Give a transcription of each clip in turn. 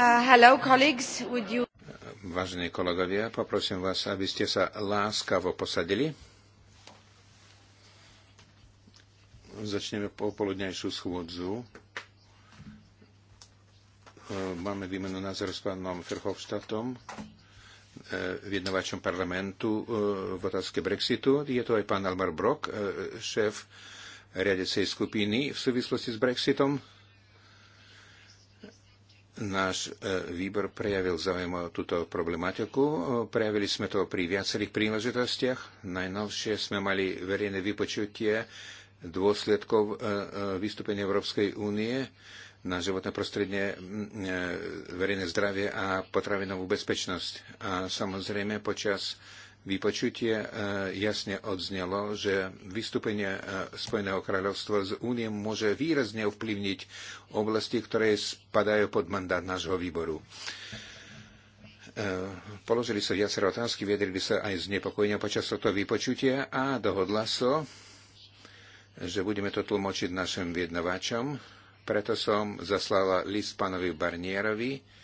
Uh, hello, colleagues, would you... Vážení kolegovia, poprosím vás, aby ste sa láskavo posadili. Začneme popoludnejšiu schôdzu. Uh, máme výmenu názor s pánom Ferhofstadtom, uh, viednovačom parlamentu v otázke Brexitu. Je to aj pán Almar Brok, šéf riadecej skupiny v súvislosti s Brexitom náš e, výbor prejavil záujem o túto problematiku. E, prejavili sme to pri viacerých príležitostiach. Najnovšie sme mali verejné vypočutie dôsledkov e, vystúpenia Európskej únie na životné prostredie, verejné zdravie a potravinovú bezpečnosť. A samozrejme počas vypočutie e, jasne odznelo, že vystúpenie e, Spojeného kráľovstva z únie môže výrazne ovplyvniť oblasti, ktoré spadajú pod mandát nášho výboru. E, položili sa viaceré otázky, viedrili sa aj znepokojenia počas tohto vypočutia a dohodla sa, so, že budeme to tlmočiť našim viednovačom. Preto som zaslala list pánovi Barnierovi,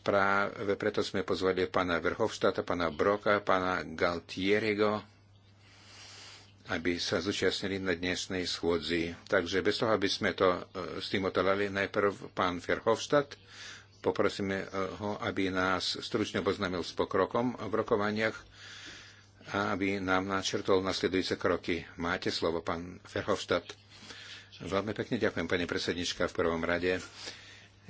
Práve preto sme pozvali pána Verhofštáta, pána Broka, pána Galtieriego, aby sa zúčastnili na dnešnej schôdzi. Takže bez toho, aby sme to e, s tým otelali, najprv pán Verhofstadt, poprosíme e, ho, aby nás stručne oboznámil s pokrokom v rokovaniach a aby nám načrtol nasledujúce kroky. Máte slovo, pán Verhofstadt. Veľmi pekne ďakujem, pani predsednička, v prvom rade.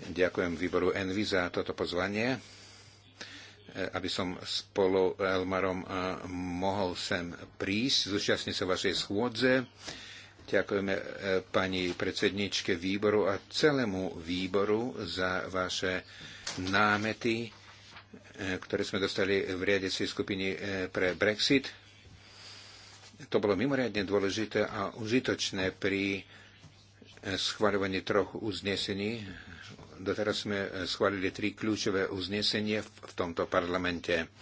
Ďakujem výboru Envy za toto pozvanie, e, aby som spolu Elmarom e, mohol sem prísť, zúčastniť sa vašej schôdze. Ďakujeme e, pani predsedničke výboru a celému výboru za vaše námety, ktoré sme dostali v riadecej skupiny pre Brexit. To bolo mimoriadne dôležité a užitočné pri schváľovaní troch uznesení Doteraz sme schválili tri kľúčové uznesenie v tomto parlamente.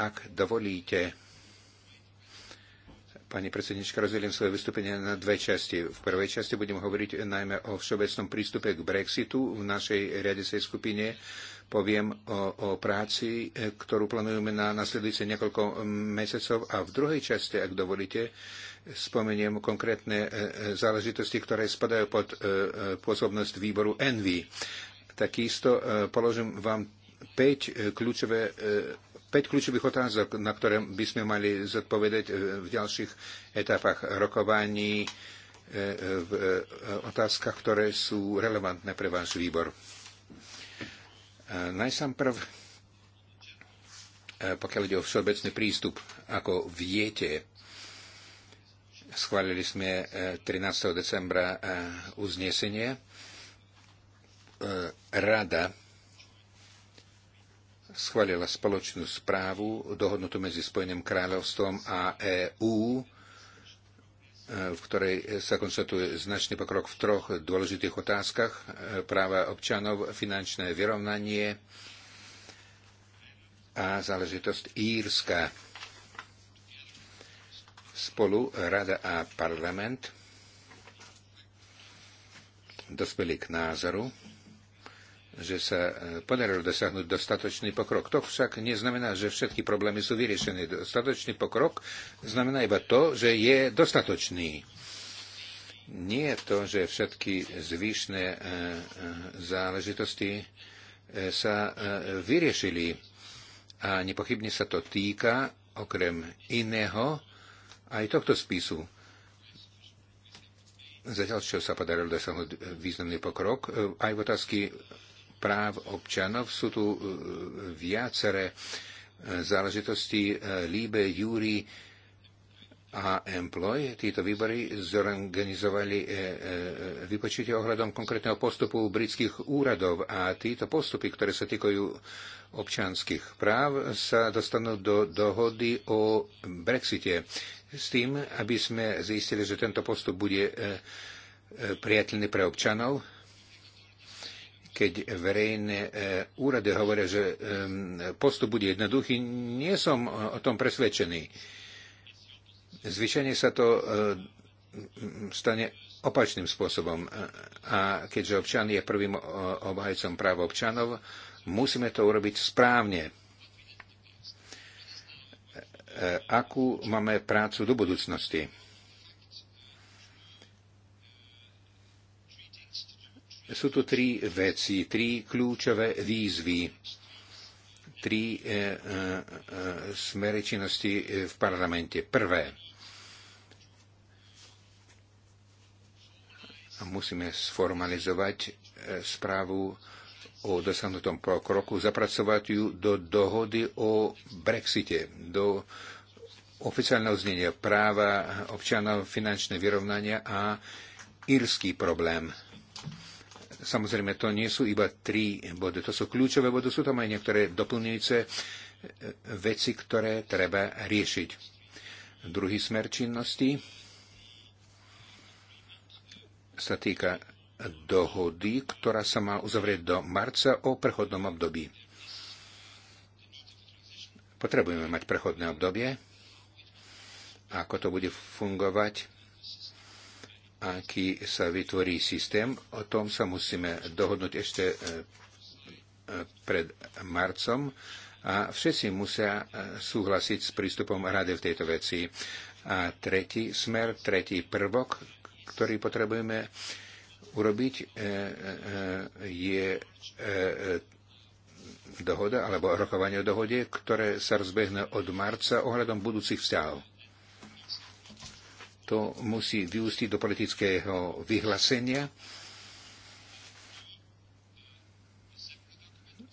Ak dovolíte, Pani predsednička, rozdelím svoje vystúpenie na dve časti. V prvej časti budem hovoriť najmä o všeobecnom prístupe k Brexitu v našej riadecej skupine. Poviem o, o práci, ktorú plánujeme na nasledujúce niekoľko mesiacov. A v druhej časti, ak dovolíte, spomeniem konkrétne e, e, záležitosti, ktoré spadajú pod e, pôsobnosť výboru ENVY. Takisto položím vám 5 kľúčové 5 kľúčových otázok, na ktoré by sme mali zodpovedať v ďalších etapách rokovaní v otázkach, ktoré sú relevantné pre váš výbor. Najsamprv, pokiaľ ide o všeobecný prístup, ako viete, Schválili sme 13. E, decembra e, uznesenie. E, Rada schválila spoločnú správu dohodnutú medzi Spojeným kráľovstvom a EÚ, v ktorej sa konštatuje značný pokrok v troch dôležitých otázkach práva občanov, finančné vyrovnanie a záležitosť Írska Spolu Rada a parlament dospeli k názoru, že sa e, podarilo dosiahnuť dostatočný pokrok. To však neznamená, že všetky problémy sú vyriešené. Dostatočný pokrok znamená iba to, že je dostatočný. Nie je to, že všetky zvyšné e, e, záležitosti sa vyriešili. A nepochybne sa to týka, okrem iného, aj tohto spisu. Zatiaľ, čo sa podarilo dosiahnuť významný pokrok, e, aj v otázky práv občanov sú tu e, viaceré e, záležitosti Líbe, Júri a Employ. Títo výbory zorganizovali vypočutie ohľadom konkrétneho postupu britských úradov a títo postupy, ktoré sa týkajú občanských práv, sa dostanú do dohody o Brexite s tým, aby sme zistili, že tento postup bude e, e, priateľný pre občanov, keď verejné e, úrady hovoria, že postup bude jednoduchý, nie som o tom presvedčený. Zvyčajne sa to stane opačným spôsobom. A keďže občan je prvým obhajcom práv občanov, musíme to urobiť správne. E, akú máme prácu do budúcnosti. Sú tu tri veci, tri kľúčové výzvy, tri e, e, e smery činnosti v parlamente. Prvé, musíme sformalizovať e, správu o dosiahnutom kroku, zapracovať ju do dohody o Brexite, do oficiálneho znenia práva občanov, finančné vyrovnania a írsky problém. Samozrejme, to nie sú iba tri body, to sú kľúčové body, sú tam aj niektoré doplňujúce veci, ktoré treba riešiť. Druhý smer činnosti sa týka dohody, ktorá sa má uzavrieť do marca o prechodnom období. Potrebujeme mať prechodné obdobie. Ako to bude fungovať? Aký sa vytvorí systém? O tom sa musíme dohodnúť ešte e, e, pred marcom a všetci musia e, súhlasiť s prístupom rady v tejto veci. A tretí smer, tretí prvok, ktorý potrebujeme urobiť, e, e, e, je dohoda alebo rokovanie o dohode, ktoré sa rozbehne od marca ohľadom budúcich vzťahov. To musí vyústiť do politického vyhlásenia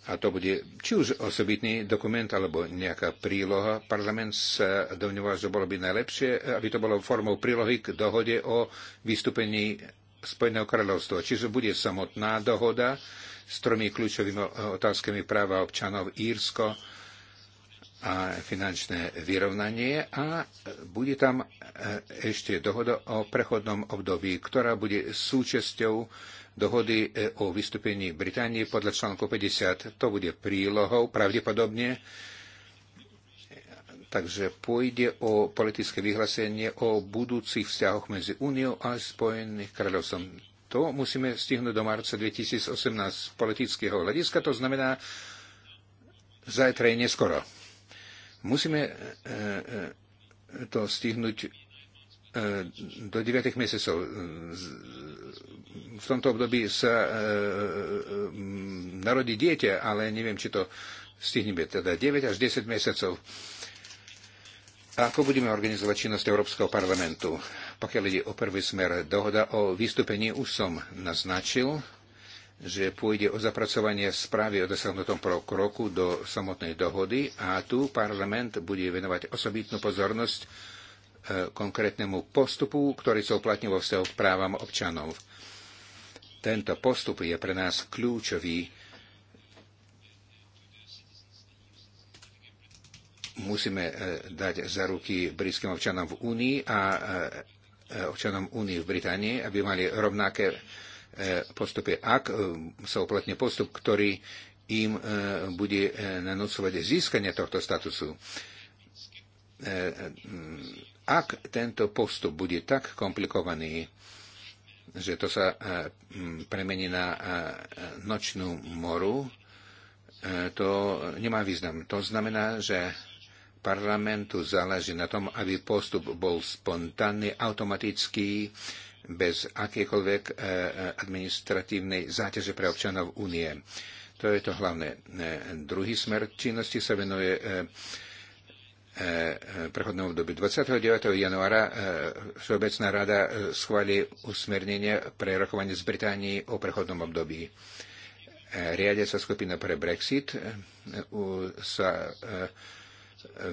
a to bude či už osobitný dokument alebo nejaká príloha. Parlament sa domňoval, že bolo by najlepšie, aby to bolo formou prílohy k dohode o vystúpení Spojeného kráľovstva. Čiže bude samotná dohoda s tromi kľúčovými otázkami práva občanov Írsko a finančné vyrovnanie a bude tam e, ešte dohoda o prechodnom období, ktorá bude súčasťou dohody e, o vystúpení Británie podľa článku 50. To bude prílohou pravdepodobne Takže pôjde o politické vyhlásenie o budúcich vzťahoch medzi Úniou a Spojených kráľovstvom. To musíme stihnúť do marca 2018 z politického hľadiska, to znamená zajtra je neskoro. Musíme e, e, to stihnúť e, do 9 mesiacov. V tomto období sa narodí dieťa, ale neviem, či to stihneme, teda 9 až 10 mesiacov. Ako budeme organizovať činnosť Európskeho parlamentu? Pokiaľ ide o prvý smer, dohoda o vystúpení už som naznačil, že pôjde o zapracovanie správy o dosiahnutom kroku do samotnej dohody a tu parlament bude venovať osobitnú pozornosť e, konkrétnemu postupu, ktorý sa uplatní vo vzťahu k právam občanov. Tento postup je pre nás kľúčový musíme e, dať za ruky britským občanom v Únii a e, e, občanom Únii v Británii, aby mali rovnaké postupy. Ak sa uplatne postup, ktorý im bude nanúcovať získanie tohto statusu, ak tento postup bude tak komplikovaný, že to sa premení na nočnú moru, to nemá význam. To znamená, že parlamentu záleží na tom, aby postup bol spontánny, automatický, bez akékoľvek e, e, administratívnej záťaže pre občanov únie. To je to hlavné. E, druhý smer činnosti sa venuje prechodnom období. 29. januára Všeobecná rada schváli usmernenie pre rokovanie z Británii o prechodnom období. sa skupina pre Brexit sa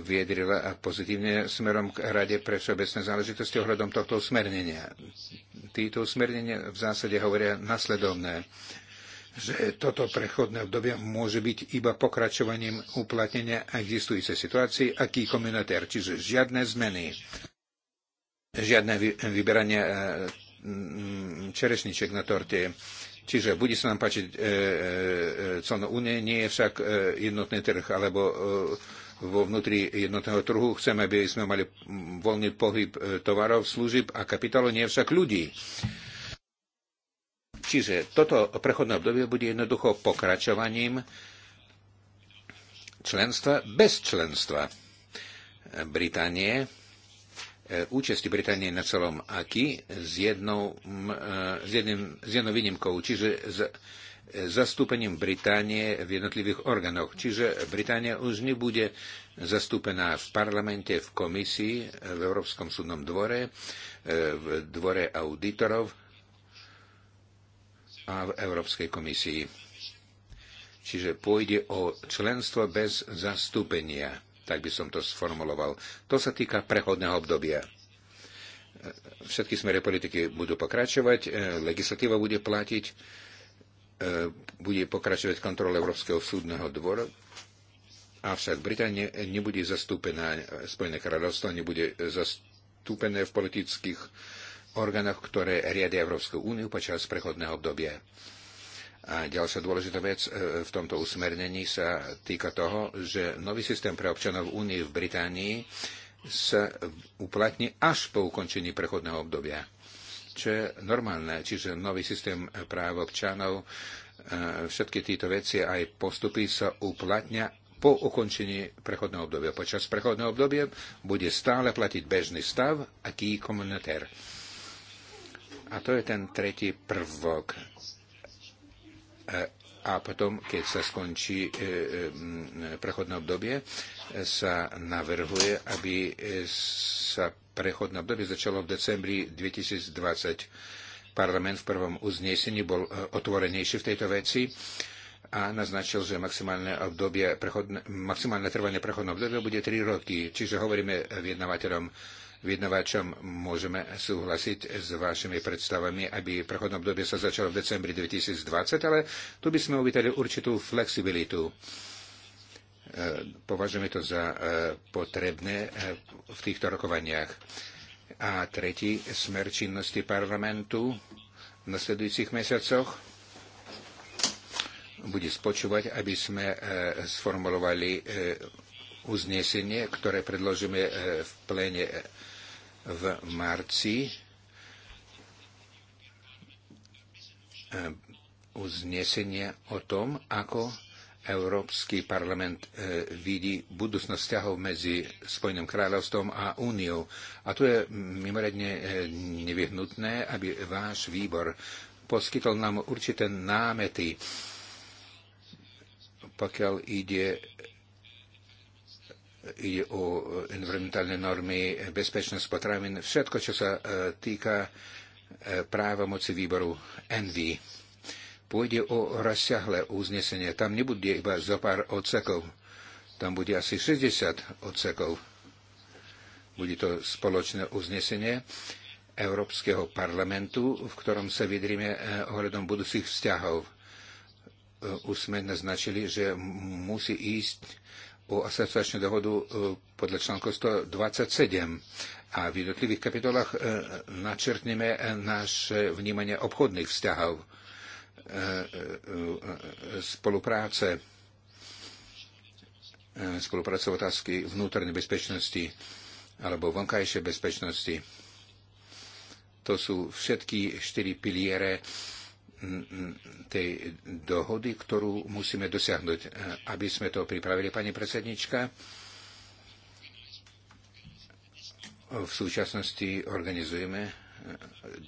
vyjadrila pozitívne smerom k Rade pre všeobecné záležitosti ohľadom tohto usmernenia. Títo usmernenia v zásade hovoria nasledovné že toto prechodné obdobie môže byť iba pokračovaním uplatnenia existujúcej situácii, aký komunitér, čiže žiadne zmeny, žiadne vyberanie e, čerešniček na torte. Čiže bude sa nám páčiť e, e, e colná nie je však e, jednotný trh, alebo e, vo vnútri jednotného trhu. Chceme, aby sme mali voľný pohyb e, tovarov, služieb a kapitálu, nie však ľudí. Čiže toto prechodné obdobie bude jednoducho pokračovaním členstva bez členstva Británie, e, účasti Británie na celom AKI s jednou, e, s, jedným, s jednou výnimkou. Čiže z, E, zastúpením Británie v jednotlivých orgánoch. Čiže Británia už nebude zastúpená v parlamente, v komisii, v Európskom súdnom dvore, e, v dvore auditorov a v Európskej komisii. Čiže pôjde o členstvo bez zastúpenia, tak by som to sformuloval. To sa týka prechodného obdobia e, všetky smery politiky budú pokračovať, legislatíva bude platiť E, bude pokračovať kontrola Európskeho súdneho dvora, avšak Británia nebude zastúpená, Spojené kráľovstvo nebude zastúpené v politických orgánoch, ktoré riadia Európsku úniu počas prechodného obdobia. A ďalšia dôležitá vec e, v tomto usmernení sa týka toho, že nový systém pre občanov únie v Británii sa uplatní až po ukončení prechodného obdobia čo je normálne, čiže nový systém práv občanov, e, všetky tieto veci aj postupy sa uplatňa po ukončení prechodného obdobia. Počas prechodného obdobia bude stále platiť bežný stav, aký komunitér. A to je ten tretí prvok. E, a potom, keď sa skončí e, prechodné obdobie, sa navrhuje, aby sa prechodné obdobie začalo v decembri 2020. Parlament v prvom uznesení bol e, otvorenejší v tejto veci a naznačil, že maximálne, obdobie, prechodne, maximálne trvanie prechodného obdobia bude 3 roky. Čiže hovoríme vyjednávateľom, vyjednavačom, môžeme súhlasiť s vašimi predstavami, aby prechodné obdobie sa začalo v decembri 2020, ale tu by sme uvítali určitú flexibilitu E, považujeme to za e, potrebné e, v týchto rokovaniach. A tretí smer činnosti parlamentu v nasledujúcich mesiacoch bude spočúvať, aby sme sformulovali uznesenie, ktoré predložíme v plene v marci. Uznesenie o tom, ako Európsky parlament e, vidí budúcnosť vzťahov medzi Spojeným kráľovstvom a Úniou. A to je mimoriadne e, nevyhnutné, aby váš výbor poskytol nám určité námety, pokiaľ ide ide o environmentálne normy, bezpečnosť potravín, všetko, čo sa e, týka práva moci výboru NV. Pôjde o rozsiahle uznesenie. Tam nebude iba zo pár odsekov. Tam bude asi 60 odsekov. Bude to spoločné uznesenie Európskeho parlamentu, v ktorom sa vydrime eh, ohľadom budúcich vzťahov. Eh, už sme naznačili, že musí ísť o asociačnú dohodu eh, podľa článku 127 a v jednotlivých kapitolách načrtneme naše vnímanie obchodných vzťahov E, e, e, spolupráce, spolupráce otázky vnútornej bezpečnosti alebo vonkajšej bezpečnosti. To sú všetky štyri piliere tej dohody, ktorú musíme dosiahnuť. Aby sme to pripravili, pani predsednička, v súčasnosti organizujeme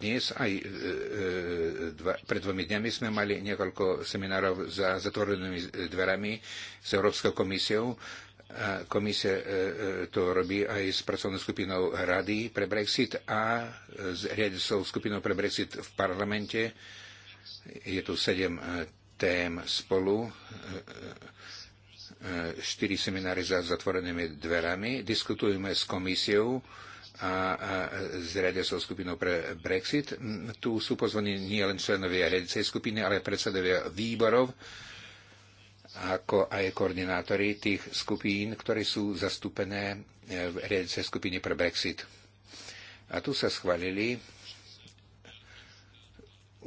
dnes, aj e, e, dva, pred dvomi dňami sme mali niekoľko seminárov za zatvorenými dverami s Európskou komisiou. Komisia e, to robí aj s pracovnou skupinou Rady pre Brexit a s riadicou skupinou pre Brexit v parlamente. Je tu sedem tém spolu štyri seminári za zatvorenými dverami. Diskutujeme s komisiou a s riadiacou skupinou pre Brexit. Tu sú pozvaní nie len členovia riadiacej skupiny, ale aj predsedovia výborov, ako aj koordinátori tých skupín, ktoré sú zastúpené e, v riadiacej skupine pre Brexit. A tu sa schválili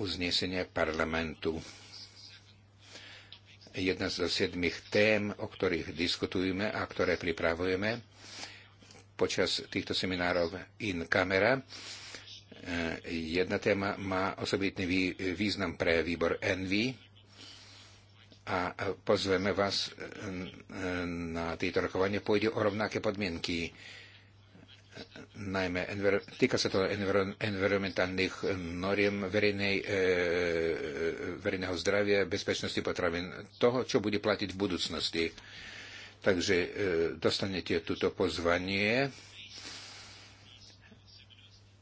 uznesenie parlamentu. Jedna zo siedmých tém, o ktorých diskutujeme a ktoré pripravujeme, počas týchto seminárov in camera. E, jedna téma má osobitný význam pre výbor Envy a pozveme vás e, na tieto rokovanie. Pôjde o rovnaké podmienky e, najmä týka sa to enver- environmentálnych noriem verejnej, e, verejného zdravia, bezpečnosti potravín, toho, čo bude platiť v budúcnosti. E, Takže e, dostanete toto pozvanie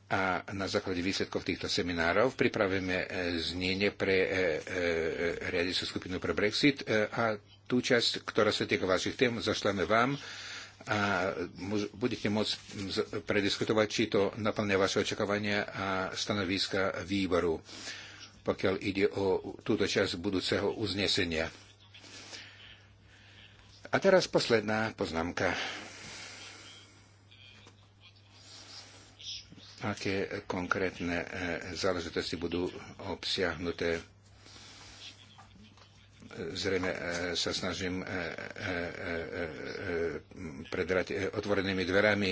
a na základe výsledkov týchto seminárov pripravíme e, znenie pre e, riadiacu skupinu pre Brexit a tú časť, ktorá sa týka vašich tém, zašleme vám a budete môcť prediskutovať, či to naplňa vaše očakávania a stanoviska výboru, pokiaľ ide o túto časť budúceho uznesenia. A teraz posledná poznámka. Aké konkrétne eh, záležitosti budú obsiahnuté? Zrejme eh, sa snažím eh, predrať otvorenými dverami.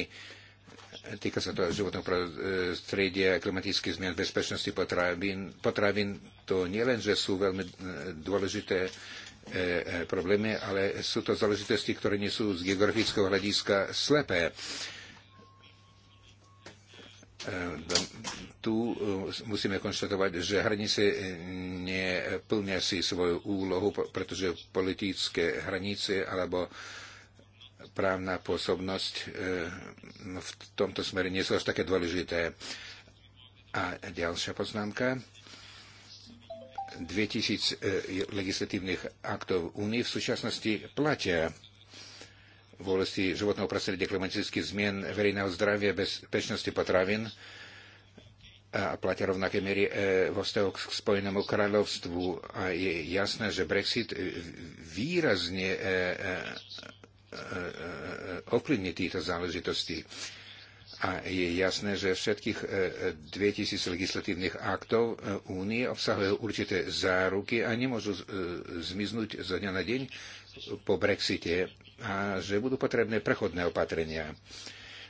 Týka sa to životného prostredia, klimatických zmien, bezpečnosti potravín. Potravín to nielen, že sú veľmi dôležité E, e, problémy, ale sú to záležitosti, ktoré nie sú z geografického hľadiska slepé. E, tu musíme konštatovať, že hranice neplnia si svoju úlohu, pretože politické hranice alebo právna pôsobnosť v tomto smere nie sú až také dôležité. A ďalšia poznámka 2000 e, legislatívnych aktov únie v súčasnosti platia v oblasti životného prostredia, klimatických zmien, verejného zdravia, bezpečnosti potravín a platia rovnaké miery e, vo vzťahu k Spojenému kráľovstvu. A je jasné, že Brexit výrazne e, ovplyvní tieto záležitosti. A je jasné, že všetkých 2000 e, e, legislatívnych aktov e, únie obsahujú určité záruky a nemôžu zmiznúť zo dňa na deň po Brexite a že budú potrebné prechodné opatrenia.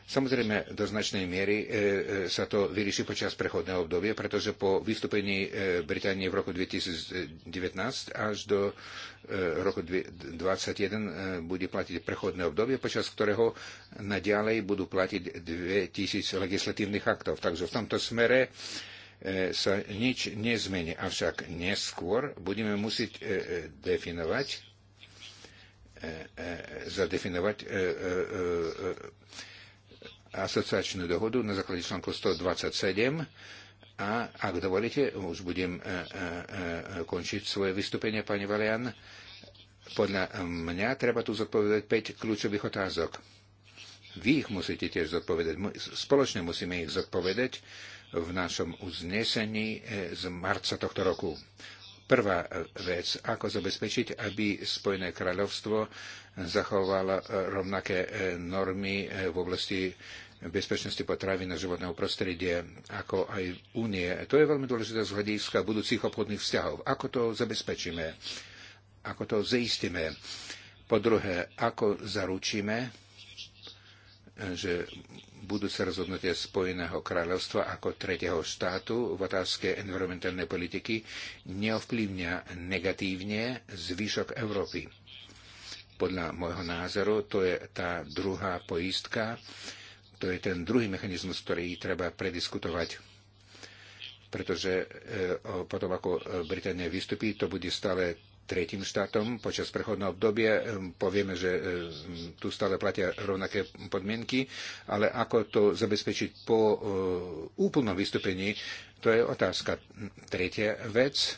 Samozrejme, do značnej miery e, e, sa to vyrieši počas prechodného obdobia, pretože po vystúpení e, Británie v roku 2019 až do roku 2021 bude platiť prechodné obdobie, počas ktorého naďalej budú platiť 2000 legislatívnych aktov. Takže v tomto smere sa nič nezmení. Avšak neskôr budeme musieť definovať zadefinovať asociačnú dohodu na základe článku 127 a ak dovolíte, už budem e, e, e, končiť svoje vystúpenie, pani Valian. Podľa mňa treba tu zodpovedať 5 kľúčových otázok. Vy ich musíte tiež zodpovedať. Spoločne musíme ich zodpovedať v našom uznesení z marca tohto roku. Prvá vec, ako zabezpečiť, aby Spojené kráľovstvo zachovalo rovnaké normy v oblasti bezpečnosti potravín a životného prostredia, ako aj únie. To je veľmi dôležité z hľadiska budúcich obchodných vzťahov. Ako to zabezpečíme? Ako to zaistíme? Po druhé, ako zaručíme, že sa rozhodnutie Spojeného kráľovstva ako tretieho štátu v otázke environmentálnej politiky neovplyvňa negatívne zvyšok Európy. Podľa môjho názoru to je tá druhá poistka, to je ten druhý mechanizmus, ktorý treba prediskutovať. Pretože e, potom, ako e, Británia vystupí, to bude stále tretím štátom počas prechodného obdobia. E, povieme, že tu stále platia rovnaké podmienky, ale ako to zabezpečiť po úplnom vystúpení, to je otázka. Tretia vec,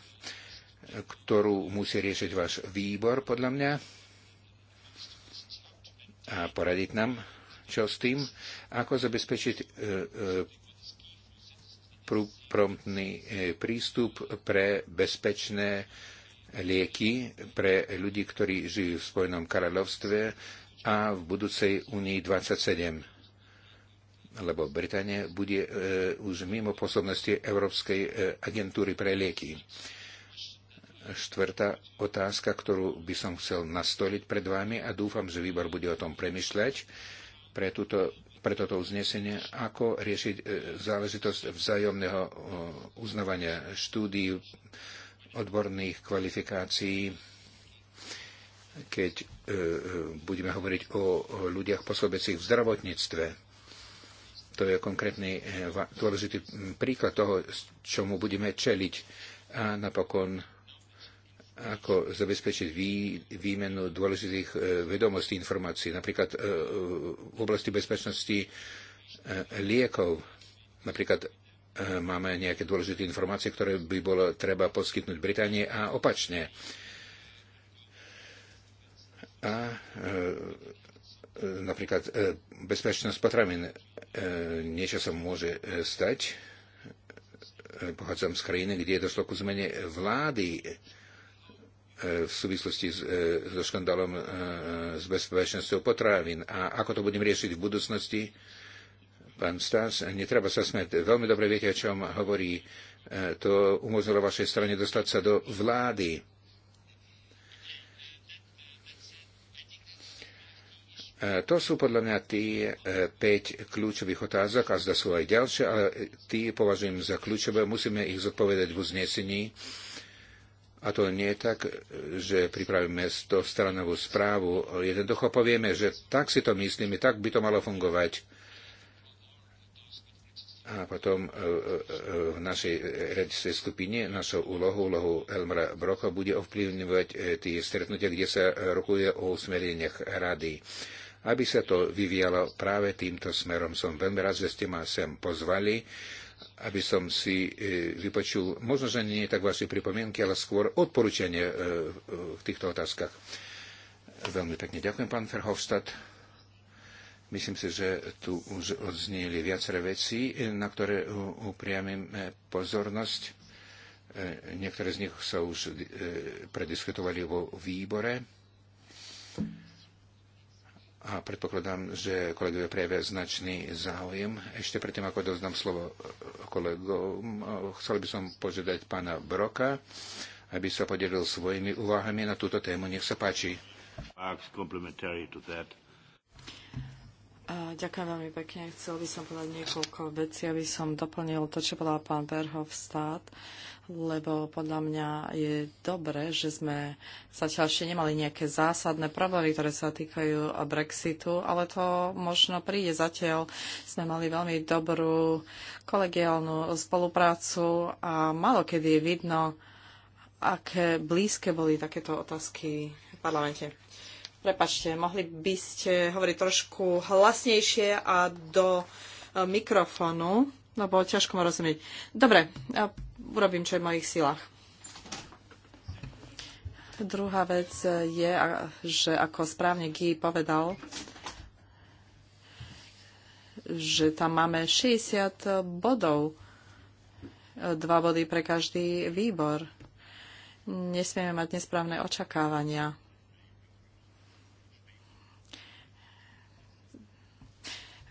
ktorú musí riešiť váš výbor, podľa mňa, a poradiť nám, čo s tým, ako zabezpečiť e, e, promptný e, prístup pre bezpečné lieky pre ľudí, ktorí žijú v Spojenom kráľovstve a v budúcej Unii 27 lebo Británia bude e, už mimo pôsobnosti Európskej e, agentúry pre lieky. Štvrtá otázka, ktorú by som chcel nastoliť pred vami a dúfam, že výbor bude o tom premyšľať. E, pre, túto, pre toto uznesenie, ako riešiť e, záležitosť vzájomného e, uznávania štúdií odborných kvalifikácií, keď e, budeme hovoriť o ľudiach posobecích v zdravotníctve to je konkrétny dôležitý príklad toho, čomu budeme čeliť. A napokon ako zabezpečiť vý, výmenu dôležitých e, vedomostí, informácií, napríklad e, e, v oblasti bezpečnosti liekov. Napríklad máme nejaké dôležité informácie, ktoré by bolo treba poskytnúť Británie a opačne. A napríklad bezpečnosť potravín. Niečo sa môže stať. Pochádzam z krajiny, kde došlo ku zmene vlády E, v súvislosti e, so škandálom s e, bezpečnosťou potravín a ako to budem riešiť v budúcnosti. Pán Stas, netreba sa smeť. Veľmi dobre viete, o čom hovorí. To umožnilo vašej strane dostať sa do vlády. To sú podľa mňa tie 5 kľúčových otázok a zda sú aj ďalšie, ale tie považujem za kľúčové. Musíme ich zodpovedať v uznesení. A to nie je tak, že pripravíme to stranovú správu. Jednoducho povieme, že tak si to myslíme, tak by to malo fungovať. A potom e, e, e, v našej radičnej skupine našou úlohu, úlohu Elmara Broka, bude ovplyvňovať tie stretnutia, kde sa rokuje o usmereniach rady. Aby sa to vyvíjalo práve týmto smerom. Som veľmi rád, že ste ma sem pozvali aby som si e, vypočul možno, že nie tak vaše pripomienky, ale skôr odporúčanie e, e, v týchto otázkach. Veľmi pekne ďakujem, pán Ferhofstadt. Myslím si, že tu už odznieli viaceré veci, na ktoré upriamim pozornosť. Niektoré z nich sa už prediskutovali vo výbore a predpokladám, že kolegovia prejavia značný záujem. Ešte predtým, ako doznam slovo e, kolegom, e, chcel by som požiadať pána Broka, aby sa podelil svojimi úvahami na túto tému. Nech sa páči. Ďakujem veľmi pekne. Chcel by som povedať niekoľko vecí, aby som doplnil to, čo povedal pán stát, lebo podľa mňa je dobré, že sme zatiaľ ešte nemali nejaké zásadné problémy, ktoré sa týkajú Brexitu, ale to možno príde. Zatiaľ sme mali veľmi dobrú kolegiálnu spoluprácu a malo kedy je vidno, aké blízke boli takéto otázky v parlamente. Prepačte, mohli by ste hovoriť trošku hlasnejšie a do e, mikrofónu, lebo no, ťažko ma rozumieť. Dobre, ja e, urobím, čo je v mojich silách. Druhá vec je, že ako správne Guy povedal, že tam máme 60 bodov, e, dva body pre každý výbor. Nesmieme mať nesprávne očakávania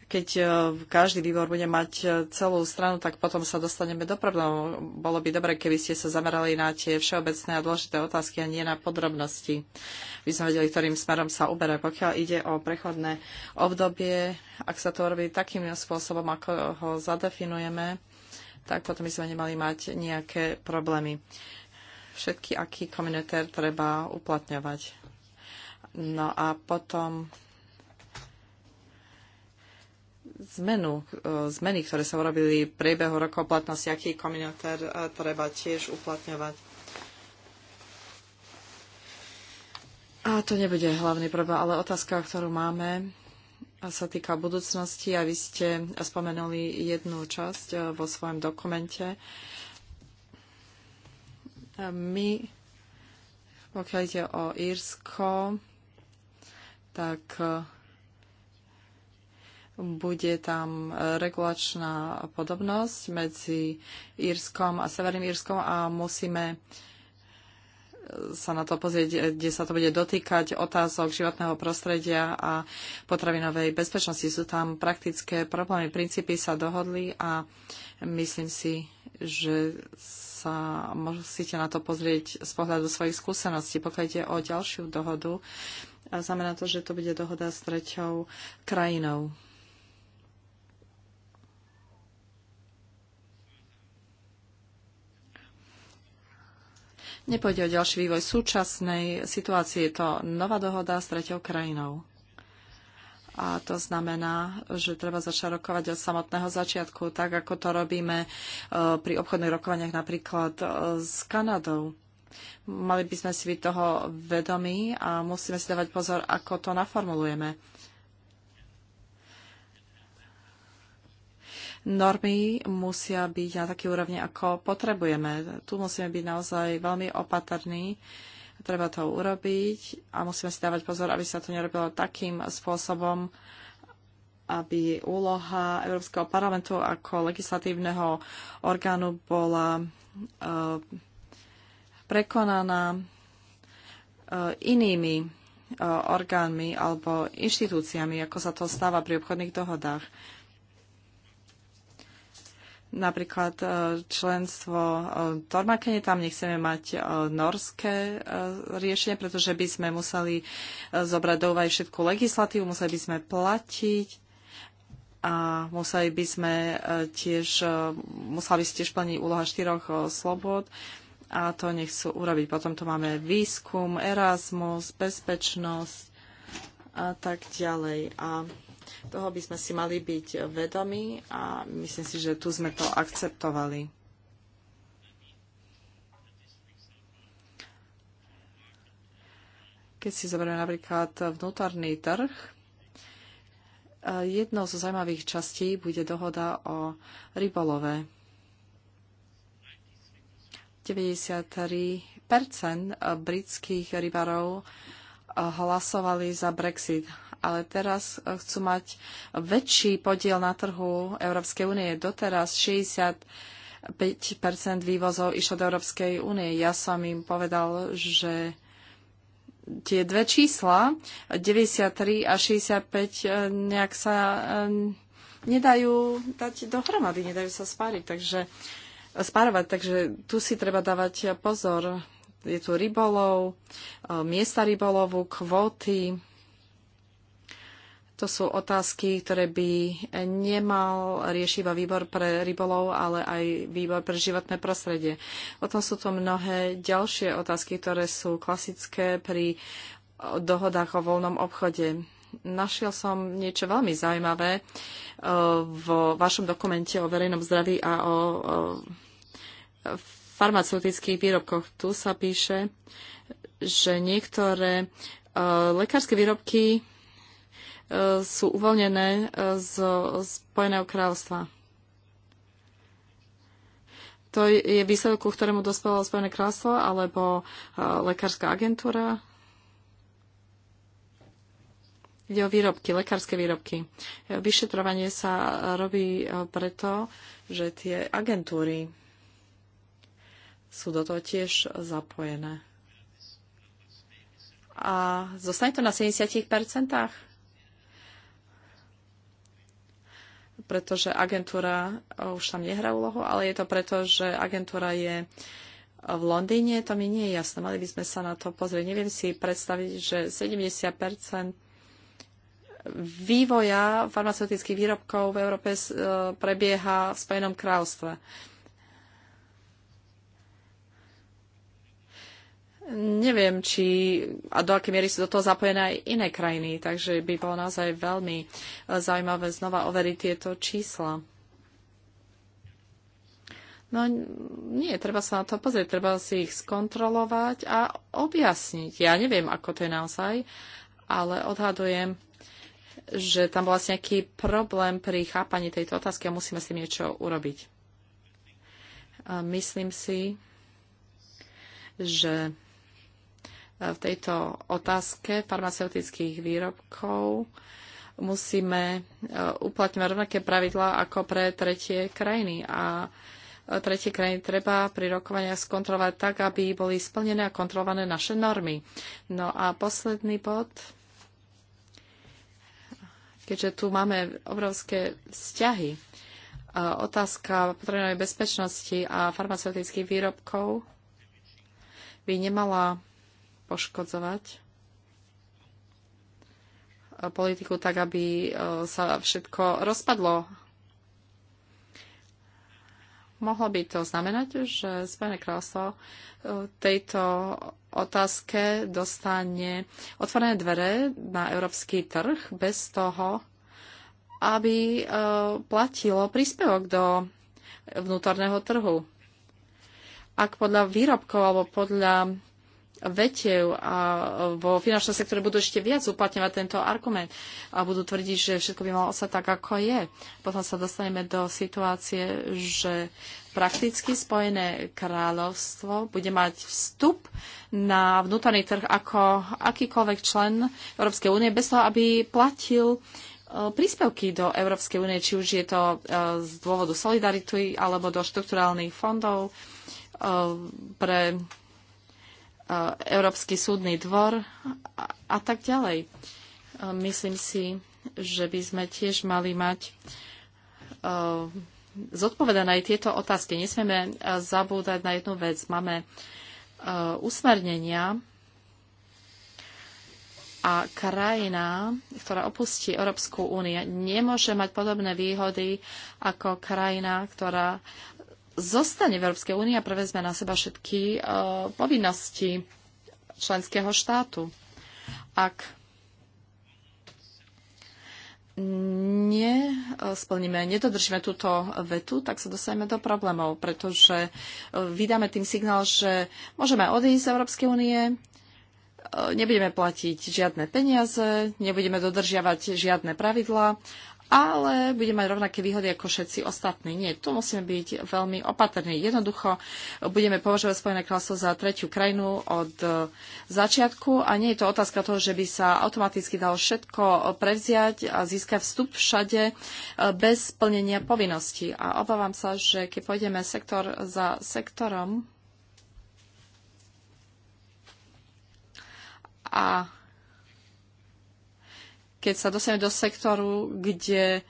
keď e, každý výbor bude mať e, celú stranu, tak potom sa dostaneme do problémov. Bolo by dobre, keby ste sa zamerali na tie všeobecné a dôležité otázky a nie na podrobnosti. By sme vedeli, ktorým smerom sa uberá. Pokiaľ ide o prechodné obdobie, ak sa to robí takým spôsobom, ako ho zadefinujeme, tak potom by sme nemali mať nejaké problémy. Všetky aký komunitér treba uplatňovať. No a potom zmenu, e, zmeny, ktoré sa urobili v priebehu rokov platnosti, aký komunitár e, treba tiež uplatňovať. A to nebude hlavný problém, ale otázka, ktorú máme, sa týka budúcnosti a vy ste spomenuli jednu časť e, vo svojom dokumente. My, pokiaľ ide o Írsko, tak bude tam e, regulačná podobnosť medzi Írskom a Severným Írskom a musíme e, sa na to pozrieť, e, kde sa to bude dotýkať otázok životného prostredia a potravinovej bezpečnosti. Sú tam praktické problémy, princípy sa dohodli a myslím si, že sa musíte na to pozrieť z pohľadu svojich skúseností. Pokiaľ ide o ďalšiu dohodu, znamená to, že to bude dohoda s treťou krajinou. Nepôjde o ďalší vývoj súčasnej situácie. Je to nová dohoda s treťou krajinou. A to znamená, že treba začať rokovať od samotného začiatku, tak ako to robíme e, pri obchodných rokovaniach napríklad e, s Kanadou. Mali by sme si byť toho vedomí a musíme si dávať pozor, ako to naformulujeme. normy musia byť na taký úrovni, ako potrebujeme. Tu musíme byť naozaj veľmi opatrní. Treba to urobiť a musíme si dávať pozor, aby sa to nerobilo takým spôsobom, aby úloha Európskeho parlamentu ako legislatívneho orgánu bola eh, prekonaná eh, inými eh, orgánmi alebo inštitúciami, ako sa to stáva pri obchodných dohodách. Napríklad e, členstvo e, Tormakene, tam nechceme mať e, norské riešenie, pretože by sme museli zobrať do úvahy všetku legislatívu, museli by sme platiť a museli by sme tiež, museli by si tiež plniť úloha štyroch slobod a to nechcú urobiť. Potom tu máme výskum, Erasmus, bezpečnosť a tak ďalej. A toho by sme si mali byť vedomi a myslím si, že tu sme to akceptovali. Keď si zoberieme napríklad vnútorný trh, jednou zo zaujímavých častí bude dohoda o rybolove. 93 britských rybárov hlasovali za Brexit ale teraz eh, chcú mať väčší podiel na trhu Európskej únie. Doteraz 65 vývozov išlo do Európskej únie. Ja som im povedal, že tie dve čísla, 93 a 65, eh, nejak sa eh, nedajú dať dohromady, nedajú sa spáriť, takže spárovať, takže tu si treba dávať pozor. Je tu rybolov, miesta rybolovu, kvóty, to sú otázky, ktoré by nemal riešiť iba výbor pre rybolov, ale aj výbor pre životné prostredie. Potom sú to mnohé ďalšie otázky, ktoré sú klasické pri dohodách o voľnom obchode. Našiel som niečo veľmi zaujímavé e, v vašom dokumente o verejnom zdraví a o e, farmaceutických výrobkoch. Tu sa píše, že niektoré e, lekárske výrobky sú uvoľnené e, z Spojeného kráľovstva. To je výsledok, ku ktorému dospelo Spojené kráľstvo alebo e, lekárska agentúra. Ide o výrobky, lekárske výrobky. E, vyšetrovanie sa robí preto, že tie agentúry sú do toho tiež zapojené. A zostane to na 70%? pretože agentúra už tam nehrá úlohu, ale je to preto, že agentúra je v Londýne, to mi nie je jasné. Mali by sme sa na to pozrieť. Neviem si predstaviť, že 70 vývoja farmaceutických výrobkov v Európe e, prebieha v Spojenom kráľovstve. neviem, či a do akej miery sú do toho zapojené aj iné krajiny, takže by bolo naozaj veľmi e, zaujímavé znova overiť tieto čísla. No nie, treba sa na to pozrieť, treba si ich skontrolovať a objasniť. Ja neviem, ako to je naozaj, ale odhadujem, že tam bol asi nejaký problém pri chápaní tejto otázky a musíme si niečo urobiť. A myslím si, že v tejto otázke farmaceutických výrobkov musíme e, uplatňovať rovnaké pravidlá ako pre tretie krajiny. A e, tretie krajiny treba pri rokovaniach skontrolovať tak, aby boli splnené a kontrolované naše normy. No a posledný bod, keďže tu máme obrovské vzťahy, e, otázka potrebnej bezpečnosti a farmaceutických výrobkov by nemala poškodzovať politiku tak, aby e, sa všetko rozpadlo. Mohlo by to znamenať, že Spojené kráľstvo e, tejto otázke dostane otvorené dvere na európsky trh bez toho, aby e, platilo príspevok do vnútorného trhu. Ak podľa výrobkov alebo podľa vetev a vo finančnom sektore budú ešte viac uplatňovať tento argument a budú tvrdiť, že všetko by malo ostať tak, ako je. Potom sa dostaneme do situácie, že prakticky Spojené kráľovstvo bude mať vstup na vnútorný trh ako akýkoľvek člen Európskej únie bez toho, aby platil e, príspevky do Európskej únie, či už je to e, z dôvodu solidarity alebo do štrukturálnych fondov e, pre Eh, Európsky súdny dvor a, a tak ďalej. Eh, myslím si, že by sme tiež mali mať eh, zodpovedané aj tieto otázky. Nesmieme zabúdať na jednu vec. Máme usmernenia a krajina, ktorá opustí Európsku úniu, nemôže mať podobné výhody ako krajina, ktorá zostane v Európskej únii a prevezme na seba všetky e, povinnosti členského štátu. Ak nesplníme, nedodržíme túto vetu, tak sa dostaneme do problémov, pretože e, vydáme tým signál, že môžeme odísť z Európskej únie, e, nebudeme platiť žiadne peniaze, nebudeme dodržiavať žiadne pravidlá ale bude mať rovnaké výhody ako všetci ostatní. Nie, tu musíme byť veľmi opatrní. Jednoducho budeme považovať Spojené kráľovstvo za tretiu krajinu od e, začiatku a nie je to otázka toho, že by sa automaticky dalo všetko prevziať a získať vstup všade e, bez splnenia povinností. A obávam sa, že keď pôjdeme sektor za sektorom a keď sa dostaneme do sektoru, kde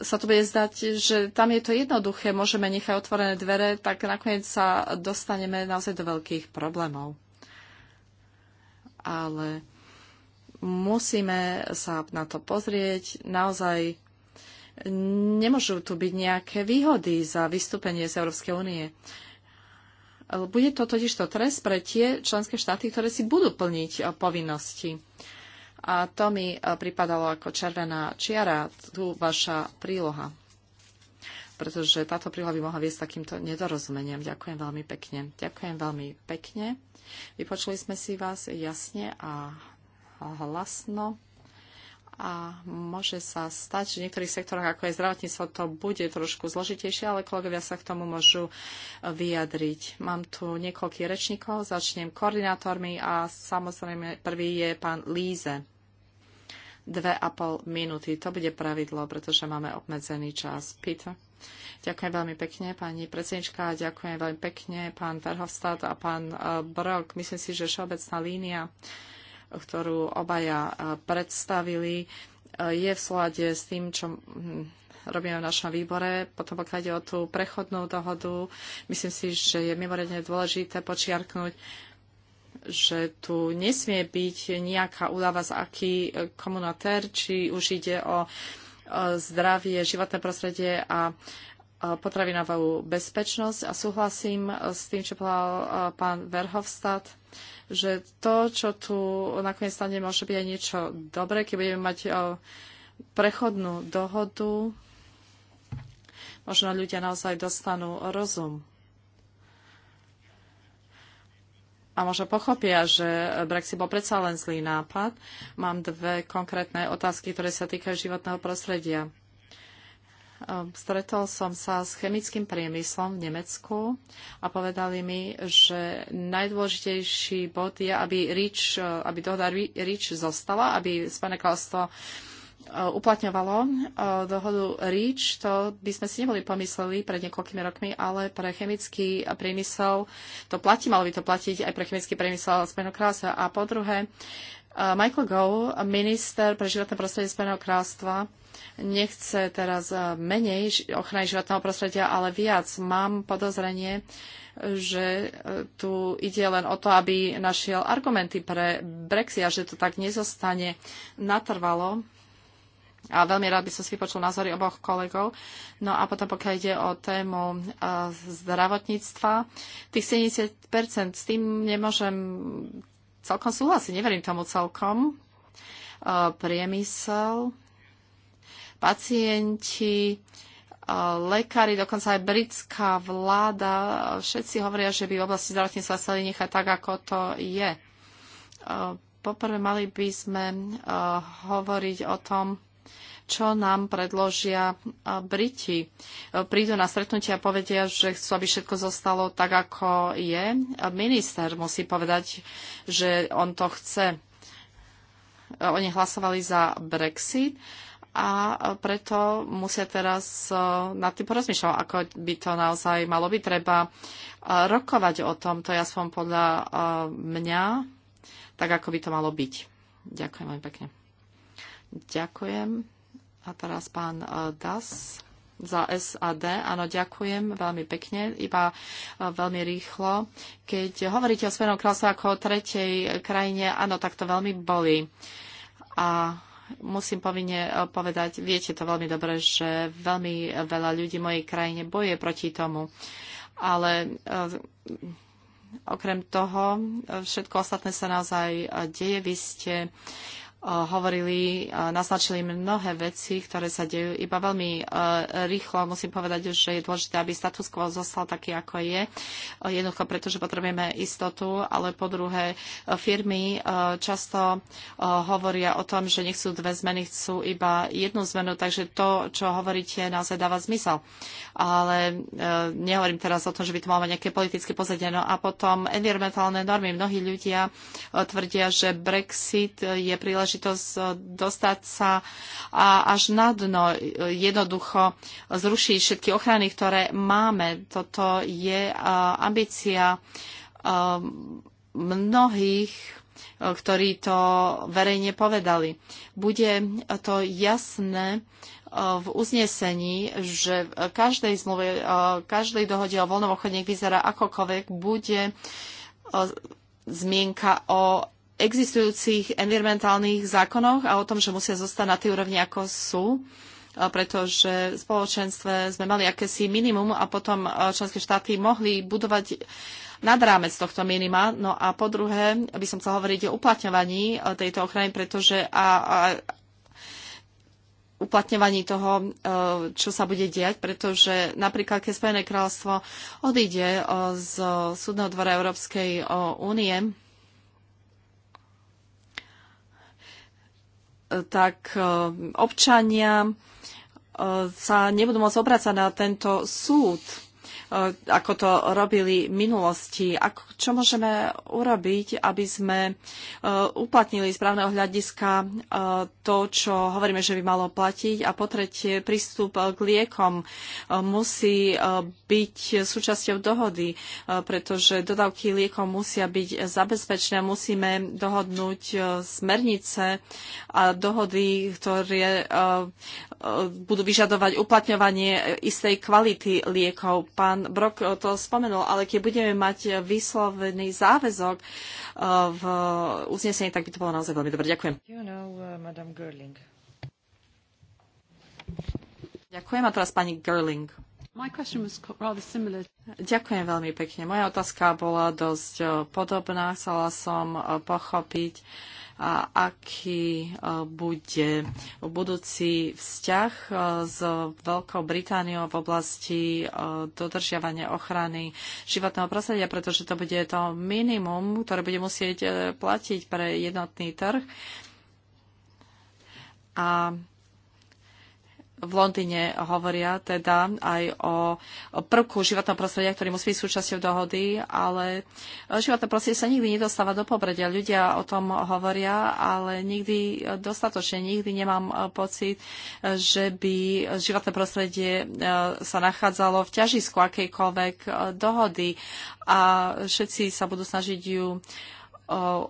sa to bude zdať, že tam je to jednoduché, môžeme nechať otvorené dvere, tak nakoniec sa dostaneme naozaj do veľkých problémov. Ale musíme sa na to pozrieť. Naozaj nemôžu tu byť nejaké výhody za vystúpenie z Európskej únie. Bude to totiž to trest pre tie členské štáty, ktoré si budú plniť povinnosti. A to mi e, pripadalo ako červená čiara, tu vaša príloha. Pretože táto príloha by mohla viesť takýmto nedorozumeniem. Ďakujem veľmi pekne. Ďakujem veľmi pekne. Vypočuli sme si vás jasne a hlasno. A môže sa stať, že v niektorých sektoroch, ako je zdravotníctvo, to bude trošku zložitejšie, ale kolegovia sa k tomu môžu e, vyjadriť. Mám tu niekoľkých rečníkov, začnem koordinátormi a samozrejme prvý je pán Líze. 2,5 minúty. To bude pravidlo, pretože máme obmedzený čas. Peter. Ďakujem veľmi pekne, pani predsednička, ďakujem veľmi pekne, pán Verhofstadt a pán e, Brok. Myslím si, že všeobecná línia, ktorú obaja e, predstavili, e, je v súlade s tým, čo robíme v našom výbore. Potom pokiaľ ide o tú prechodnú dohodu, myslím si, že je mimoriadne dôležité počiarknúť, že tu nesmie byť nejaká úľava z aký e, komunatér, či už ide o e, zdravie, životné prostredie a e, potravinovú bezpečnosť a súhlasím s tým, čo povedal pán Verhofstadt, že to, čo tu nakoniec stane, môže byť aj niečo dobré, keď budeme mať prechodnú dohodu, možno ľudia naozaj dostanú rozum. a možno pochopia, že Brexit bol predsa len zlý nápad. Mám dve konkrétne otázky, ktoré sa týkajú životného prostredia. Ehm, stretol som sa s chemickým priemyslom v Nemecku a povedali mi, že najdôležitejší bod je, aby, REACH, aby dohoda Rich zostala, aby Spojené Eh, uplatňovalo eh, dohodu REACH, to by sme si neboli pomysleli pred niekoľkými rokmi, ale pre chemický priemysel to platí, malo by to platiť aj pre chemický priemysel Spojeného kráľstva. A po druhé, eh, Michael Gove, minister pre životné prostredie Spojeného kráľstva, nechce teraz menej ochrany životného prostredia, ale viac. Mám podozrenie, že tu ide len o to, aby našiel argumenty pre Brexit a že to tak nezostane natrvalo a veľmi rád by som si vypočul názory oboch kolegov. No a potom pokiaľ ide o tému e, zdravotníctva, tých 70%, s tým nemôžem celkom súhlasiť, neverím tomu celkom. E, priemysel, pacienti, e, lekári, dokonca aj britská vláda, všetci hovoria, že by v oblasti zdravotníctva chceli nechať tak, ako to je. Poprvé mali by sme hovoriť o tom, čo nám predložia Briti. E, prídu na stretnutie a povedia, že chcú, aby všetko zostalo tak, ako je. Minister musí povedať, že on to chce. E, oni hlasovali za Brexit a preto musia teraz e, nad tým porozmýšľať, ako by to naozaj malo byť. Treba rokovať o tom, to je aspoň podľa mňa, tak ako by to malo byť. Ďakujem veľmi pekne. Ďakujem. A teraz pán e, Das za SAD. Áno, ďakujem veľmi pekne, iba e, veľmi rýchlo. Keď hovoríte o Svenom kráľovstve ako o tretej krajine, áno, tak to veľmi boli. A musím povinne e, povedať, viete to veľmi dobre, že veľmi veľa ľudí v mojej krajine boje proti tomu. Ale okrem toho, všetko ostatné sa naozaj deje. Vy ste hovorili, naznačili mnohé veci, ktoré sa dejú iba veľmi e, rýchlo. Musím povedať, že je dôležité, aby status quo zostal taký, ako je. E, jednoducho, pretože potrebujeme istotu, ale po druhé, e, firmy často hovoria o tom, že nechcú dve zmeny, chcú iba jednu zmenu, takže to, čo hovoríte, naozaj dáva zmysel. Ale nehovorím teraz o tom, že by to malo nejaké politické pozadie. No a potom environmentálne normy. Mnohí ľudia tvrdia, že Brexit je príležitý príležitosť e, dostať sa až na dno, e, jednoducho zrušiť všetky ochrany, ktoré máme. Toto je e, ambícia mnohých ktorí to verejne povedali. Bude to jasné v uznesení, že v každej zmluve, každej dohode o voľnom obchode, vyzerá akokoľvek, bude zmienka o existujúcich environmentálnych zákonoch a o tom, že musia zostať na tej úrovni, ako sú pretože v spoločenstve sme mali akési minimum a potom členské štáty mohli budovať nad rámec tohto minima. No a po druhé, by som chcel hovoriť o uplatňovaní e, tejto ochrany, pretože a, a uplatňovaní toho, e, čo sa bude diať, pretože napríklad, keď Spojené kráľstvo odíde e, z Súdneho dvora Európskej únie, tak e, občania e, sa nebudú môcť obrácať na tento súd. Eh, ako to robili v minulosti. Ako, čo môžeme urobiť, aby sme eh, uplatnili správneho hľadiska eh, to, čo hovoríme, že by malo platiť a po tretie prístup k liekom musí byť súčasťou dohody, pretože dodávky liekom musia byť zabezpečné. Musíme dohodnúť smernice a dohody, ktoré budú vyžadovať uplatňovanie istej kvality liekov. Pán Brok to spomenul, ale keď budeme mať vyslovený záväzok eh, v uznesení, tak by to bolo naozaj veľmi dobre. Ďakujem. You know, uh, Ďakujem. A teraz pani Gerling. Ďakujem veľmi pekne. Moja otázka bola dosť eh, podobná. Chcela som eh, pochopiť, a aký e, bude budúci vzťah e, s Veľkou Britániou v oblasti e, dodržiavania ochrany životného prostredia, pretože to bude to minimum, ktoré bude musieť platiť pre jednotný trh. A v Londýne hovoria teda aj o, prvku životného prostredia, ktorý musí byť súčasťou dohody, ale životné prostredie sa nikdy nedostáva do pobredia. Ľudia o tom hovoria, ale nikdy dostatočne, nikdy nemám e, pocit, že by životné prostredie e, sa nachádzalo v ťažisku akejkoľvek e, dohody a všetci sa budú snažiť ju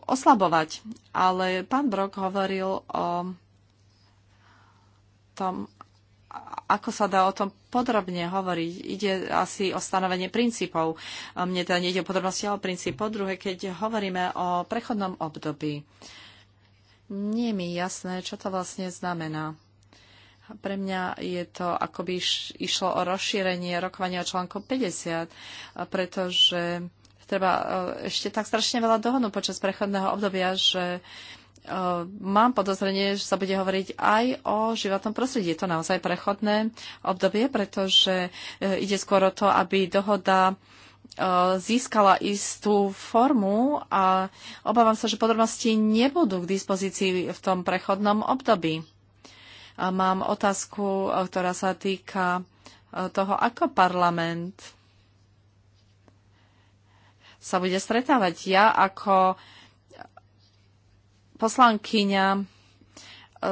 oslabovať. Ale pán Brok hovoril o tom, ako sa dá o tom podrobne hovoriť? Ide asi o stanovenie princípov. Mne teda nejde o podrobnosti, ale o princíp. Po druhé, keď hovoríme o prechodnom období, nie je mi jasné, čo to vlastne znamená. Pre mňa je to, ako by išlo o rozšírenie rokovania o článku 50, pretože treba e, ešte tak strašne veľa dohodnúť počas prechodného obdobia, že uh, Ehm, mám podozrenie, že sa bude hovoriť aj o životnom prostredí. Je to naozaj prechodné obdobie, pretože eh, ide skôr o to, aby dohoda eh, získala istú formu a obávam sa, že podrobnosti nebudú k dispozícii v tom prechodnom období. A mám otázku, eh, ktorá sa týka toho, ako parlament sa bude stretávať. Ja ako uh, poslankyňa e,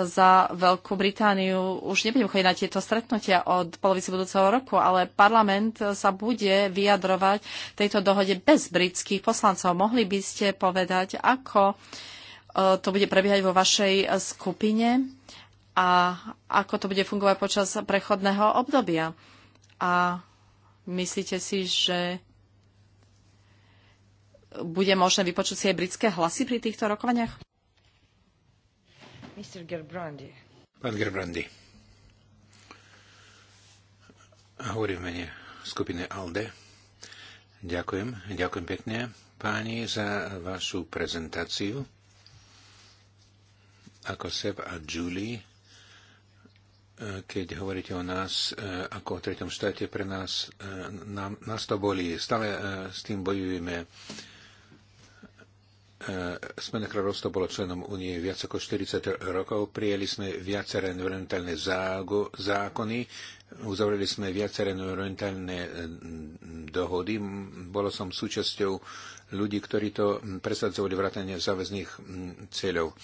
za Veľkú Britániu. Už nebudem chodiť na tieto stretnutia od polovice budúceho roku, ale parlament sa bude vyjadrovať tejto dohode bez britských poslancov. Mohli by ste povedať, ako e, to bude prebiehať vo vašej skupine a ako to bude fungovať počas prechodného obdobia. A myslíte si, že bude možné vypočuť si aj britské hlasy pri týchto rokovaniach? Mr. Gerbrandy. Pán Gerbrandy. Hovorím v mene skupiny ALDE. Ďakujem, ďakujem pekne páni za vašu prezentáciu. Ako Seb a Julie, keď hovoríte o nás ako o treťom štáte, pre nás, e, nám, nás to boli. Stále e, s tým bojujeme E, Smené kráľovstvo bolo členom únie viac ako 40 rokov, Prijeli sme viaceré environmentálne zákony, uzavreli sme viaceré environmentálne e, dohody. Bolo som súčasťou ľudí, ktorí to presadzovali vrátanie záväzných cieľov.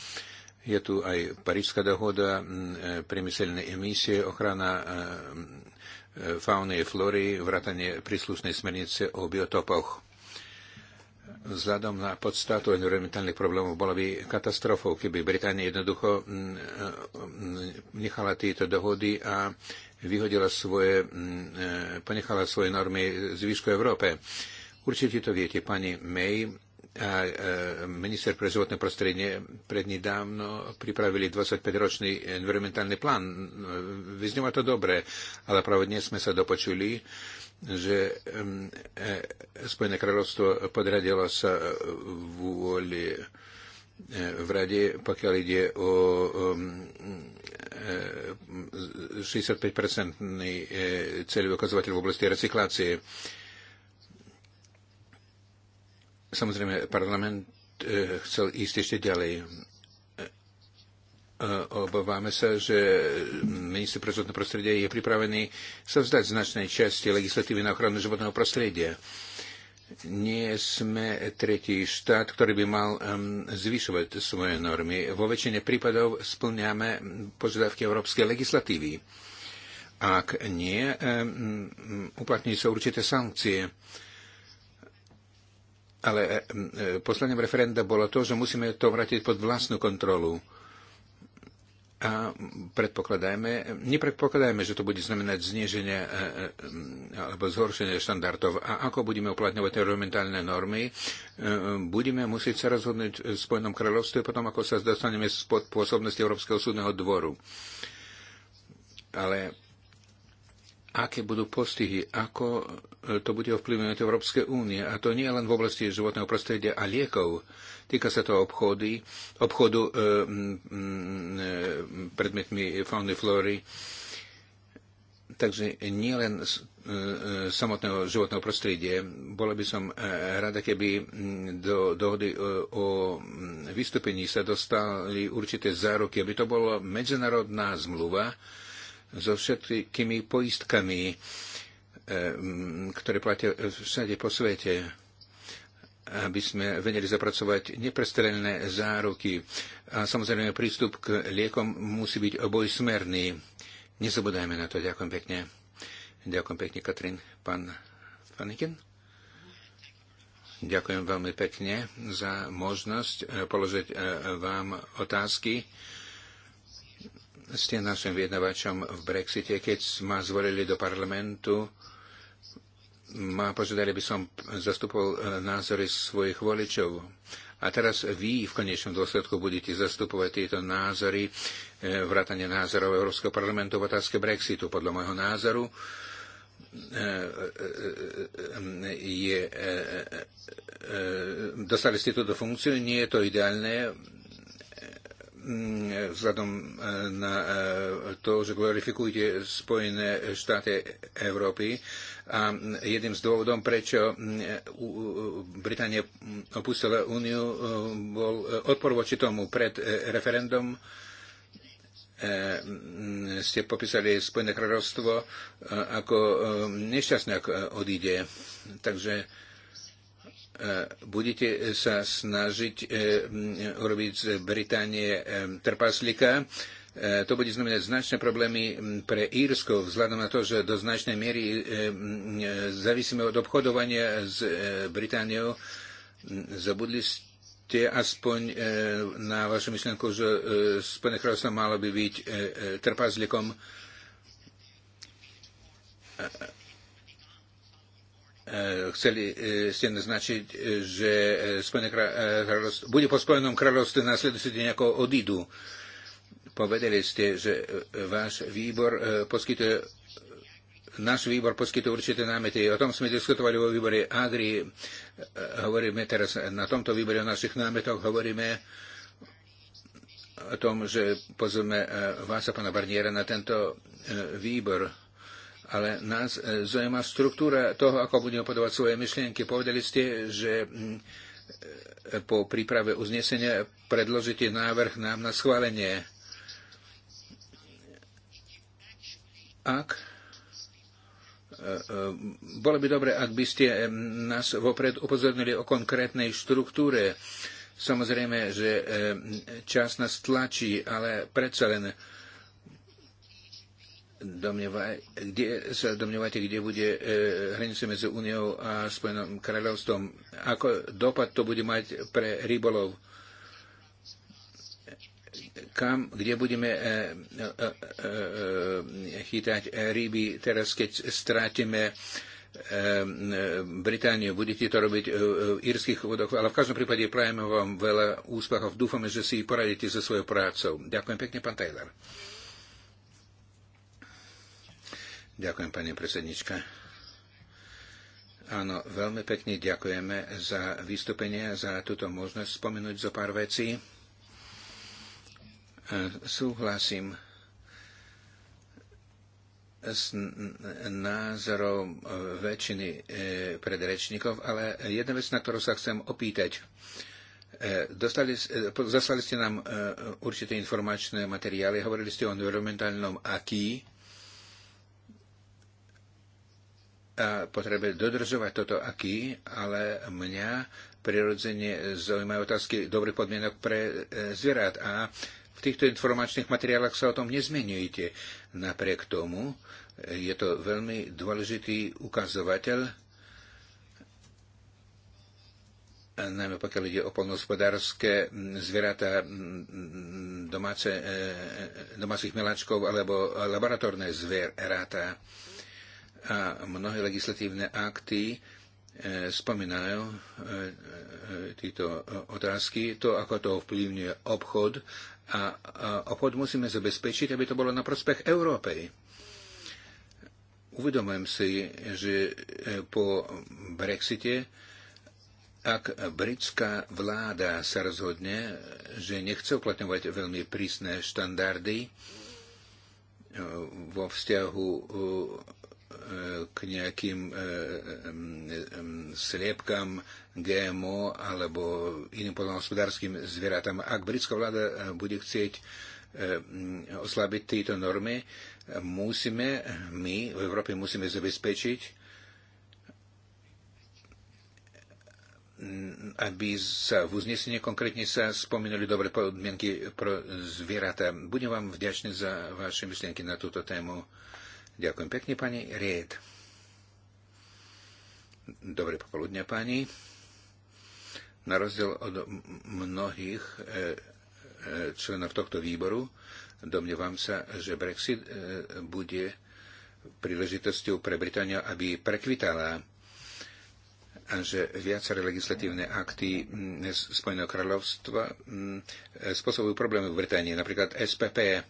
Je tu aj Parížská dohoda, e, priemyselné emisie, ochrana fauny a flory, vrátanie príslušnej smernice o biotopoch vzhľadom na podstatu environmentálnych problémov bola by katastrofou, keby Británia jednoducho mm, mm, nechala tieto dohody a vyhodila svoje, mm, ponechala svoje normy zvyšku Európe. Určite to viete, pani May a e, minister pre životné prostredie prednedávno pripravili 25-ročný environmentálny plán. Vyznieva to dobre, ale práve dnes sme sa dopočuli, že e, Spojené kráľovstvo podradilo sa vôli e, v rade, pokiaľ ide o 65-percentný e, celý ukazovateľ v oblasti recyklácie. Samozrejme, parlament chcel ísť ešte ďalej E, obávame sa, že minister pre životné prostredie je pripravený sa vzdať značnej časti legislatívy na ochranu životného prostredia. Nie sme tretí štát, ktorý by mal um, zvyšovať svoje normy. Vo väčšine prípadov splňame požiadavky európskej legislatívy. Ak nie, um, uplatní sa určité sankcie. Ale um, poslaním referenda bolo to, že musíme to vrátiť pod vlastnú kontrolu a predpokladajme, nepredpokladajme, že to bude znamenať zniženie e, e, alebo zhoršenie štandardov. A ako budeme uplatňovať environmentálne normy, e, budeme musieť sa rozhodnúť v Spojenom kráľovstve potom, ako sa dostaneme spod pôsobnosti Európskeho súdneho dvoru. Ale aké budú postihy, ako e, to bude ovplyvňovať Európske únie. A to nie len v oblasti životného prostredia a liekov. Týka sa to obchody, obchodu e, e, predmetmi fauny flóry. Takže nie len e, e, samotného životného prostredia. Bola by som rada, keby do dohody o vystúpení sa dostali určité záruky, aby to bola medzinárodná zmluva, so všetkými poistkami, eh, ktoré platia všade po svete, aby sme vedeli zapracovať neprestrelené záruky. A samozrejme, prístup k liekom musí byť obojsmerný. Nezabudajme na to. Ďakujem pekne. Ďakujem pekne, Katrin. Pán Panikin? Ďakujem veľmi pekne za možnosť eh, položiť eh, vám otázky ste našim viednavačom v Brexite, keď ma zvolili do parlamentu, ma požiadali, aby som zastupoval eh, názory svojich voličov. A teraz vy v konečnom dôsledku budete zastupovať tieto názory, eh, vrátanie názorov Európskeho parlamentu v otázke Brexitu. Podľa môjho názoru je, eh, dostali ste túto funkciu, nie je to ideálne, Mm, vzhľadom e, na e, to, že glorifikujete Spojené štáty Európy. A jedným z dôvodom, prečo mm, Británia opustila úniu, e, bol odpor voči tomu pred referendum mm, ste popísali Spojené kráľovstvo ako nešťastné, ako odíde. Takže budete sa snažiť e, urobiť z Británie e, trpaslika. E, to bude znamenať značné problémy pre Írsko, vzhľadom na to, že do značnej miery závisíme od obchodovania s Britániou. Zabudli ste aspoň na vašu myšlenku, že Spojené kráľovstvo malo by byť trpazlikom E, chceli e, ste naznačiť, e, že bude po Spojenom kráľovstve nasledujúci deň ako odídu. Povedali ste, že váš výbor poskytuje náš výbor poskytuje určité námety. O tom sme diskutovali vo výbore Agri. Hovoríme teraz na tomto výbore o našich námetoch. Hovoríme o tom, že pozveme vás a pana Barniera na tento výbor ale nás e, zaujíma štruktúra toho, ako budeme podávať svoje myšlienky. Povedali ste, že mm, e, po príprave uznesenia predložíte návrh nám na schválenie. Ak e, bolo by dobre, ak by ste nás vopred upozornili o konkrétnej štruktúre. Samozrejme, že čas nás tlačí, ale predsa len domnieva, kde sa domnievate, kde bude e, hranica medzi Úniou a Spojeným kráľovstvom? Ako dopad to bude mať pre rybolov? Kam, kde budeme e, e, e, e chytať ryby teraz, keď strátime e, e Britániu, budete to robiť e, v írskych vodoch, ale v každom prípade prajeme vám veľa úspechov. Dúfame, že si poradíte so svojou prácou. Ďakujem pekne, pán Taylor. Ďakujem, pani predsednička. Áno, veľmi pekne ďakujeme za vystúpenie, za túto možnosť spomenúť zo pár vecí. E, súhlasím s názorom e, väčšiny e, predrečníkov, ale jedna vec, na ktorú sa chcem opýtať. Dostali, zaslali ste nám určité informačné materiály, hovorili ste o environmentálnom aký, a potrebe dodržovať toto aký, ale mňa prirodzene zaujímajú otázky dobrých podmienok pre e, zvierat a v týchto informačných materiáloch sa o tom nezmenujete. Napriek tomu e, je to veľmi dôležitý ukazovateľ, najmä pokiaľ ide o polnohospodárske zvieratá domáce, e, domácich miláčkov alebo laboratórne zvieratá a mnohé legislatívne akty e, spomínajú e, e, tieto otázky, to, ako to ovplyvňuje obchod a obchod musíme zabezpečiť, aby to bolo na prospech Európy. Uvedomujem si, že po Brexite, ak britská vláda sa rozhodne, že nechce uplatňovať veľmi prísne štandardy, vo vzťahu k nejakým e, e, e, sliepkam GMO alebo iným podľahospodárským zvieratám. Ak britská vláda bude chcieť oslabiť tieto normy, musíme, my v Európe musíme zabezpečiť, aby sa v uznesení konkrétne sa spomenuli dobre podmienky pro zvieratá. Budem vám vďačný za vaše myšlienky na túto tému. Ďakujem pekne, pani Ried. Dobre popoludne, pani. Na rozdiel od mnohých eh, eh, členov tohto výboru, domnievam sa, že Brexit eh, bude príležitosťou pre Britániu, aby prekvitala a že viaceré legislatívne akty mm, Spojeného kráľovstva mm, spôsobujú problémy v Británii, napríklad SPP,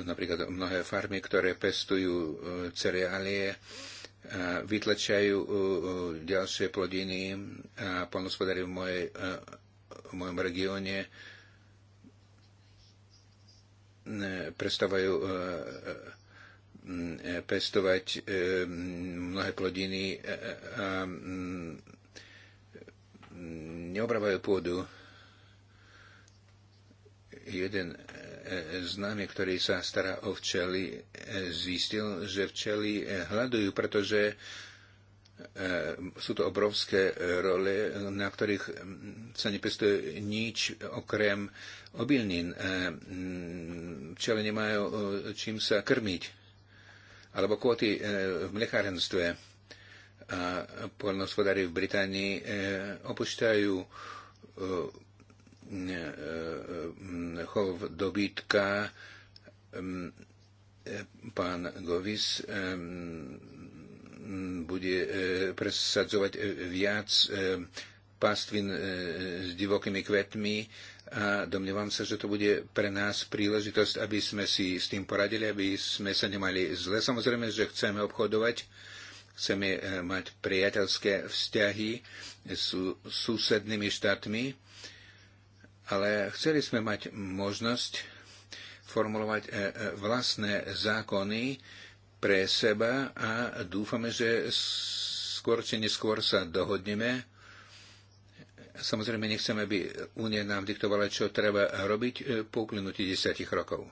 napríklad mnohé farmy, ktoré pestujú e, cereálie, vytlačajú e, e, ďalšie plodiny a polnospodári v, mojej, v mojom regióne prestávajú pestovať mnohé plodiny a mm, neobrávajú pôdu. Jeden známy, ktorý sa stará o včely, e, zistil, že včely e, hľadujú, pretože e, sú to obrovské role, na ktorých sa nepestuje nič okrem obilnín. Včely nemajú čím sa krmiť. Alebo kvóty v mlekárenstve. A polnospodári v Británii opúšťajú E, e, chov dobytka. E, pán Govis bude presadzovať viac pastvin s divokými kvetmi a domnievam sa, že to bude pre nás príležitosť, aby sme si s tým poradili, aby sme sa nemali zle. Samozrejme, že chceme obchodovať, chceme mať priateľské vzťahy s susednými štátmi ale chceli sme mať možnosť formulovať e, e, vlastné zákony pre seba a dúfame, že skôr či neskôr sa dohodneme. Samozrejme, nechceme, aby Únia nám diktovala, čo treba robiť e, po uplynutí desiatich rokov.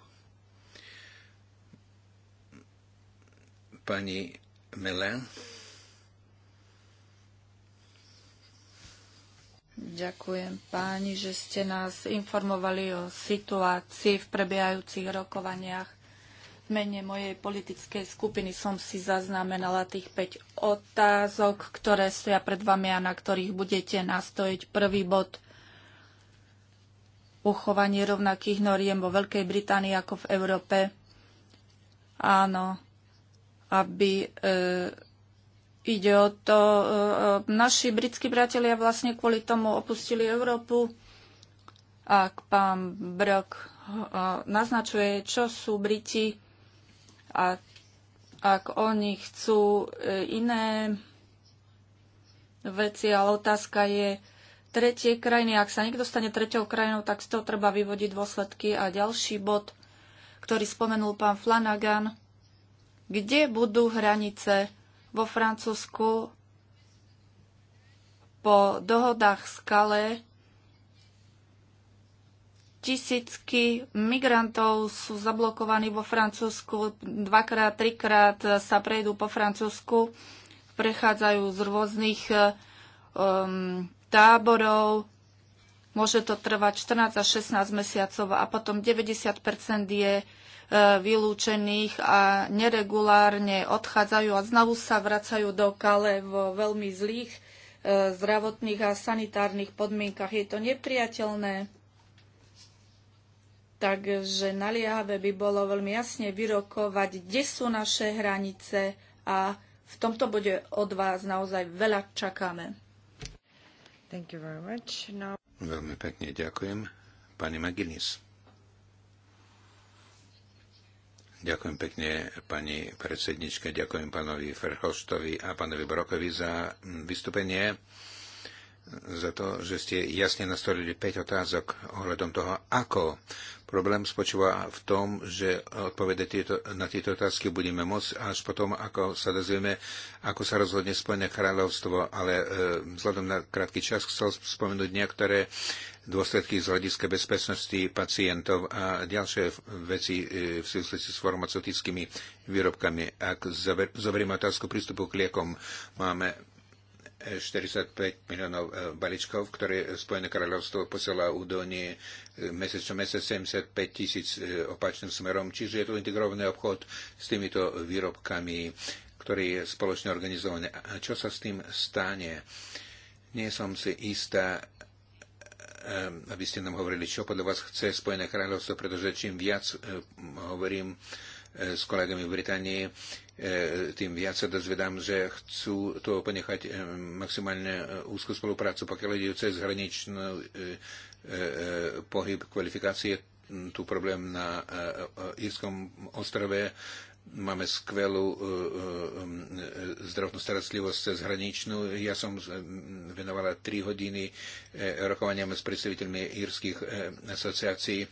Pani Melen. Ďakujem páni, že ste nás informovali o situácii v prebiehajúcich rokovaniach. V mene mojej politickej skupiny som si zaznamenala tých 5 otázok, ktoré stoja pred vami a na ktorých budete nastojiť. Prvý bod uchovanie rovnakých noriem vo Veľkej Británii ako v Európe. Áno, aby e, Ide o to, e, e, naši britskí bratelia vlastne kvôli tomu opustili Európu. Ak pán Brok e, naznačuje, čo sú Briti a ak oni chcú iné veci, ale otázka je tretie krajiny. Ak sa niekto stane tretou krajinou, tak z toho treba vyvodiť dôsledky. A ďalší bod, ktorý spomenul pán Flanagan, kde budú hranice vo Francúzsku po dohodách z Kale tisícky migrantov sú zablokovaní vo Francúzsku, dvakrát, trikrát sa prejdú po Francúzsku, prechádzajú z rôznych um, táborov, môže to trvať 14 až 16 mesiacov a potom 90 je E, vylúčených a neregulárne odchádzajú a znovu sa vracajú do kale vo veľmi zlých e, zdravotných a sanitárnych podmienkach. Je to nepriateľné. Takže naliehavé by bolo veľmi jasne vyrokovať, kde sú naše hranice a v tomto bode od vás naozaj veľa čakáme. Thank you very much. Veľmi pekne ďakujem. Pani Maginis. Ďakujem pekne pani predsedničke, ďakujem pánovi Ferhostovi a pánovi Brokovi za vystúpenie, za to, že ste jasne nastolili 5 otázok ohľadom toho, ako Problém spočíva v tom, že odpovede tieto, na tieto otázky budeme môcť až potom, ako sa dozvieme, ako sa rozhodne Spojené kráľovstvo, ale e, vzhľadom na krátky čas chcel spomenúť niektoré dôsledky z hľadiska bezpečnosti pacientov a ďalšie veci e, v súvislosti s farmaceutickými výrobkami. Ak zoberieme otázku prístupu k liekom, máme 45 miliónov e, balíčkov, ktoré Spojené kráľovstvo posiela údajne mesiac čo mesiac 75 tisíc e, opačným smerom. Čiže je to integrovaný obchod s týmito výrobkami, ktorý je spoločne organizovaný. A čo sa s tým stane? Nie som si istá, e, aby ste nám hovorili, čo podľa vás chce Spojené kráľovstvo, pretože čím viac hovorím s kolegami v Británii, E, tým viac sa dozvedám, že chcú to ponechať e, maximálne e, úzkú spoluprácu, pokiaľ ide cez hraničný pohyb kvalifikácie tu problém na Írskom ostrove. Máme skvelú zdravotnú starostlivosť cez hraničnú. Ja som venovala 3 hodiny rokovaniam s predstaviteľmi írskych asociácií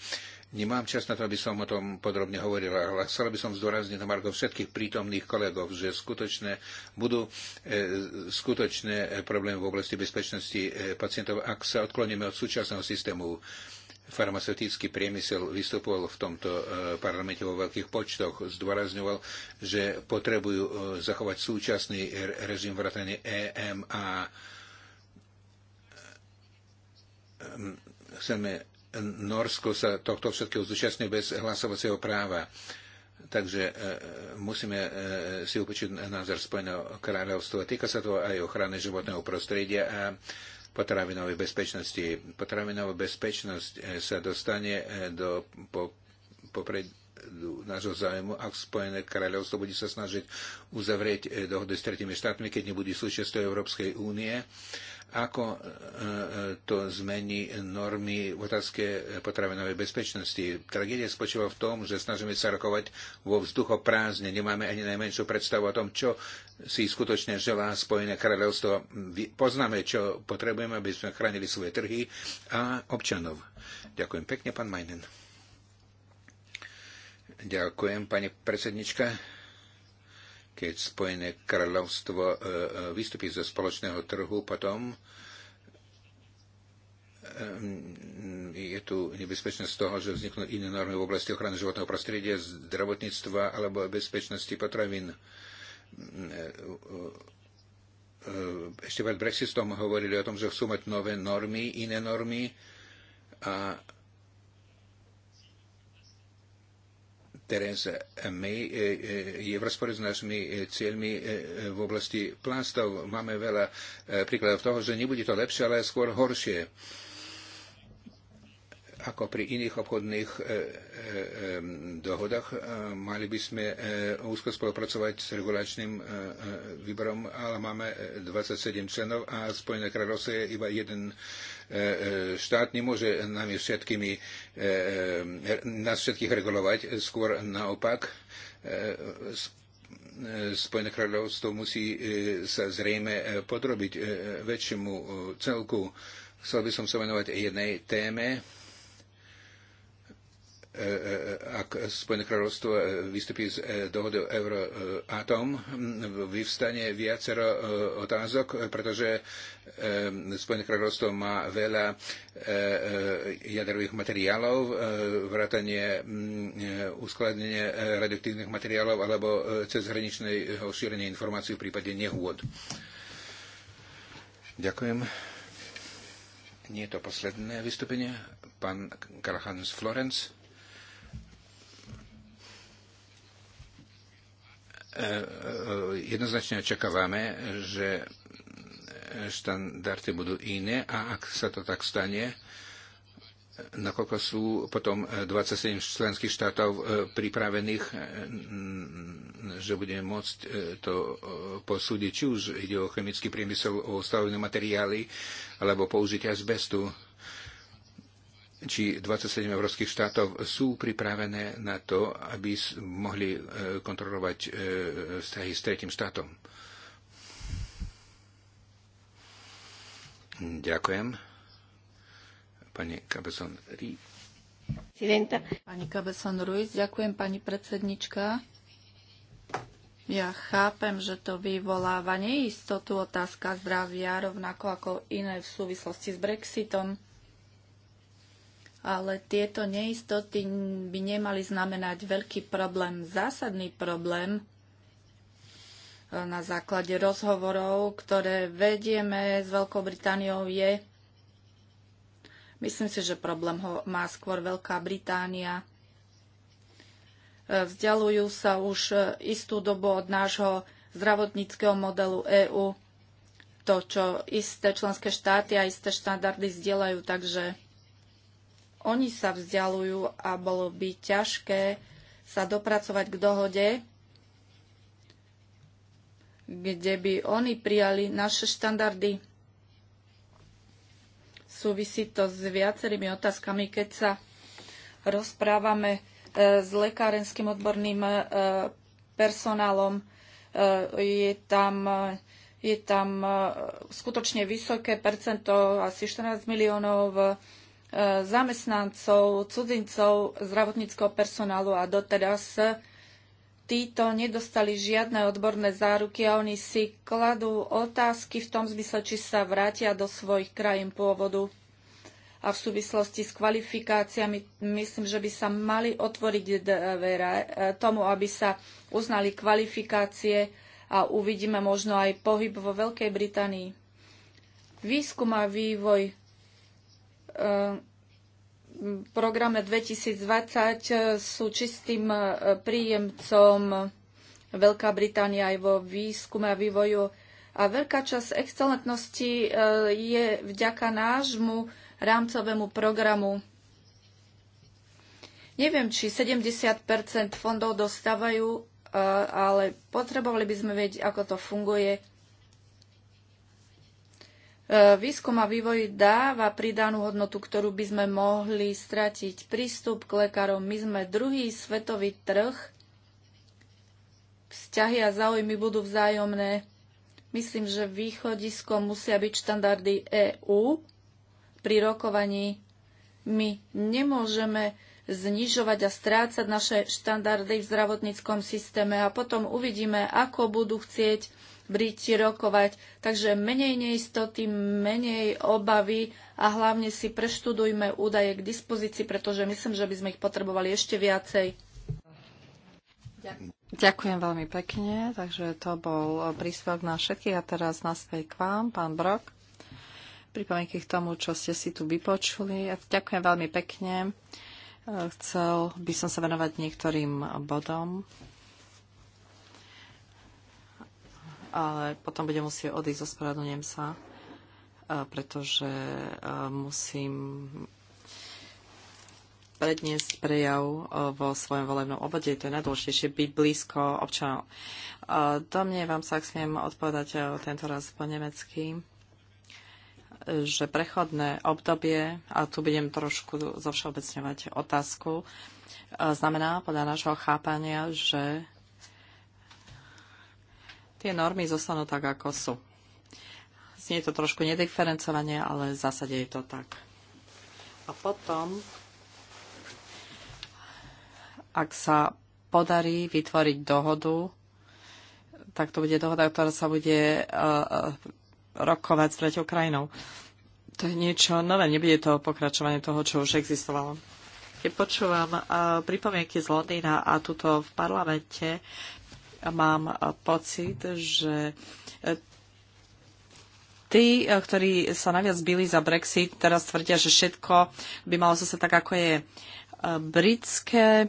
Nemám čas na to, aby som o tom podrobne hovoril, ale chcel by som zdôrazniť na Marko všetkých prítomných kolegov, že skutočne budú e, skutočné problémy v oblasti bezpečnosti e, pacientov, ak sa odkloníme od súčasného systému farmaceutický priemysel vystupoval v tomto e, parlamente vo veľkých počtoch, zdôrazňoval, že potrebujú zachovať súčasný režim vrátane EMA. Chceme Norsko sa tohto všetkého zúčastňuje bez hlasovacieho práva. Takže e, musíme e, si upočiť názor Spojeného kráľovstva. Týka sa to aj ochrany životného prostredia a potravinovej bezpečnosti. Potravinová bezpečnosť e, sa dostane e, do po, popredu nášho zájmu, ak Spojené kráľovstvo bude sa snažiť uzavrieť e, dohody s tretimi štátmi, keď nebude súčasťou Európskej únie ako e, e, to zmení normy v otázke potravinovej bezpečnosti. Tragédia spočíva v tom, že snažíme sa rokovať vo vzduchu prázdne. Nemáme ani najmenšiu predstavu o tom, čo si skutočne želá Spojené kráľovstvo. Poznáme, čo potrebujeme, aby sme chránili svoje trhy a občanov. Ďakujem pekne, pán Majnen. Ďakujem, pani predsednička keď Spojené kráľovstvo e, e, vystupí zo spoločného trhu, potom e, je tu nebezpečnosť toho, že vzniknú iné normy v oblasti ochrany životného prostredia, zdravotníctva alebo bezpečnosti potravín. Ešte pred Brexitom hovorili o tom, že chcú mať nové normy, iné normy a Teresa May e, e, je v rozpore s našimi e, cieľmi v oblasti plastov. Máme veľa príkladov toho, že nebude to lepšie, ale skôr horšie ako pri iných obchodných e, e, e, dohodách, mali by sme úzko spolupracovať s regulačným výborom, ale máme 27 členov a Spojené kráľovstvo je iba jeden štát, nemôže nami všetkými, nás všetkých regulovať, skôr naopak. Spojené kráľovstvo musí sa zrejme podrobiť väčšiemu celku. Chcel by som sa venovať jednej téme, Eh, ak Spojené kráľovstvo eh, vystupí z eh, dohody Euroatom, vyvstane viacero otázok, pretože Spojené kráľovstvo má veľa jadrových materiálov, vrátanie mm, uskladnenie radioaktívnych materiálov alebo cezhraničného šírenia informácií v prípade nehôd. Ďakujem. Nie je to posledné vystúpenie. Pán Karachan z Florence. E, e, jednoznačne očakávame, že štandardy budú iné a ak sa to tak stane, nakoľko sú potom 27 členských štátov e, pripravených, že budeme môcť to posúdiť, či už ide o chemický priemysel, o stavovné materiály, alebo použitie asbestu či 27 európskych štátov sú pripravené na to, aby mohli e, kontrolovať e, vzťahy s tretím štátom. Ďakujem. Pani Cabezon Ruiz. Pani Cabezon Ruiz, ďakujem pani predsednička. Ja chápem, že to vyvoláva neistotu otázka zdravia, rovnako ako iné v súvislosti s Brexitom ale tieto neistoty by nemali znamenať veľký problém, zásadný problém e, na základe rozhovorov, ktoré vedieme s Veľkou Britániou je, myslím si, že problém ho má skôr Veľká Británia. E, vzdialujú sa už e, istú dobu od nášho zdravotníckého modelu EÚ. To, čo isté členské štáty a isté štandardy zdieľajú, takže oni sa vzdialujú a bolo by ťažké sa dopracovať k dohode, kde by oni prijali naše štandardy. Súvisí to s viacerými otázkami, keď sa rozprávame e, s lekárenským odborným e, personálom. E, je tam, je tam skutočne vysoké percento, asi 14 miliónov E, zamestnancov, cudzincov zdravotníckého personálu a doteraz títo nedostali žiadne odborné záruky a oni si kladú otázky v tom zmysle, či sa vrátia do svojich krajín pôvodu. A v súvislosti s kvalifikáciami myslím, že by sa mali otvoriť dvere e, tomu, aby sa uznali kvalifikácie a uvidíme možno aj pohyb vo Veľkej Británii. Výskum a vývoj E, programe 2020 e, sú čistým e, príjemcom Veľká Británia aj vo výskume a vývoju. A veľká časť excelentnosti je vďaka nášmu rámcovému programu. Neviem, či 70 fondov dostávajú, ale potrebovali by sme vedieť, ako to funguje Výskum a vývoj dáva pridanú hodnotu, ktorú by sme mohli stratiť. Prístup k lekárom. My sme druhý svetový trh. Vzťahy a záujmy budú vzájomné. Myslím, že východisko musia byť štandardy EÚ pri rokovaní. My nemôžeme znižovať a strácať naše štandardy v zdravotníckom systéme a potom uvidíme, ako budú chcieť Briti rokovať. Takže menej neistoty, menej obavy a hlavne si preštudujme údaje k dispozícii, pretože myslím, že by sme ich potrebovali ešte viacej. Ďakujem. veľmi pekne, takže to bol príspevok na všetkých a teraz svej k vám, pán Brok. Pripomienky k tomu, čo ste si tu vypočuli. Ďakujem veľmi pekne. Chcel by som sa venovať niektorým bodom ale potom budem musieť odísť, ospravedlňujem sa, e, pretože e, musím predniesť prejav e, vo svojom volebnom obode, To je najdôležitejšie, byť blízko občanov. Do mne vám sa, ak smiem odpovedať tento raz po nemecky, že prechodné obdobie, a tu budem trošku zovšeobecňovať otázku, znamená podľa nášho chápania, že tie normy zostanú tak, ako sú. Znie to trošku nediferencovanie, ale v zásade je to tak. A potom, ak sa podarí vytvoriť dohodu, tak to bude dohoda, ktorá sa bude uh, rokovať s treťou krajinou. To je niečo nové, nebude to pokračovanie toho, čo už existovalo. Keď počúvam uh, pripomienky z Londýna a tuto v parlamente, mám pocit, že e, tí, e, ktorí sa naviac byli za Brexit, teraz tvrdia, že všetko by malo zase tak, ako je e, britské.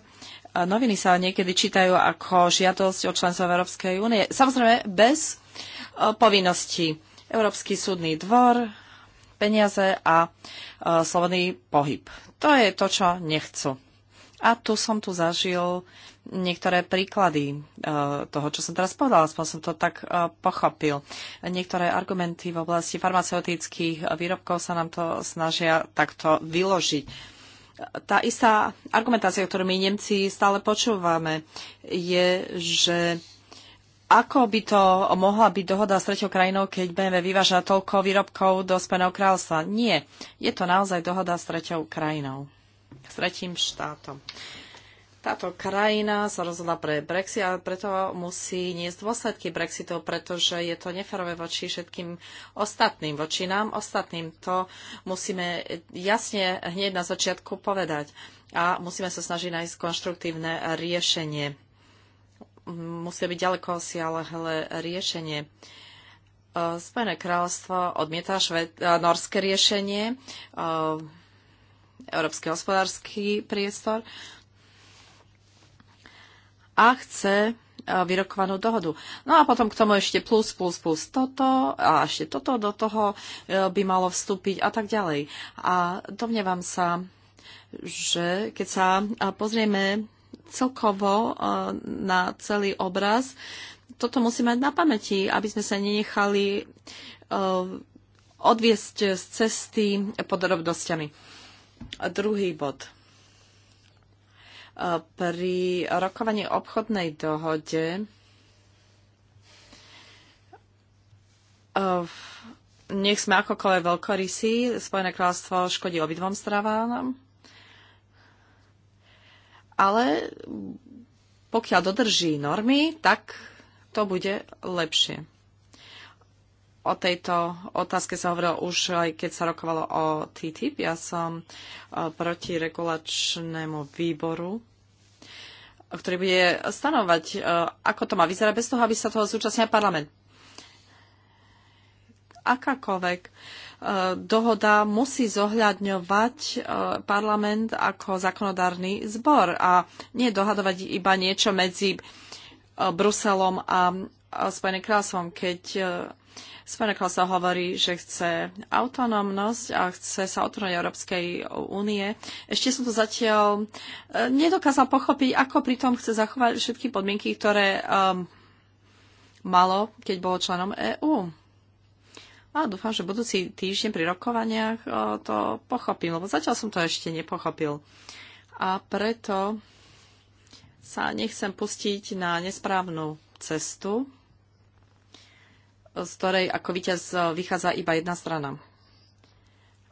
Noviny sa niekedy čítajú ako žiadosť o členstvo Európskej únie. Samozrejme, bez povinností. Európsky súdny dvor, peniaze a slobodný pohyb. To je to, čo nechcú. A tu som tu zažil niektoré príklady e, toho, čo som teraz povedala, aspoň som to tak e, pochopil. Niektoré argumenty v oblasti farmaceutických výrobkov sa nám to snažia takto vyložiť tá istá argumentácia, ktorú my Nemci stále počúvame, je, že ako by to mohla byť dohoda s tretou krajinou, keď BMW vyváža toľko výrobkov do Spojeného kráľovstva? Nie. Je to naozaj dohoda s tretou krajinou s tretím štátom. Táto krajina sa rozhodla pre Brexit a preto musí niesť dôsledky Brexitu, pretože je to neferové voči všetkým ostatným, voči nám ostatným. To musíme jasne hneď na začiatku povedať a musíme sa snažiť nájsť konštruktívne riešenie. Musí byť ďaleko siahle riešenie. Spojené kráľovstvo odmieta šved- norské riešenie európsky hospodársky priestor a chce e, vyrokovanú dohodu. No a potom k tomu ešte plus, plus, plus toto a ešte toto do toho e, by malo vstúpiť a tak ďalej. A domnievam sa, že keď sa e, pozrieme celkovo na celý obraz, toto musíme mať na pamäti, aby sme sa nenechali odviesť z cesty pod a druhý bod. Pri rokovaní obchodnej dohode nech sme akokoľvek veľkorysí, Spojené kráľstvo škodí obidvom stranám, ale pokiaľ dodrží normy, tak to bude lepšie o tejto otázke sa hovorilo už aj keď sa rokovalo o TTIP. Ja som e, proti regulačnému výboru ktorý bude stanovať, e, ako to má vyzerať, bez toho, aby sa toho zúčastnil parlament. Akákoľvek e, dohoda musí zohľadňovať parlament ako zákonodárny zbor a nie dohadovať iba niečo medzi Bruselom a Spojeným kráľovstvom. Keď sa hovorí, že chce autonómnosť a chce sa otvoriť Európskej únie. Ešte som to zatiaľ e, nedokázal pochopiť, ako pritom chce zachovať všetky podmienky, ktoré um, malo, keď bolo členom EÚ. A dúfam, že budúci týždeň pri rokovaniach e, to pochopím, lebo zatiaľ som to ešte nepochopil. A preto sa nechcem pustiť na nesprávnu cestu, z ktorej ako víťaz e, vychádza iba jedna strana.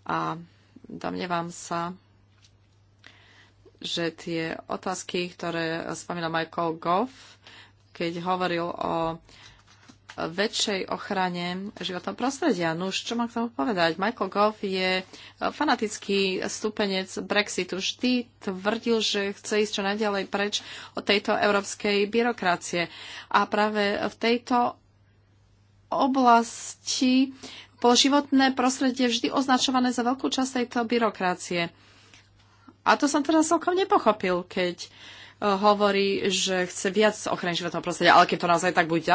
A domnievam sa, že tie otázky, ktoré spomínal Michael Goff, keď hovoril o väčšej ochrane životného prostredia. No už čo mám k tomu povedať? Michael Goff je e, fanatický stupenec Brexitu. Vždy tvrdil, že chce ísť čo najďalej preč od tejto európskej byrokracie. A práve v tejto oblasti bolo životné prostredie vždy označované za veľkú časť tejto byrokracie. A to som teraz celkom nepochopil, keď eh, hovorí, že chce viac ochrany životného prostredia, ale keď to naozaj tak bude,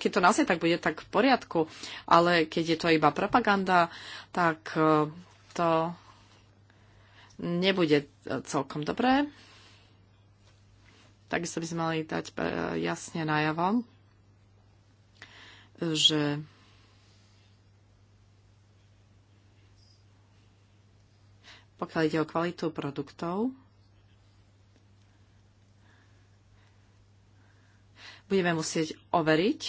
keď to naozaj tak bude, tak v poriadku. Ale keď je to iba propaganda, tak eh, to nebude eh, celkom dobré. Takisto by sme mali dať jasne najavom že pokiaľ ide o kvalitu produktov, budeme musieť overiť,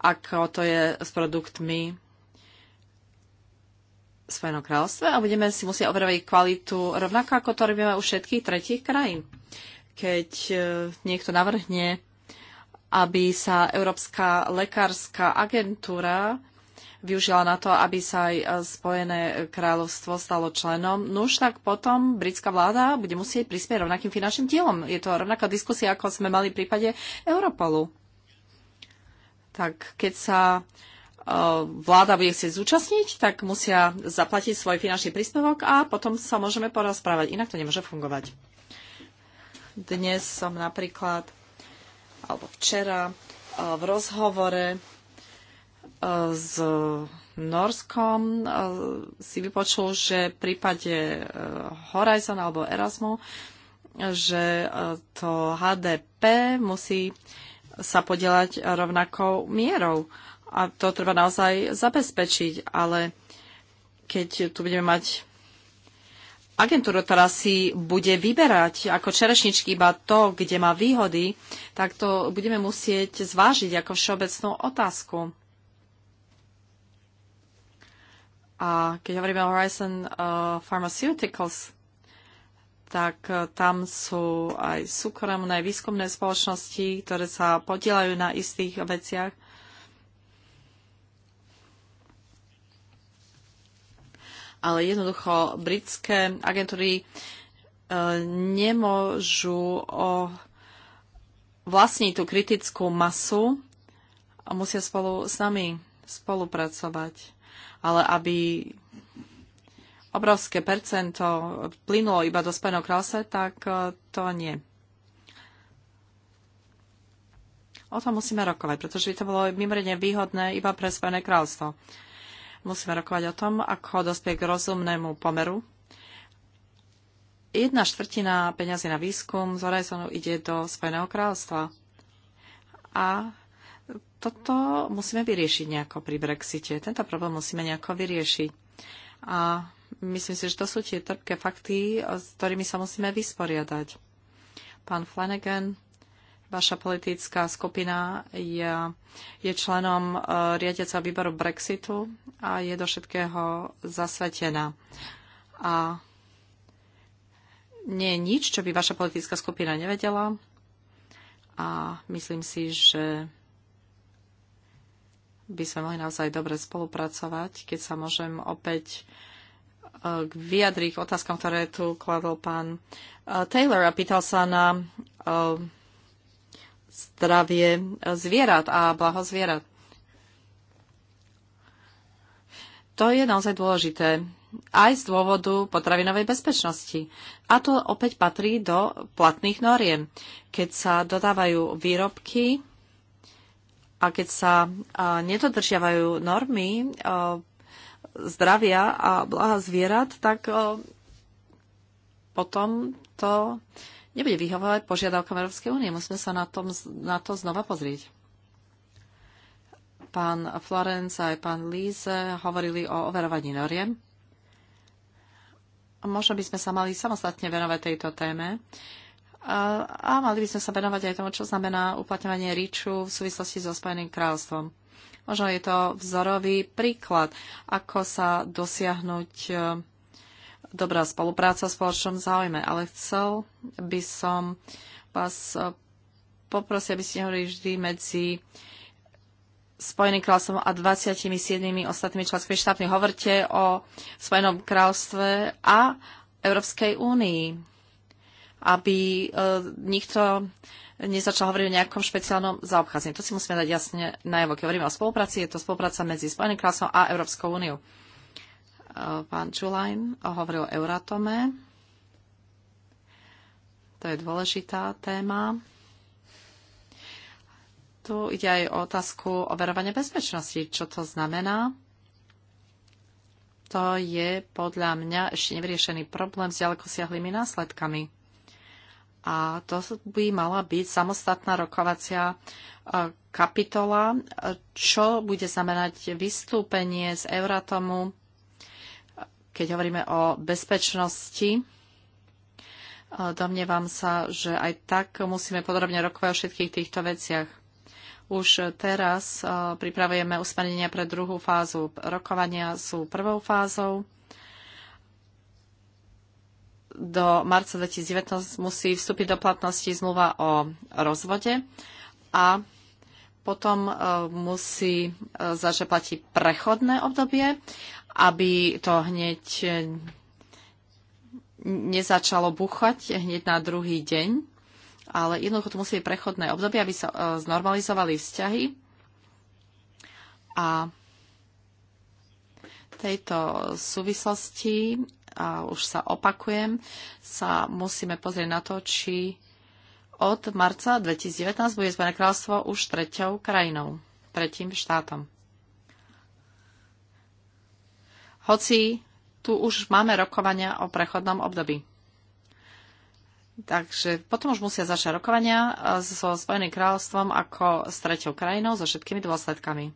ako to je s produktmi Spojeného kráľovstva a budeme si musieť overovať kvalitu rovnako, ako to robíme u všetkých tretích krajín. Keď e, niekto navrhne aby sa Európska lekárska agentúra využila na to, aby sa aj e, Spojené kráľovstvo stalo členom. No už tak potom britská vláda bude musieť prispieť rovnakým finančným dielom. Je to rovnaká diskusia, ako sme mali v prípade Europolu. Tak keď sa e, vláda bude chcieť zúčastniť, tak musia zaplatiť svoj finančný príspevok a potom sa môžeme porozprávať. Inak to nemôže fungovať. Dnes som napríklad alebo včera e, v rozhovore e, s Norskom e, si vypočul, že v prípade Horizon alebo Erasmu, že to HDP musí sa podielať rovnakou mierou. A to treba naozaj zabezpečiť, ale keď tu budeme mať agentúru, ktorá si bude vyberať ako čerešničky iba to, kde má výhody, tak to budeme musieť zvážiť ako všeobecnú otázku. A keď hovoríme o Horizon uh, Pharmaceuticals, tak uh, tam sú aj súkromné výskumné spoločnosti, ktoré sa podielajú na istých veciach. ale jednoducho britské agentúry e, nemôžu o vlastniť tú kritickú masu a musia spolu s nami spolupracovať. Ale aby obrovské percento plynulo iba do Spojeného kráľstva, tak e, to nie. O tom musíme rokovať, pretože by to bolo mimoriadne výhodné iba pre Spojené kráľstvo. Musíme rokovať o tom, ako dospieť k rozumnému pomeru. Jedna štvrtina peňazí na výskum z Horizonu ide do Spojeného kráľovstva. A toto musíme vyriešiť nejako pri Brexite. Tento problém musíme nejako vyriešiť. A myslím si, že to sú tie trpké fakty, s ktorými sa musíme vysporiadať. Pán Flanagan Vaša politická skupina je, je členom e, riadiaceho výboru Brexitu a je do všetkého zasvetená. A nie je nič, čo by vaša politická skupina nevedela. A myslím si, že by sme mohli naozaj dobre spolupracovať, keď sa môžem opäť e, k vyjadriť otázkam, ktoré tu kladol pán e, Taylor a pýtal sa na zdravie zvierat a blaho zvierat. To je naozaj dôležité aj z dôvodu potravinovej bezpečnosti. A to opäť patrí do platných noriem, keď sa dodávajú výrobky a keď sa nedodržiavajú normy zdravia a blaha zvierat, tak potom to nebude vyhovovať požiadavkám Európskej únie. Musíme sa na, tom, na to znova pozrieť. Pán Florence aj pán Líze hovorili o overovaní noriem. Možno by sme sa mali samostatne venovať tejto téme. A, a mali by sme sa venovať aj tomu, čo znamená uplatňovanie ríču v súvislosti so Spojeným kráľstvom. Možno je to vzorový príklad, ako sa dosiahnuť dobrá spolupráca v spoločnom záujme, ale chcel by som vás eh, poprosiť, aby ste hovorili vždy medzi Spojeným kráľstvom a 27 ostatnými členskými štátmi. Hovorte o Spojenom kráľstve a Európskej únii, aby eh, nikto nezačal hovoriť o nejakom špeciálnom zaobchádzaní. To si musíme dať jasne najavo. Keď hovoríme o spolupráci, je to spolupráca medzi Spojeným kráľstvom a Európskou úniou. Pán Čulajn hovoril o Euratome. To je dôležitá téma. Tu ide aj o otázku overovania bezpečnosti. Čo to znamená? To je podľa mňa ešte nevyriešený problém s ďaleko siahlými následkami. A to by mala byť samostatná rokovacia e, kapitola, čo bude znamenať vystúpenie z Euratomu keď hovoríme o bezpečnosti, e, domnievam sa, že aj tak musíme podrobne rokovať o všetkých týchto veciach. Už teraz e, pripravujeme usmernenia pre druhú fázu. Rokovania sú prvou fázou. Do marca 2019 musí vstúpiť do platnosti zmluva o rozvode a potom e, musí začať platiť prechodné obdobie aby to hneď eh, nezačalo buchať hneď na druhý deň, ale jednoducho to musí byť prechodné obdobie, aby sa eh, znormalizovali vzťahy a tejto súvislosti, a už sa opakujem, sa musíme pozrieť na to, či od marca 2019 bude Spojené kráľstvo už treťou krajinou, tretím štátom. hoci tu už máme rokovania o prechodnom období. Takže potom už musia začať rokovania e, so Spojeným kráľovstvom ako s treťou krajinou, so všetkými dôsledkami.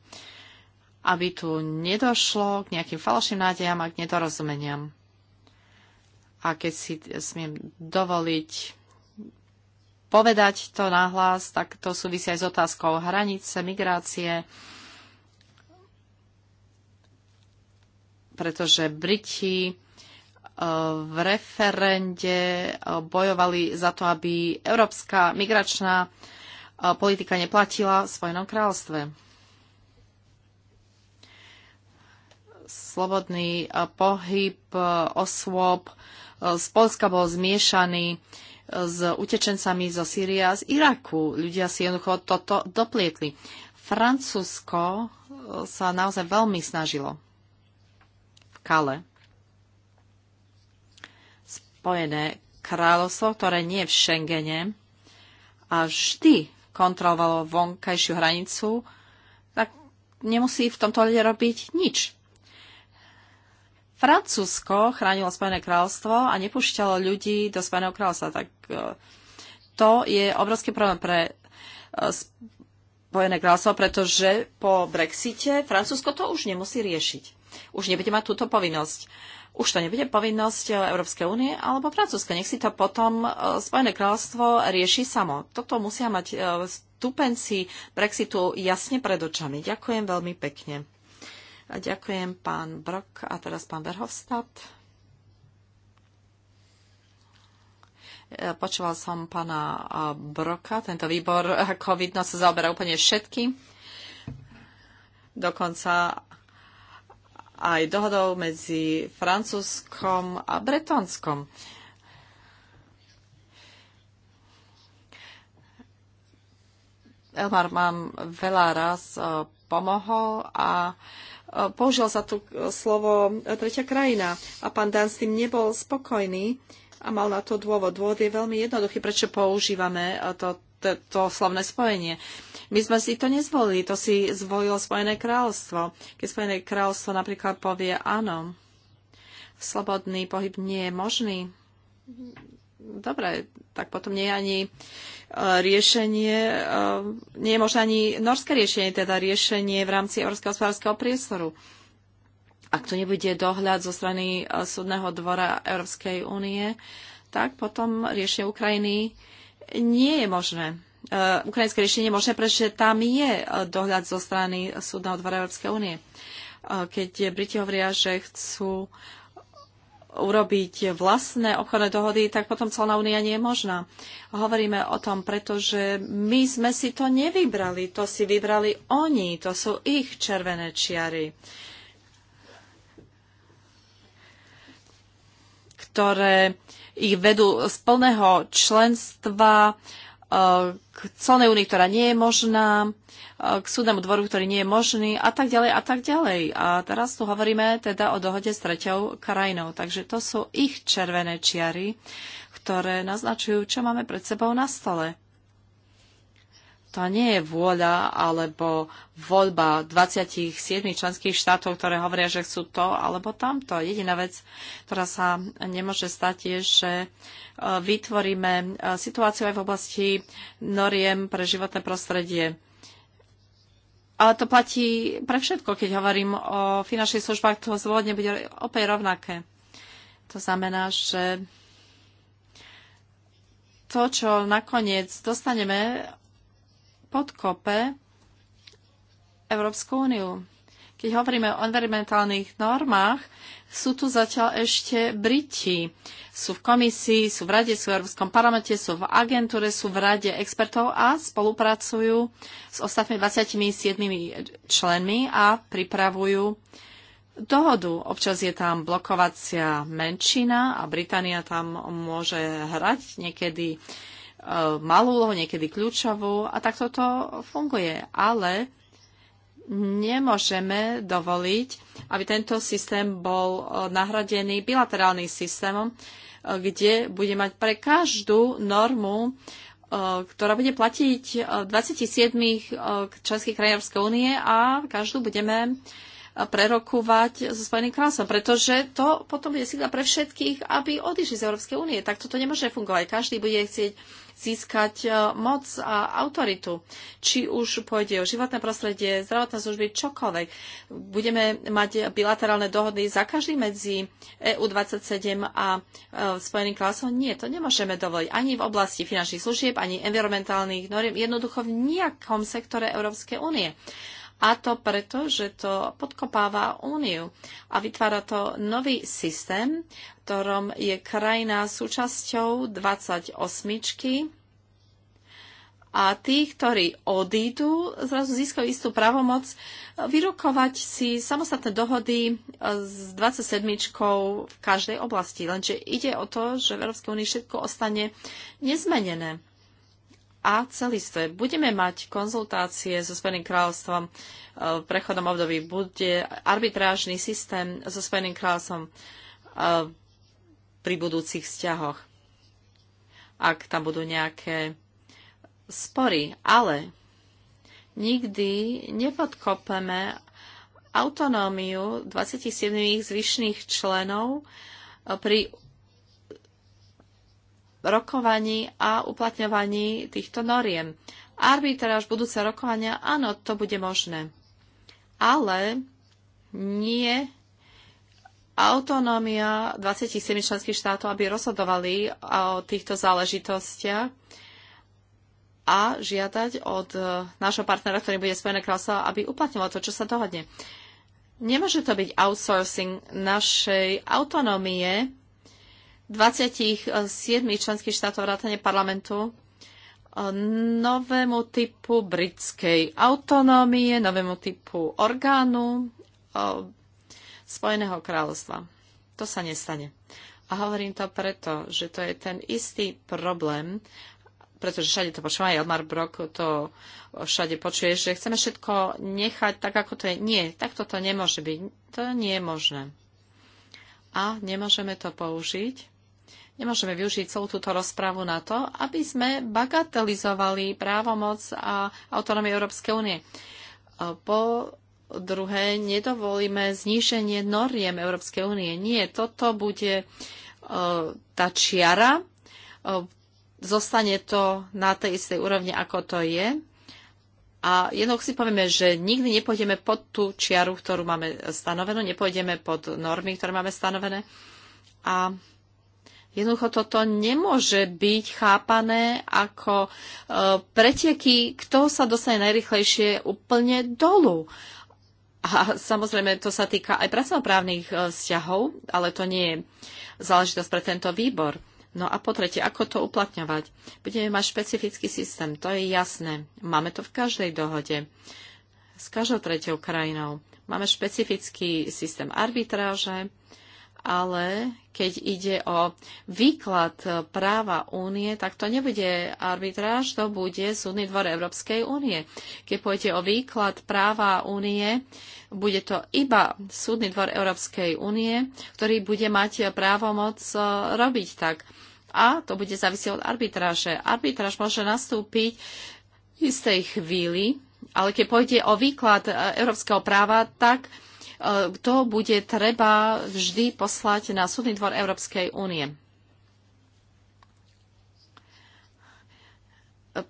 Aby tu nedošlo k nejakým falošným nádejam a k nedorozumeniam. A keď si smiem dovoliť povedať to nahlas, tak to súvisí aj s otázkou hranice, migrácie, pretože Briti eh, v referende eh, bojovali za to, aby európska migračná eh, politika neplatila v svojom kráľstve. Slobodný pohyb osôb z Polska bol zmiešaný s utečencami zo Sýrie a z Iraku. Ľudia si jednoducho toto doplietli. Francúzsko sa naozaj veľmi snažilo Kale. Spojené kráľovstvo, ktoré nie je v Schengene a vždy kontrolovalo vonkajšiu hranicu, tak nemusí v tomto hľade robiť nič. Francúzsko chránilo Spojené kráľovstvo a nepúšťalo ľudí do Spojeného kráľovstva. Tak e, to je obrovský problém pre e, Spojené kráľovstvo, pretože po Brexite Francúzsko to už nemusí riešiť už nebude mať túto povinnosť. Už to nebude povinnosť Európskej únie alebo Francúzska. Nech si to potom e, Spojené kráľovstvo rieši samo. Toto musia mať e, stupenci Brexitu jasne pred očami. Ďakujem veľmi pekne. A ďakujem pán Brok a teraz pán Verhofstadt. E, počúval som pána Broka, tento výbor, ako vidno, sa zaoberá úplne všetky. Dokonca aj dohodou medzi Francúzskom a Bretonskom. Elmar mám veľa raz e, pomohol a e, použil sa tu e, slovo tretia krajina a pán Dan s tým nebol spokojný a mal na to dôvod. Dôvod je veľmi jednoduchý, prečo používame to to slavné spojenie. My sme si to nezvolili, to si zvolilo Spojené kráľovstvo. Keď Spojené kráľovstvo napríklad povie áno, slobodný pohyb nie je možný, dobre, tak potom nie je ani e, riešenie, e, nie je možno ani norské riešenie, teda riešenie v rámci Európskeho hospodárskeho priestoru. Ak tu nebude dohľad zo strany e, Súdneho dvora Európskej únie, tak potom riešenie Ukrajiny nie je možné. E, ukrajinské riešenie je možné, pretože tam je e, dohľad zo strany Súdneho dvora Európskej únie. E, keď Briti hovoria, že chcú urobiť vlastné obchodné dohody, tak potom celná únia nie je možná. Hovoríme o tom, pretože my sme si to nevybrali, to si vybrali oni, to sú ich červené čiary, ktoré ich vedú z plného členstva eh, k celnej únii, ktorá nie je možná, eh, k súdnemu dvoru, ktorý nie je možný a tak ďalej a tak ďalej. A teraz tu hovoríme teda o dohode s treťou krajinou. Takže to sú ich červené čiary, ktoré naznačujú, čo máme pred sebou na stole to nie je vôľa alebo voľba 27 členských štátov, ktoré hovoria, že chcú to alebo tamto. Jediná vec, ktorá sa nemôže stať, je, že e, vytvoríme e, situáciu aj v oblasti noriem pre životné prostredie. Ale to platí pre všetko. Keď hovorím o finančných službách, to zvodne bude opäť rovnaké. To znamená, že to, čo nakoniec dostaneme podkope Európsku úniu. Keď hovoríme o environmentálnych normách, sú tu zatiaľ ešte Briti. Sú v komisii, sú v rade, sú v Európskom parlamente, sú v agentúre, sú v rade expertov a spolupracujú s ostatnými 27 členmi a pripravujú dohodu. Občas je tam blokovacia menšina a Británia tam môže hrať niekedy uh, malú úlohu, niekedy kľúčovú a takto to funguje. Ale nemôžeme dovoliť, aby tento systém bol e, nahradený bilaterálnym systémom, e, kde bude mať pre každú normu, e, ktorá bude platiť 27 členských krajín Európskej únie a každú budeme prerokovať so Spojeným kráľovstvom, pretože to potom bude sigla pre všetkých, aby odišli z Európskej únie. Tak toto nemôže fungovať. Každý bude chcieť získať e, moc a autoritu. Či už pôjde o životné prostredie, zdravotné služby, čokoľvek. Budeme mať bilaterálne dohody za každý medzi EU27 a e, Spojeným kráľovstvom? Nie, to nemôžeme dovoliť. Ani v oblasti finančných služieb, ani environmentálnych noriem, jednoducho v nejakom sektore Európskej únie. A to preto, že to podkopáva úniu a vytvára to nový systém, v ktorom je krajina súčasťou 28 a tí, ktorí odídu, zrazu získajú istú pravomoc vyrokovať si samostatné dohody s 27 v každej oblasti. Lenže ide o to, že v Európskej únii všetko ostane nezmenené a celistve. Budeme mať konzultácie so Spojeným kráľovstvom e, v prechodnom období. Bude arbitrážny systém so Spojeným kráľovstvom e, pri budúcich vzťahoch. Ak tam budú nejaké spory, ale nikdy nepodkopeme autonómiu 27 zvyšných členov e, pri rokovaní a uplatňovaní týchto noriem. Arbitráž, budúce rokovania, áno, to bude možné. Ale nie autonómia 27 členských štátov, aby rozhodovali o týchto záležitostiach a žiadať od e, nášho partnera, ktorý bude Spojené kráľstvo, aby uplatňoval to, čo sa dohodne. Nemôže to byť outsourcing našej autonómie 27 členských štátov vrátane parlamentu e, novému typu britskej autonómie, novému typu orgánu e, Spojeného kráľovstva. To sa nestane. A hovorím to preto, že to je ten istý problém, pretože všade to počúva, aj Elmar Brock to všade počuje, že chceme všetko nechať tak, ako to je. Nie, takto to nemôže byť. To nie je možné. A nemôžeme to použiť Nemôžeme využiť celú túto rozpravu na to, aby sme bagatelizovali právomoc a autonómiu Európskej únie. Po druhé, nedovolíme zníženie noriem Európskej únie. Nie, toto bude e, tá čiara, e, zostane to na tej istej úrovni, ako to je. A jednoducho si povieme, že nikdy nepôjdeme pod tú čiaru, ktorú máme stanovenú, nepôjdeme pod normy, ktoré máme stanovené. A Jednoducho toto nemôže byť chápané ako e, preteky, kto sa dostane najrychlejšie úplne dolu. A samozrejme, to sa týka aj pracovnoprávnych e, vzťahov, ale to nie je záležitosť pre tento výbor. No a po tretie, ako to uplatňovať? Budeme mať špecifický systém, to je jasné. Máme to v každej dohode. S každou tretiou krajinou. Máme špecifický systém arbitráže, ale keď ide o výklad e, práva únie, tak to nebude arbitráž, to bude súdny dvor Európskej únie. Keď pôjde o výklad práva únie, bude to iba súdny dvor Európskej únie, ktorý bude mať právomoc e, robiť tak. A to bude závisieť od arbitráže. Arbitráž môže nastúpiť v istej chvíli, ale keď pôjde o výklad e, európskeho práva, tak E, to bude treba vždy poslať na Súdny dvor Európskej únie.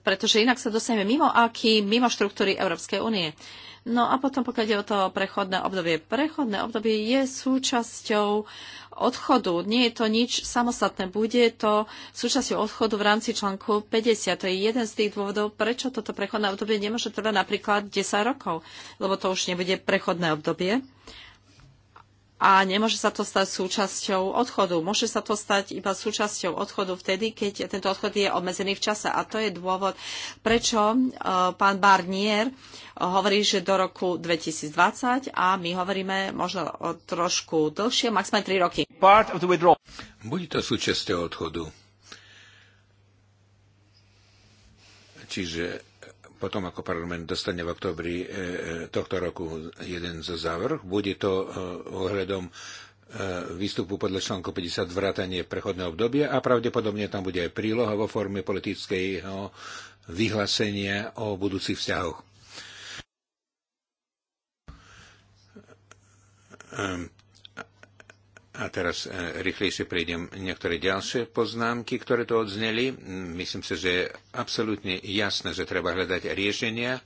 Pretože inak sa dostaneme mimo aký, mimo štruktúry Európskej únie. Uh, No a potom, pokiaľ ide o to prechodné obdobie, prechodné obdobie je súčasťou odchodu. Nie je to nič samostatné. Bude to súčasťou odchodu v rámci článku 50. To je jeden z tých dôvodov, prečo toto prechodné obdobie nemôže trvať napríklad 10 rokov, lebo to už nebude prechodné obdobie a nemôže sa to stať súčasťou odchodu. Môže sa to stať iba súčasťou odchodu vtedy, keď tento odchod je obmedzený v čase. A to je dôvod, prečo e, pán Barnier e, hovorí, že do roku 2020 a my hovoríme možno o trošku dlhšie, maximálne 3 roky. Bude to súčasťou odchodu. Čiže potom ako parlament dostane v oktobri e, e, tohto roku jeden zo závrh. Bude to e, ohľadom výstupu podľa článku 50 vrátanie prechodného obdobia a pravdepodobne tam bude aj príloha vo forme politického vyhlásenia o budúcich vzťahoch. Ehm, a teraz e, rýchlejšie prejdem niektoré ďalšie poznámky, ktoré to odzneli. Myslím si, že je absolútne jasné, že treba hľadať riešenia.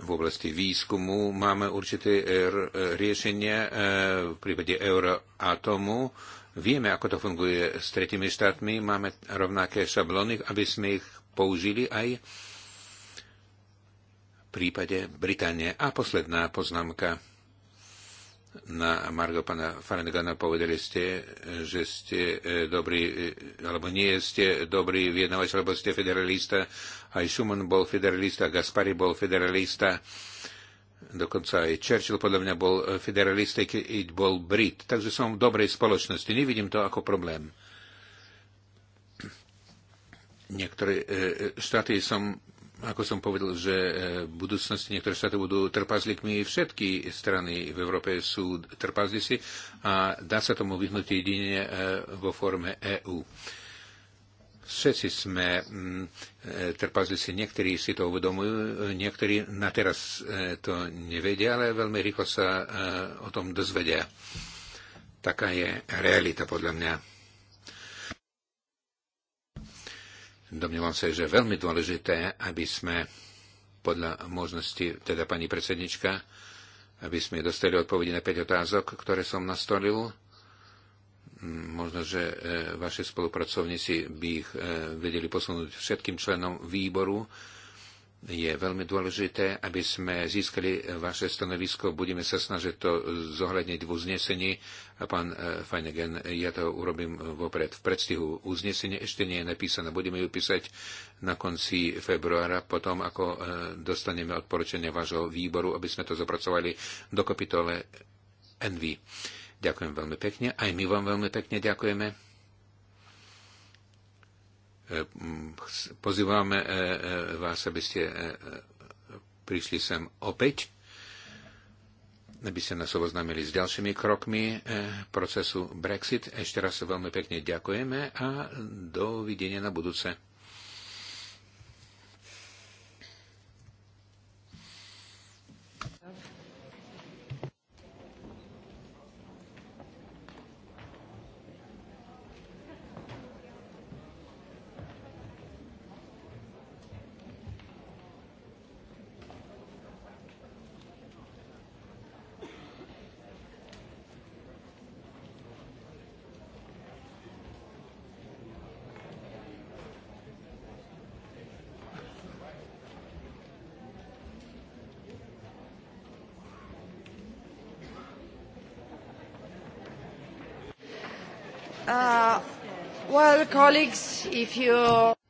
V oblasti výskumu máme určité e, e, riešenia v prípade euroatomu. Vieme, ako to funguje s tretimi štátmi. Máme rovnaké šablóny, aby sme ich použili aj v prípade Británie. A posledná poznámka na Margo pana Farenegana povedali ste, že ste e, dobrý, e, alebo nie ste dobrý vyjednávač, alebo ste federalista. Aj Schumann bol federalista, Gaspari bol federalista, dokonca aj Churchill podľa mňa bol e, federalista, keď bol Brit. Takže som v dobrej spoločnosti, nevidím to ako problém. Niektoré štáty som ako som povedal, že e, v budúcnosti niektoré štáty budú trpazlíkmi. Všetky strany v Európe sú trpazlíci a dá sa tomu vyhnúť jedine e, vo forme EÚ. Všetci sme mm, e, trpazli si. niektorí si to uvedomujú, niektorí na teraz to nevedia, ale veľmi rýchlo sa o tom dozvedia. Taká je realita podľa mňa. Domnievam sa, že je veľmi dôležité, aby sme podľa možnosti, teda pani predsednička, aby sme dostali odpovede na 5 otázok, ktoré som nastolil. Možno, že e, vaši spolupracovníci by ich e, vedeli posunúť všetkým členom výboru je veľmi dôležité, aby sme získali vaše stanovisko. Budeme sa snažiť to zohľadniť v uznesení. A pán e, Feinegen, ja to urobím vopred. V predstihu uznesenie ešte nie je napísané. Budeme ju písať na konci februára, potom ako e, dostaneme odporúčania vášho výboru, aby sme to zapracovali do kapitole NV. Ďakujem veľmi pekne. Aj my vám veľmi pekne ďakujeme. E, pozývame e, e, vás, aby ste prišli sem opäť, aby ste nás oboznámili s ďalšími krokmi procesu Brexit. Ešte raz veľmi pekne ďakujeme a dovidenia na budúce.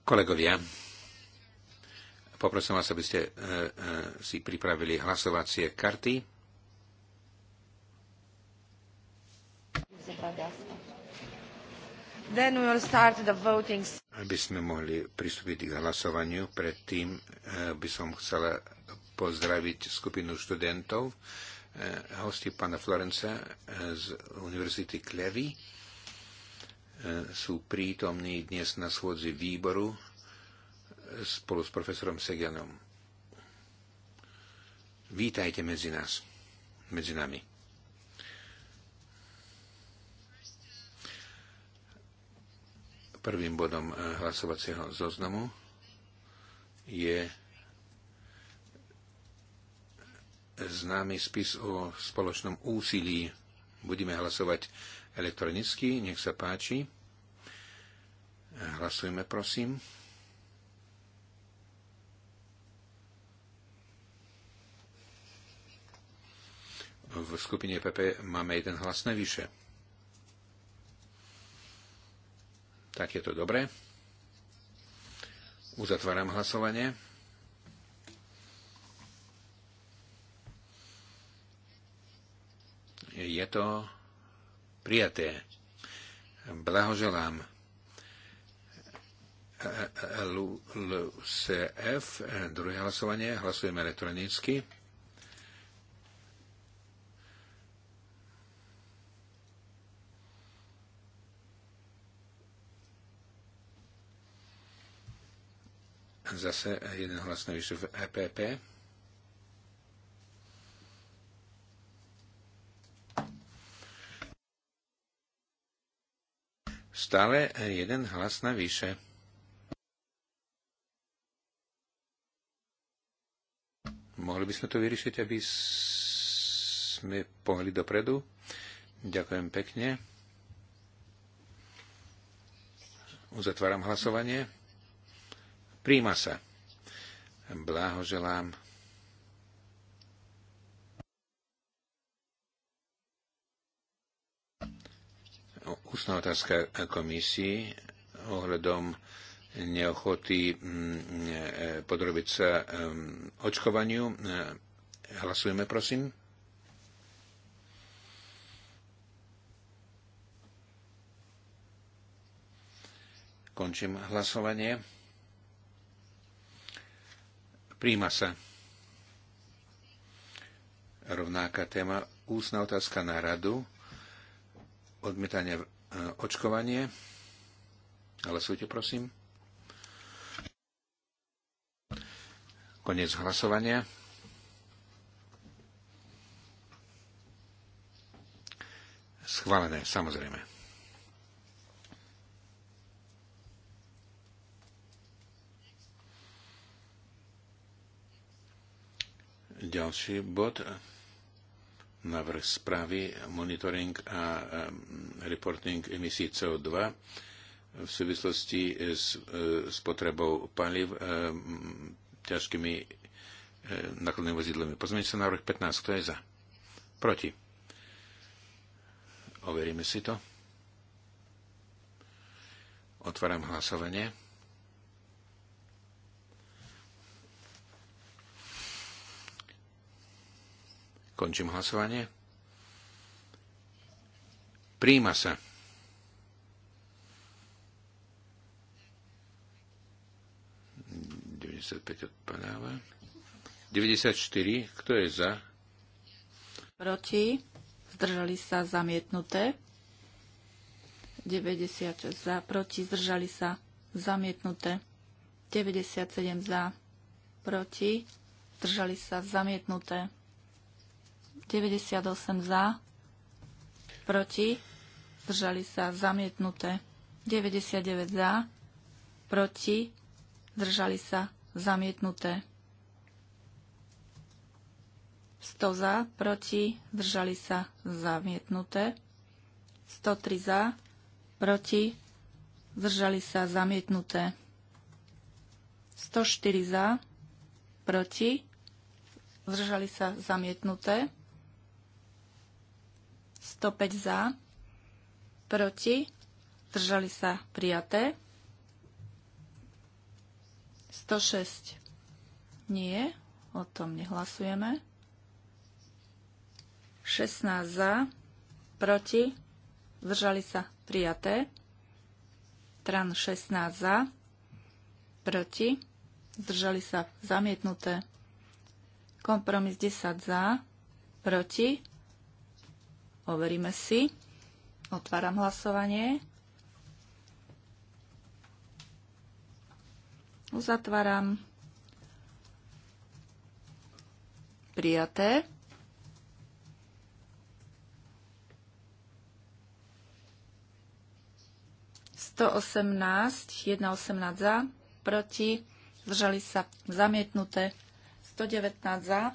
Kolegovia, poprosím vás, aby ste e, e, si pripravili hlasovacie karty. Aby sme mohli pristúpiť k hlasovaniu, predtým e, by som chcela pozdraviť skupinu študentov, hosti pána Florenca z Univerzity Klevy E, sú prítomní dnes na schôdzi výboru spolu s profesorom Seganom. Vítajte medzi nás, medzi nami. Prvým bodom e, hlasovacieho zoznamu je známy spis o spoločnom úsilí. Budeme hlasovať elektronicky. Nech sa páči. Hlasujme, prosím. V skupine PP máme jeden hlas navyše. Tak je to dobré. Uzatváram hlasovanie. Je to Prijaté. Blahoželám. LUCF, druhé hlasovanie, hlasujeme elektronicky. Zase jeden hlas navyše v EPP. Stále jeden hlas navyše. Mohli by sme to vyriešiť, aby sme pohli dopredu? Ďakujem pekne. Uzatváram hlasovanie. Príjma sa. Blahoželám ústna otázka komisii ohľadom neochoty mm, e, podrobiť sa e, očkovaniu. E, hlasujeme, prosím. Končím hlasovanie. Príjma sa. Rovnáka téma. Ústna otázka na radu odmietanie e, očkovanie. Hlasujte, prosím. Koniec hlasovania. Schválené, samozrejme. Ďalší bod návrh správy monitoring a e, reporting emisí CO2 v súvislosti s, e, s potrebou paliv e, ťažkými nákladnými vozidlami. Pozmeňte sa návrh 15. Kto je za? Proti. Overíme si to. Otváram hlasovanie. Končím hlasovanie. Príjma sa. odpadáva. 94. Kto je za? Proti. Zdržali sa zamietnuté. 96 za. Proti. Zdržali sa zamietnuté. 97 za. Proti. Zdržali sa zamietnuté. 98 za, proti, zdržali sa zamietnuté. 99 za, proti, zdržali sa zamietnuté. 100 za, proti, zdržali sa zamietnuté. 103 za, proti, zdržali sa zamietnuté. 104 za, proti, zdržali sa zamietnuté. 105 za, proti, zdržali sa prijaté. 106 nie, o tom nehlasujeme. 16 za, proti, zdržali sa prijaté. Tran 16 za, proti, zdržali sa zamietnuté. Kompromis 10 za, proti, Overíme si. Otváram hlasovanie. Uzatváram. Prijaté. To 18, 1 18 za, proti, zdržali sa zamietnuté. 119 za,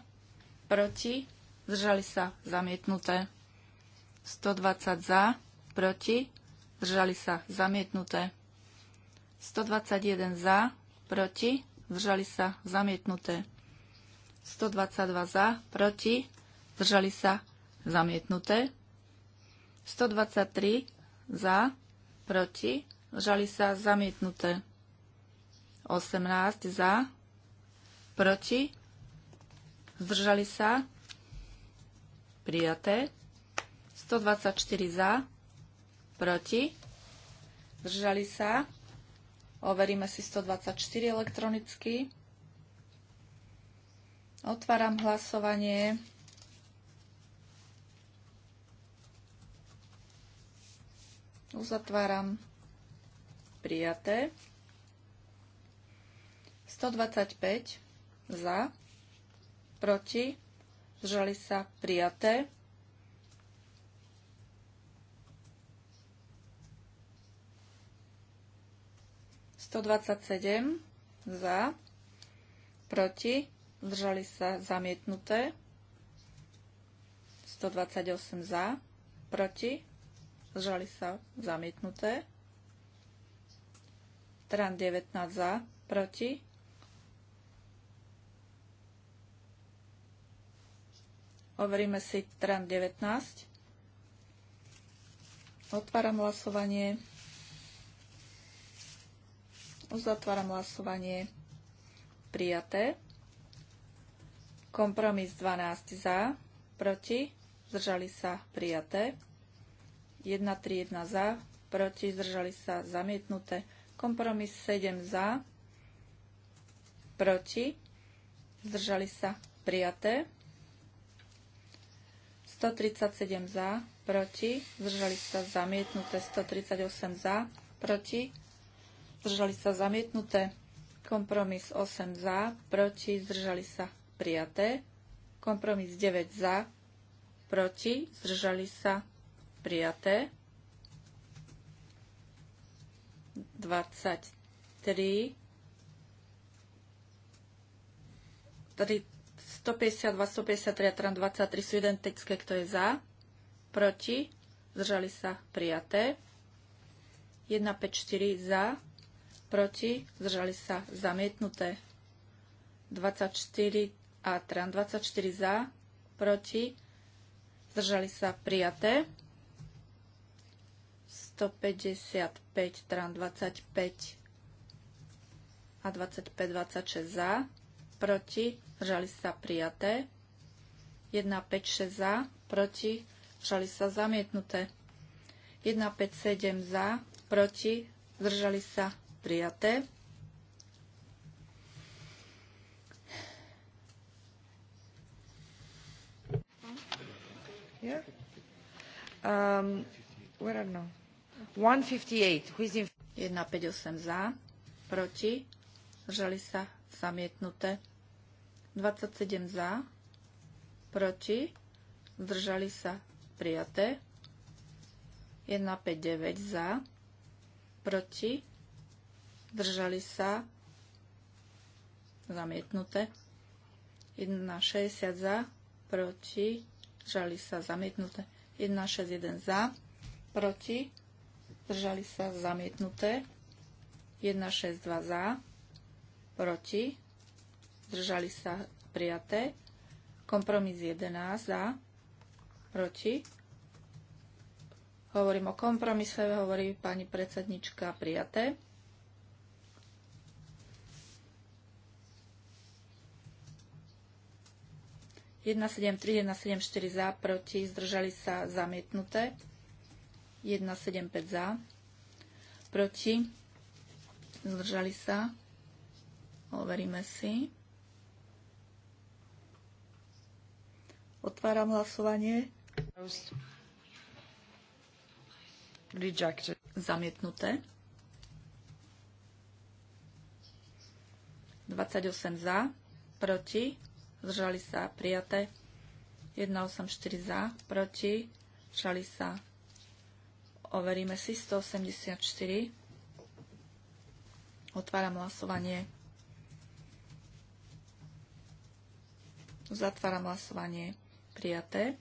proti, zdržali sa zamietnuté. 120 za, proti, zdržali sa zamietnuté. 121 za, proti, zdržali sa zamietnuté. 122 za, proti, zdržali sa zamietnuté. 123 za, proti, zdržali sa zamietnuté. 18 za, proti, zdržali sa prijaté. 124 za, proti, zdržali sa. Overíme si 124 elektronicky. Otváram hlasovanie. Uzatváram. Prijaté. 125 za, proti, zdržali sa prijaté. 127 za, proti, zdržali sa zamietnuté. 128 za, proti, zdržali sa zamietnuté. Tran 19 za, proti. Overíme si Tran 19. Otváram hlasovanie. Uzatváram hlasovanie. Prijaté. Kompromis 12 za, proti, zdržali sa prijaté. 1 1 za, proti, zdržali sa zamietnuté. Kompromis 7 za, proti, zdržali sa prijaté. 137 za, proti, zdržali sa zamietnuté. 138 za, proti, zdržali sa zamietnuté. Kompromis 8 za, proti, zdržali sa prijaté. Kompromis 9 za, proti, zdržali sa prijaté. 23 Tady 152, 153 a 23 sú identické, kto je za, proti, zdržali sa prijaté. 154 za, proti, zdržali sa zamietnuté. 24 a tran 24 za, proti, zdržali sa prijaté. 155, tran 25 a 25, 26 za, proti, zdržali sa prijaté. 1, 5, 6 za, proti, zdržali sa zamietnuté. 1, 5, 7 za, proti, zdržali sa prijaté. Yeah. Um, where 158 za, proti, zdržali sa, zamietnuté. 27 za, proti, zdržali sa, prijaté. 159 za, proti, zdržali sa, zamietnuté. 60 za, proti, zdržali sa, zamietnuté. 1 za, proti, zdržali sa, zamietnuté. 1,62 za, proti, zdržali sa, prijaté. Kompromis 11 za, proti. Hovorím o kompromise, hovorí pani predsednička, prijaté. 173, 174 za, proti, zdržali sa zamietnuté. 175 za, proti, zdržali sa. Overíme si. Otváram hlasovanie. Rejected. Zamietnuté. 28 za, proti, zdržali sa prijaté. 184 za, proti, zdržali sa. Overíme si 184. Otváram hlasovanie. Zatváram hlasovanie. Prijaté.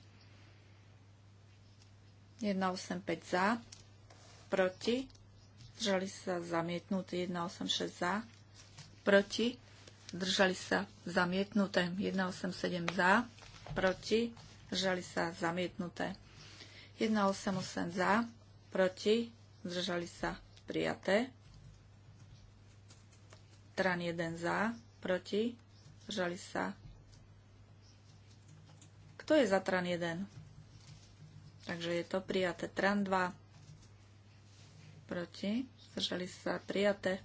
185 za, proti, zdržali sa zamietnutí 186 za, proti, zdržali sa zamietnuté. 187 za, proti, zdržali sa zamietnuté. 188 za, proti, zdržali sa prijaté. Tran 1 za, proti, zdržali sa. Kto je za Tran 1? Takže je to prijaté. Tran 2, proti, zdržali sa prijaté.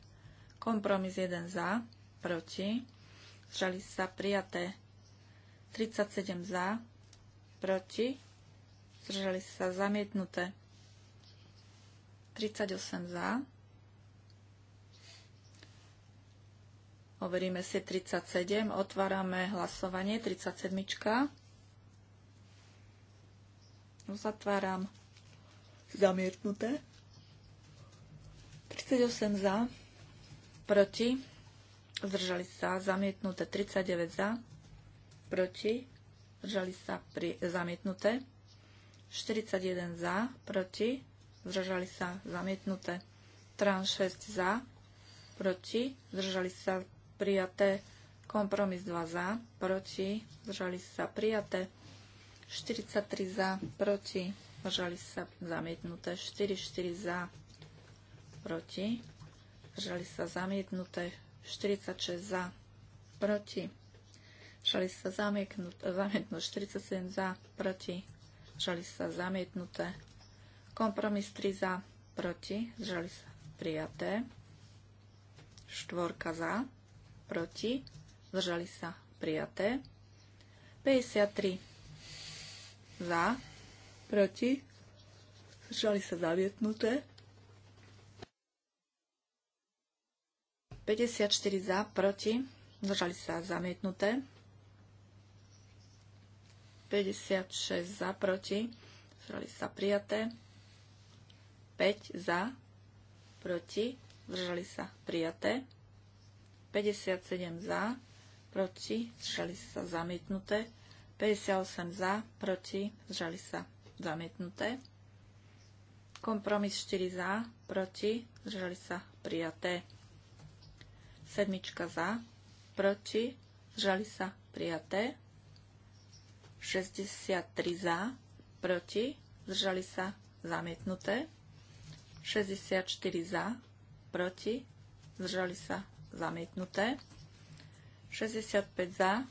Kompromis 1 za, proti, zdržali sa prijaté 37 za, proti, zdržali sa zamietnuté 38 za. Overíme si 37, otvárame hlasovanie 37. Uzatváram zamietnuté. 38 za, proti zdržali sa zamietnuté 39 za, proti, zdržali sa pri, zamietnuté 41 za, proti, zdržali sa zamietnuté tran 6 za, proti, zdržali sa prijaté kompromis 2 za, proti, zdržali sa prijaté 43 za, proti, zdržali sa zamietnuté 44 za, proti, zdržali sa zamietnuté 46 za, proti, žali sa zamietnúť 47 za, proti, žali sa zamietnuté, kompromis 3 za, proti, žali sa prijaté, štvorka za, proti, zdržali sa prijaté, 53 za, proti, Žali sa zamietnuté, 54 za, proti, zdržali sa zamietnuté. 56 za, proti, zdržali sa prijaté. 5 za, proti, zdržali sa prijaté. 57 za, proti, zdržali sa zamietnuté. 58 za, proti, zdržali sa zamietnuté. Kompromis 4 za, proti, zdržali sa prijaté. Sedmička za, proti, zdržali sa prijaté. 63 za, proti, zdržali sa zamietnuté. 64 za, proti, zdržali sa zamietnuté. 65 za,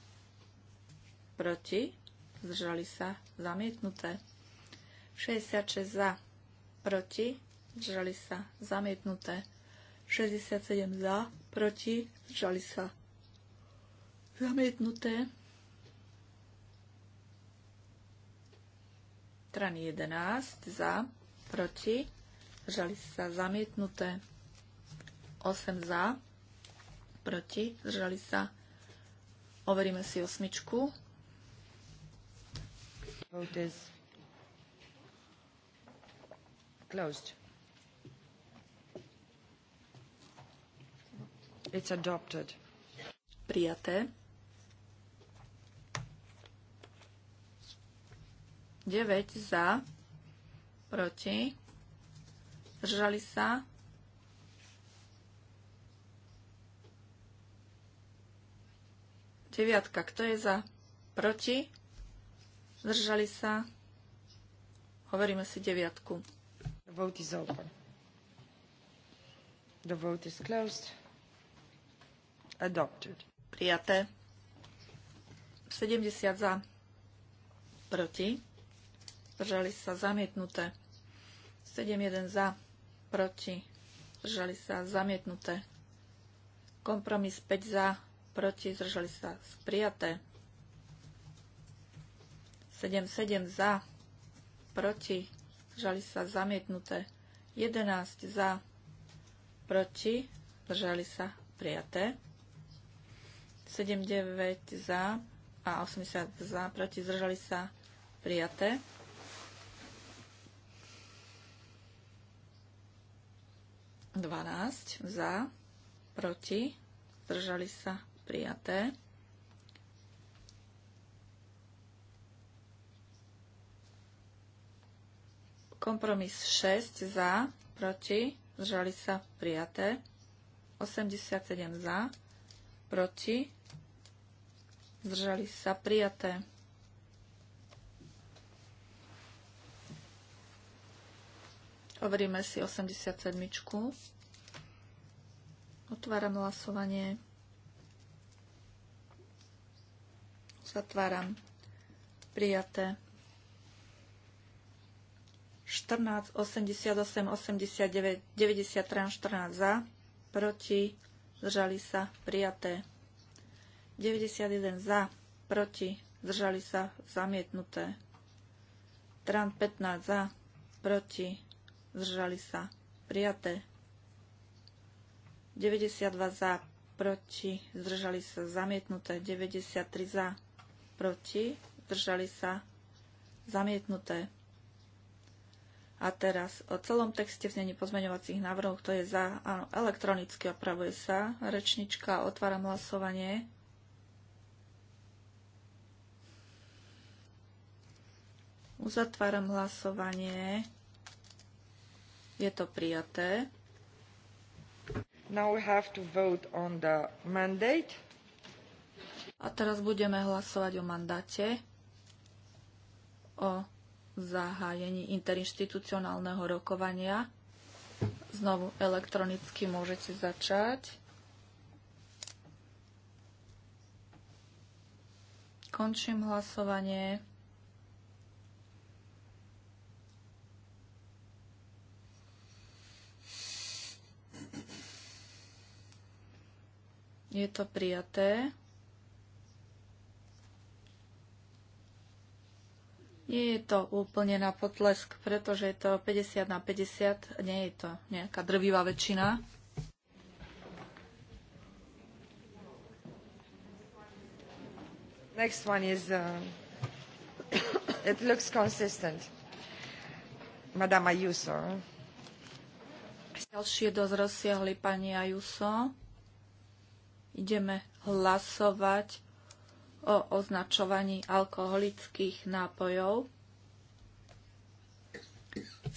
proti, zdržali sa zamietnuté. 66 za, proti, zdržali sa zamietnuté. 67 za, proti, držali sa zamietnuté. Tran 11 za, proti, držali sa zamietnuté. 8 za, proti, držali sa. Overíme si osmičku. Vote is closed. It's adopted. Prijaté. 9 za, proti, zdržali sa. Deviatka, kto je za, proti, zdržali sa. Hovoríme si deviatku. The vote is over. The vote is closed. Adopted. Prijaté. 70 za. Proti. Zdržali sa zamietnuté. 71 za. Proti. Zdržali sa zamietnuté. Kompromis 5 za. Proti. Zdržali sa prijaté. 77 za. Proti. Zdržali sa zamietnuté. 11 za. Proti. Zdržali sa prijaté. 79 za a 80 za, proti zdržali sa prijaté. Dvanásť za, proti, zdržali sa prijaté. Kompromis 6 za, proti, zdržali sa prijaté. 87 za, proti, zdržali sa prijaté. Overíme si 87. Otváram hlasovanie. Zatváram. Prijaté. 14, 88, 89, 93, 14 za, proti, zdržali sa, prijaté. 91 za, proti, zdržali sa, zamietnuté. Trán 15 za, proti, zdržali sa, prijaté. 92 za, proti, zdržali sa, zamietnuté. 93 za, proti, zdržali sa, zamietnuté. A teraz o celom texte v znení pozmeňovacích návrhov, kto je za, áno, elektronicky opravuje sa, rečnička, otváram hlasovanie. Uzatváram hlasovanie. Je to prijaté. Now we have to vote on the mandate. A teraz budeme hlasovať o mandáte, o zahájení interinstitucionálneho rokovania. Znovu elektronicky môžete začať. Končím hlasovanie. Je to prijaté. Nie je to úplne na potlesk, pretože je to 50 na 50, nie je to nejaká drvivá väčšina. Next one is, uh, it looks consistent. Madame Ayuso. Ďalší je dosť rozsiahli pani Ayuso ideme hlasovať o označovaní alkoholických nápojov.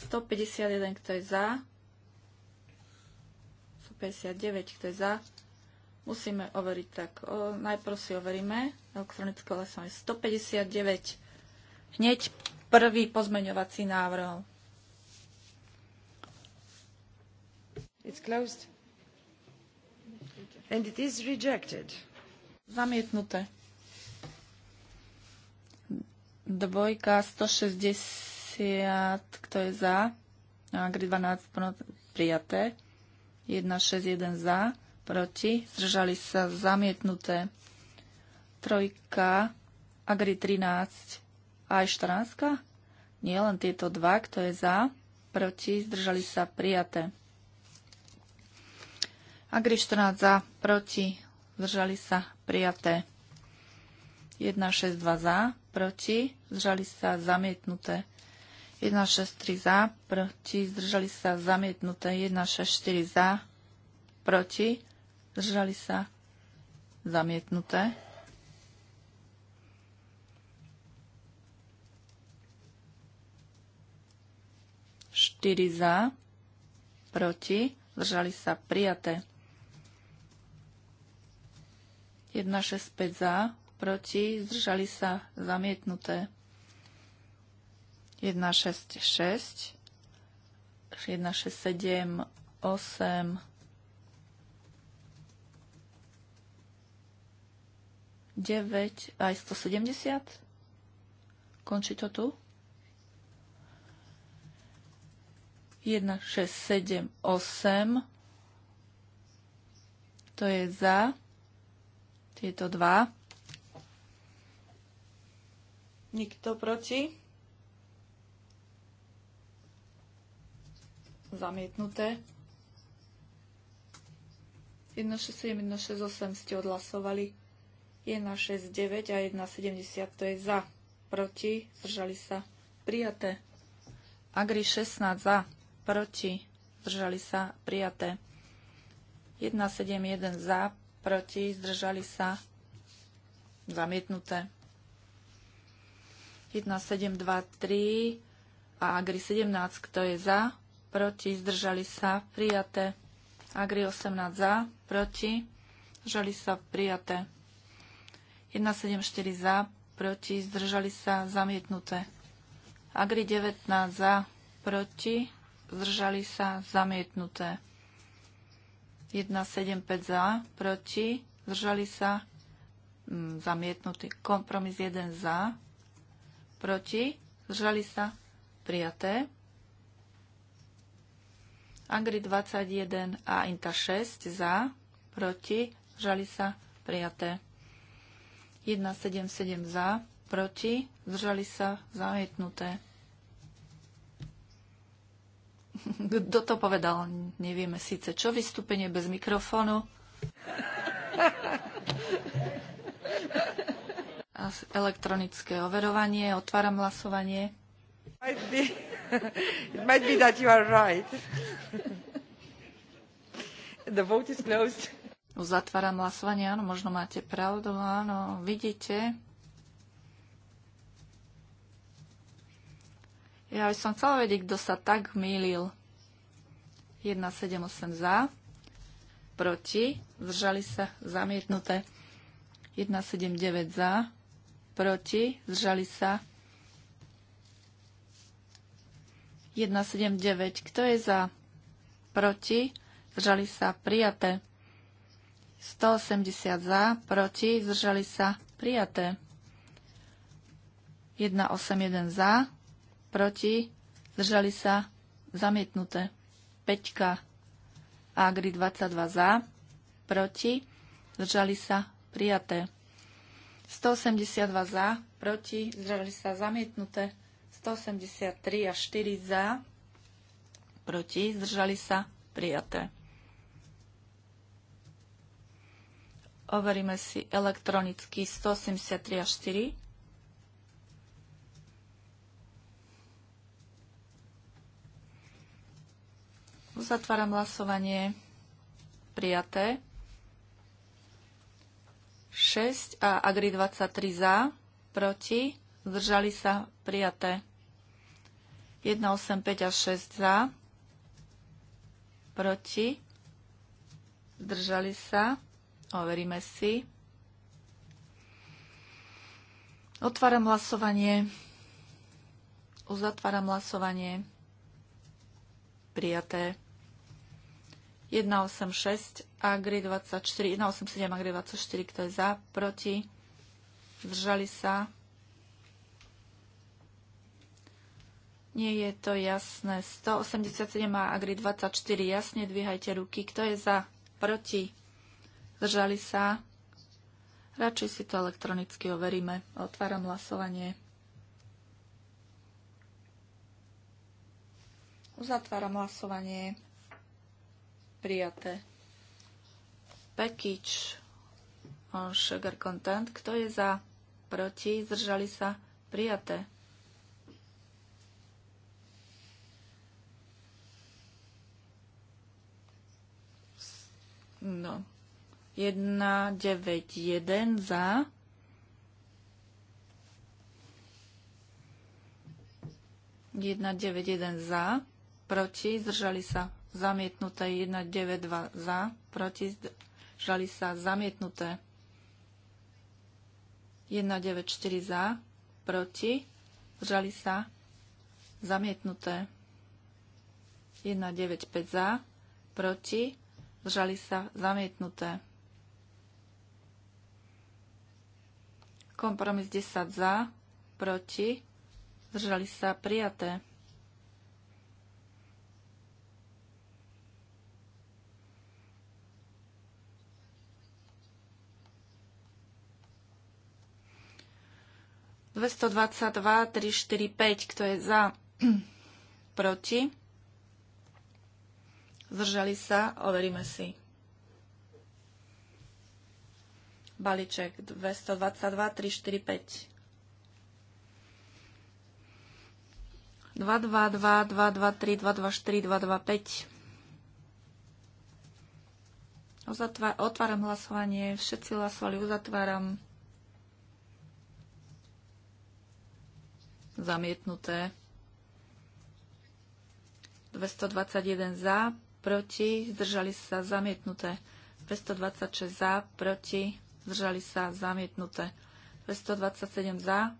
151, kto je za. 159, kto je za. Musíme overiť tak. O, najprv si overíme elektronické hlasovanie. 159. Hneď prvý pozmeňovací návrh. It's closed. Zamietnuté. Dvojka 160, kto je za? Agri 12 prijaté. 161 za, proti. Zdržali sa zamietnuté. Trojka, Agri 13 a aj 14. Nie len tieto dva, kto je za, proti, zdržali sa prijaté. Agri 14 za, proti, zdržali sa, prijaté. 162 za, proti, zdržali sa, zamietnuté. 163 za, proti, zdržali sa, zamietnuté. 164 za, proti, zdržali sa, zamietnuté. Štyri za, proti, zdržali sa, prijaté. 165 za, proti, zdržali sa zamietnuté. 166, 167, 8, 9 aj 170. Končí to tu. 1, 6, 7, 8. To je za tieto dva. Nikto proti? Zamietnuté. 167, 168 ste odhlasovali. 169 a 170 to je za. Proti. Zdržali sa. Prijaté. Agri 16 za. Proti. Zdržali sa. Prijaté. 171 za proti, zdržali sa, zamietnuté. 1, 7, 2, 3 a Agri 17, kto je za, proti, zdržali sa, prijaté. Agri 18 za, proti, zdržali sa, prijaté. 1, 7, 4 za, proti, zdržali sa, zamietnuté. Agri 19 za, proti, zdržali sa, zamietnuté. 175 za, proti, zdržali sa, mm, zamietnutý. Kompromis 1 za, proti, zdržali sa, prijaté. Angry 21 a Inta 6 za, proti, zdržali sa, prijaté. 177 za, proti, zdržali sa, zamietnuté. Kto to povedal? Nevieme síce čo vystúpenie bez mikrofónu. Elektronické overovanie, otváram hlasovanie. Might be, it might be that you are right. The vote is closed. Uzatváram hlasovanie, áno, možno máte pravdu, áno, vidíte. Ja by som chcela vedieť, kto sa tak mýlil. 178 za, proti, zdržali sa zamietnuté. 179 za, proti, zdržali sa 179. Kto je za? Proti? Zdržali sa prijaté. 180 za, proti, zdržali sa prijaté. 181 za, proti, zdržali sa zamietnuté. 5. Agri 22 za, proti, zdržali sa prijaté. 182 za, proti, zdržali sa zamietnuté. 183 a 4 za, proti, zdržali sa prijaté. Overíme si elektronicky 183 a 4. Uzatváram hlasovanie. Prijaté. 6 a Agri 23 za, proti, zdržali sa, prijaté. 1, 8, 5 a 6 za, proti, zdržali sa, overíme si. Otváram hlasovanie, uzatváram hlasovanie, prijaté. 186 Agri 24, 187 a Agri 24, kto je za, proti, zdržali sa. Nie je to jasné. 187 a Agri 24, jasne dvíhajte ruky. Kto je za, proti, zdržali sa. Radšej si to elektronicky overíme. Otváram hlasovanie. Uzatváram hlasovanie prijaté. Package on sugar content. Kto je za? Proti? Zdržali sa? Prijaté. No. 1, 9, 1 za. Jedna, deväť, jeden za. Proti? Zdržali sa? zamietnuté 192 za, proti žali sa zamietnuté 194 za, proti žali sa zamietnuté 195 za, proti žali sa zamietnuté. Kompromis 10 za, proti, zdržali sa prijaté. 222, 3, 4, 5, kto je za, proti. Zdržali sa, overíme si. Balíček 222, 3, 4, 5. 2, 2, 2, 2, 2, 3, 2, 2, 4, 2, 2, 5. Uzatváram, otváram hlasovanie, všetci hlasovali, uzatváram. zamietnuté. 221 za, proti, zdržali sa zamietnuté. 226 za, proti, zdržali sa zamietnuté. 227 za,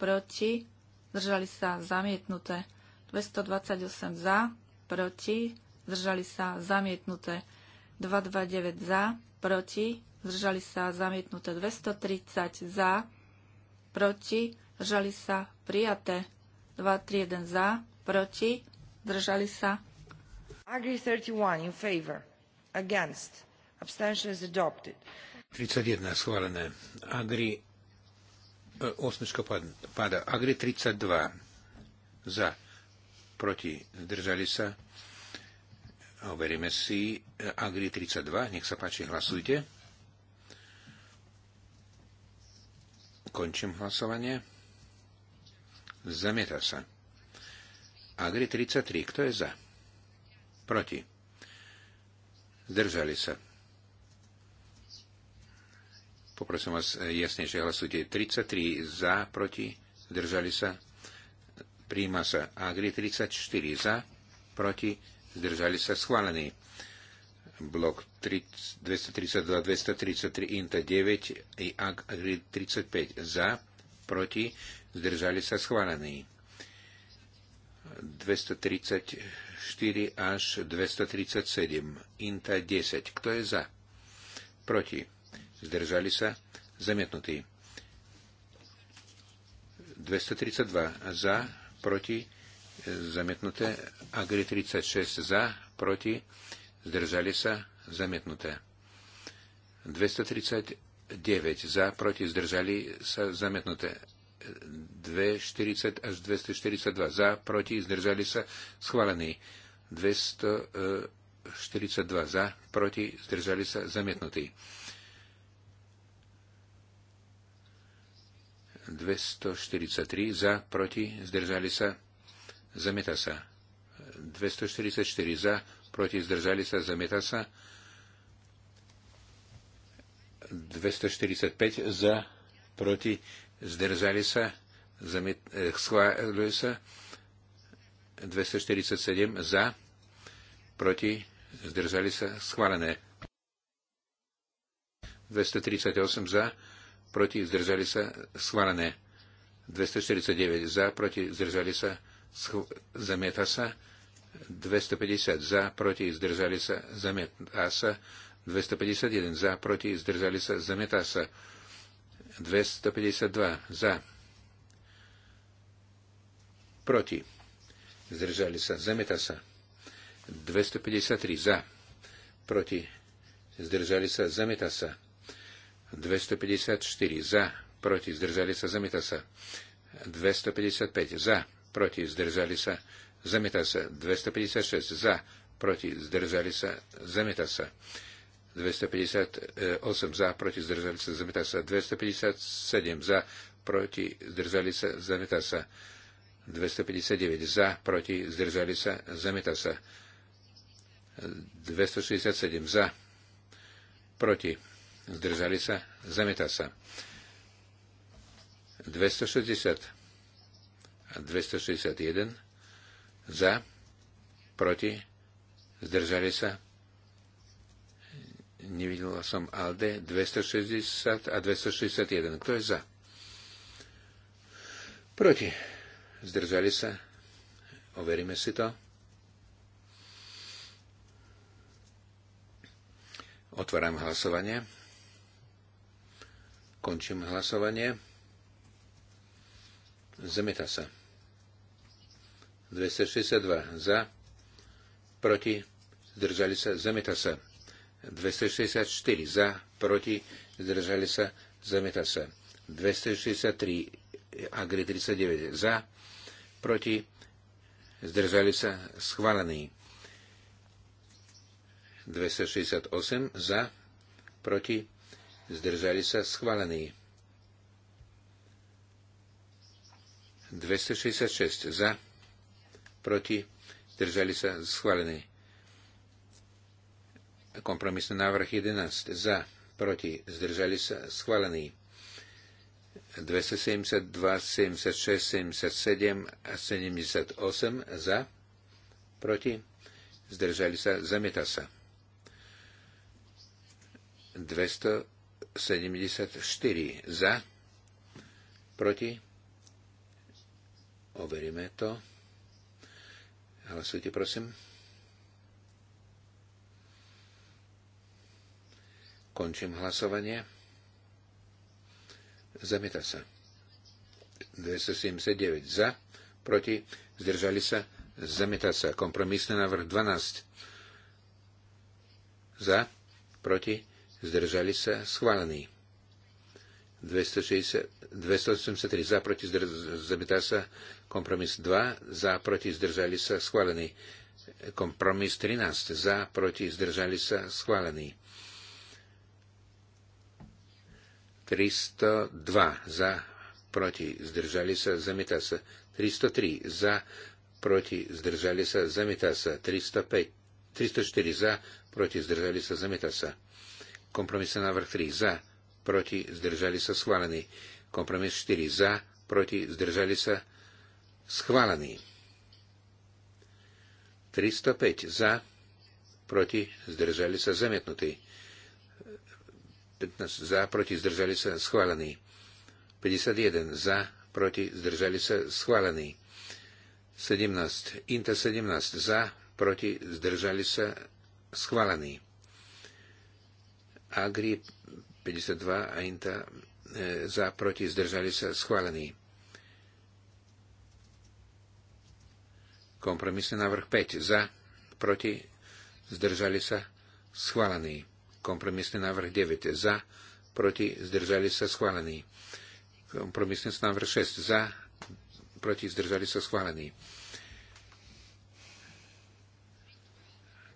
proti, zdržali sa zamietnuté. 228 za, proti, zdržali sa zamietnuté. 229 za, proti, zdržali sa zamietnuté. 230 za, proti, Zdržali sa prijaté. 2, 3, 1 za, proti. Zdržali sa. Agri 31 in favor. Against. abstention is adopted. 31 schválené. Agri e, osmičko pada. Agri 32 za, proti. Zdržali sa. Overíme si e, Agri 32. Nech sa páči, hlasujte. Končím hlasovanie. Zamieta sa. Agri 33. Kto je za? Proti. Zdržali sa. Poprosím vás jasnejšie hlasujte. 33 za, proti, zdržali sa. Príjma sa. Agri 34 za, proti, zdržali sa. Schválený. Blok 232, 233, INTA 9 i Agri 35 za, proti, zdržali sa schválení. 234 až 237, INTA 10. Kto je za? Proti. Zdržali sa? Zamietnutí. 232 za, proti, zamietnuté. Agri 36 za, proti, zdržali sa, zamietnuté. 239 za, proti, zdržali sa, zamietnuté. 240 až 242 za, proti, zdržali sa, schválený. 242 za, proti, zdržali sa, zamietnutý. 243 za, proti, zdržali sa, zamieta sa. 244 za, proti, zdržali sa, zamieta sa. 245 za, proti, zdržali sa, eh, schválili sa, 247 za, proti, zdržali sa, schválené. 238 za, proti, zdržali sa, schválené. 249 za, proti, zdržali sa, schv- zamieta sa. 250 za, proti, zdržali sa, zamieta sa. 251 za, proti, zdržali sa, zamieta sa. 252 za. Proti. Zdržali sa. Zameta sa. 253 za. Proti. Zdržali sa. Zameta sa. 254 za. Proti. Zdržali sa. Zameta sa. 255 za. Proti. Zdržali sa. Zameta sa. 256 za. Proti. Zdržali sa. Zameta sa. 258 za, proti zdržali sa, zamieta sa. 257 za, proti zdržali sa, zamieta sa. 259 za, proti zdržali sa, zamieta sa. 267 za, proti zdržali sa, zamieta sa. 260 a 261 za, proti zdržali sa, Nevidela som ALDE 260 a 261. Kto je za? Proti. Zdržali sa. Overíme si to. Otváram hlasovanie. Končím hlasovanie. Zemeta sa. 262 za, proti, zdržali sa, zemeta sa. 264 za, proti, zdržali sa, zamieta sa. 263 Agri 39 za, proti, zdržali sa, schválený. 268 za, proti, zdržali sa, schválený. 266 za, proti, zdržali sa, schválený. Kompromisný návrh 11 za, proti, zdržali sa, schválený. 272, 76, 77 a 78 za, proti, zdržali sa, zamieta sa. 274 za, proti, overíme to. Hlasujte, prosím. Končím hlasovanie. Zamieta sa. 279 za, proti, zdržali sa, zamieta sa. Kompromisný návrh 12 za, proti, zdržali sa, schválený. 283 za, proti, zamieta sa. Kompromis 2 za, proti, zdržali sa, schválený. Kompromis 13 za, proti, zdržali sa, schválený. 302 za, proti, zdržali sa, zamieta sa. 303 za, proti, zdržali sa, zamieta sa. 305, 304 za, proti, zdržali sa, zamieta sa. Kompromisný návrh 3 za, proti, zdržali sa, schválený. Kompromis 4 za, proti, zdržali sa, schválený. 305 za, proti, zdržali sa, zamietnutý. 15 za, proti, zdržali sa, schválený. 51 za, proti, zdržali sa, schválený. 17, Inta 17 za, proti, zdržali sa, schválený. Agri 52 a Inta e, za, proti, zdržali sa, schválený. Kompromisný návrh 5 za, proti, zdržali sa, schválený. Kompromisný návrh 9 za, proti, zdržali sa schválený. Kompromisný návrh 6 za, proti, zdržali sa schválený.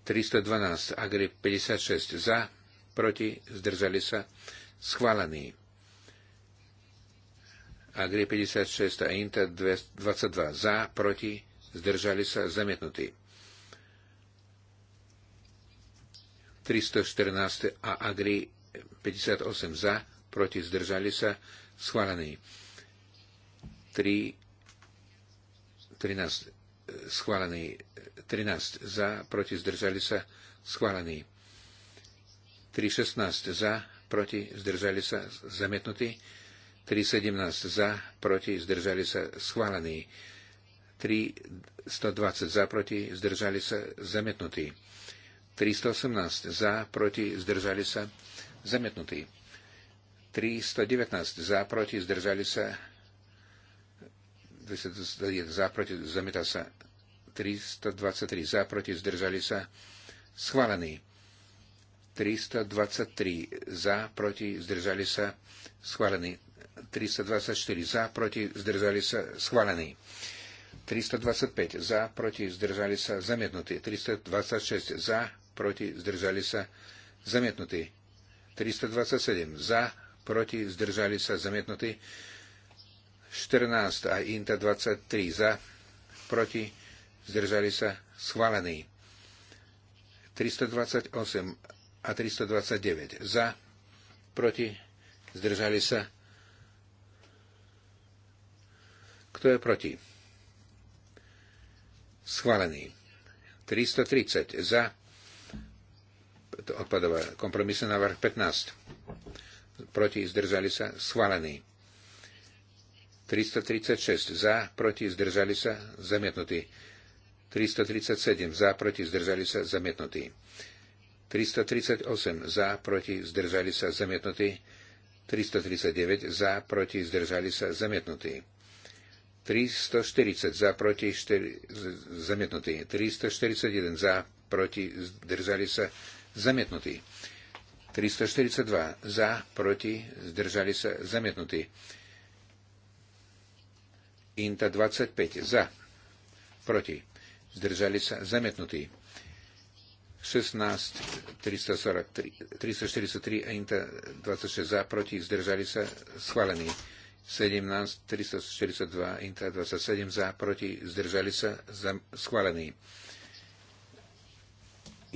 312, Agri 56 za, proti, zdržali sa schválený. Agri 56 a Inta 22 za, proti, zdržali sa zamietnutí. 314 a Agri 58 za, proti zdržali sa, schválený. 3, 13 schválený, 13 za, proti zdržali sa, schválený. 3.16 za, proti zdržali sa, zamietnutý. 3.17 za, proti zdržali sa, schválený. 320 za, proti zdržali sa, zamietnutý. 318 za, proti, zdržali sa, zamietnutý. 319 za, proti, zdržali sa, 221 za, proti, zamieta sa, 323 za, proti, zdržali sa, schválený. 323 za, proti, zdržali sa, schválený. 324 za, proti, zdržali sa, schválený. 325 za, proti, zdržali sa, zamietnutí. 326 za, proti, zdržali sa, zamietnutý. 327 za, proti, zdržali sa, zamietnutý. 14 a INTA 23 za, proti, zdržali sa, schválený. 328 a 329 za, proti, zdržali sa. Kto je proti? Schválený. 330 za, to odpadáva. návrh 15. Proti zdržali sa schválený. 336 za, proti zdržali sa zamietnutý. 337 za, proti zdržali sa zamietnutý. 338 za, proti zdržali sa zamietnutý. 339 za, proti zdržali sa zamietnutý. 340 za, proti 4, zamietnutý. 341 za, proti zdržali sa zamietnutý. 342 za, proti, zdržali sa, zamietnutý. Inta 25 za, proti, zdržali sa, zamietnutý. 16, 343, 343 a Inta 26 za, proti, zdržali sa, schválený. 17, 342, Inta 27 za, proti, zdržali sa, schválený.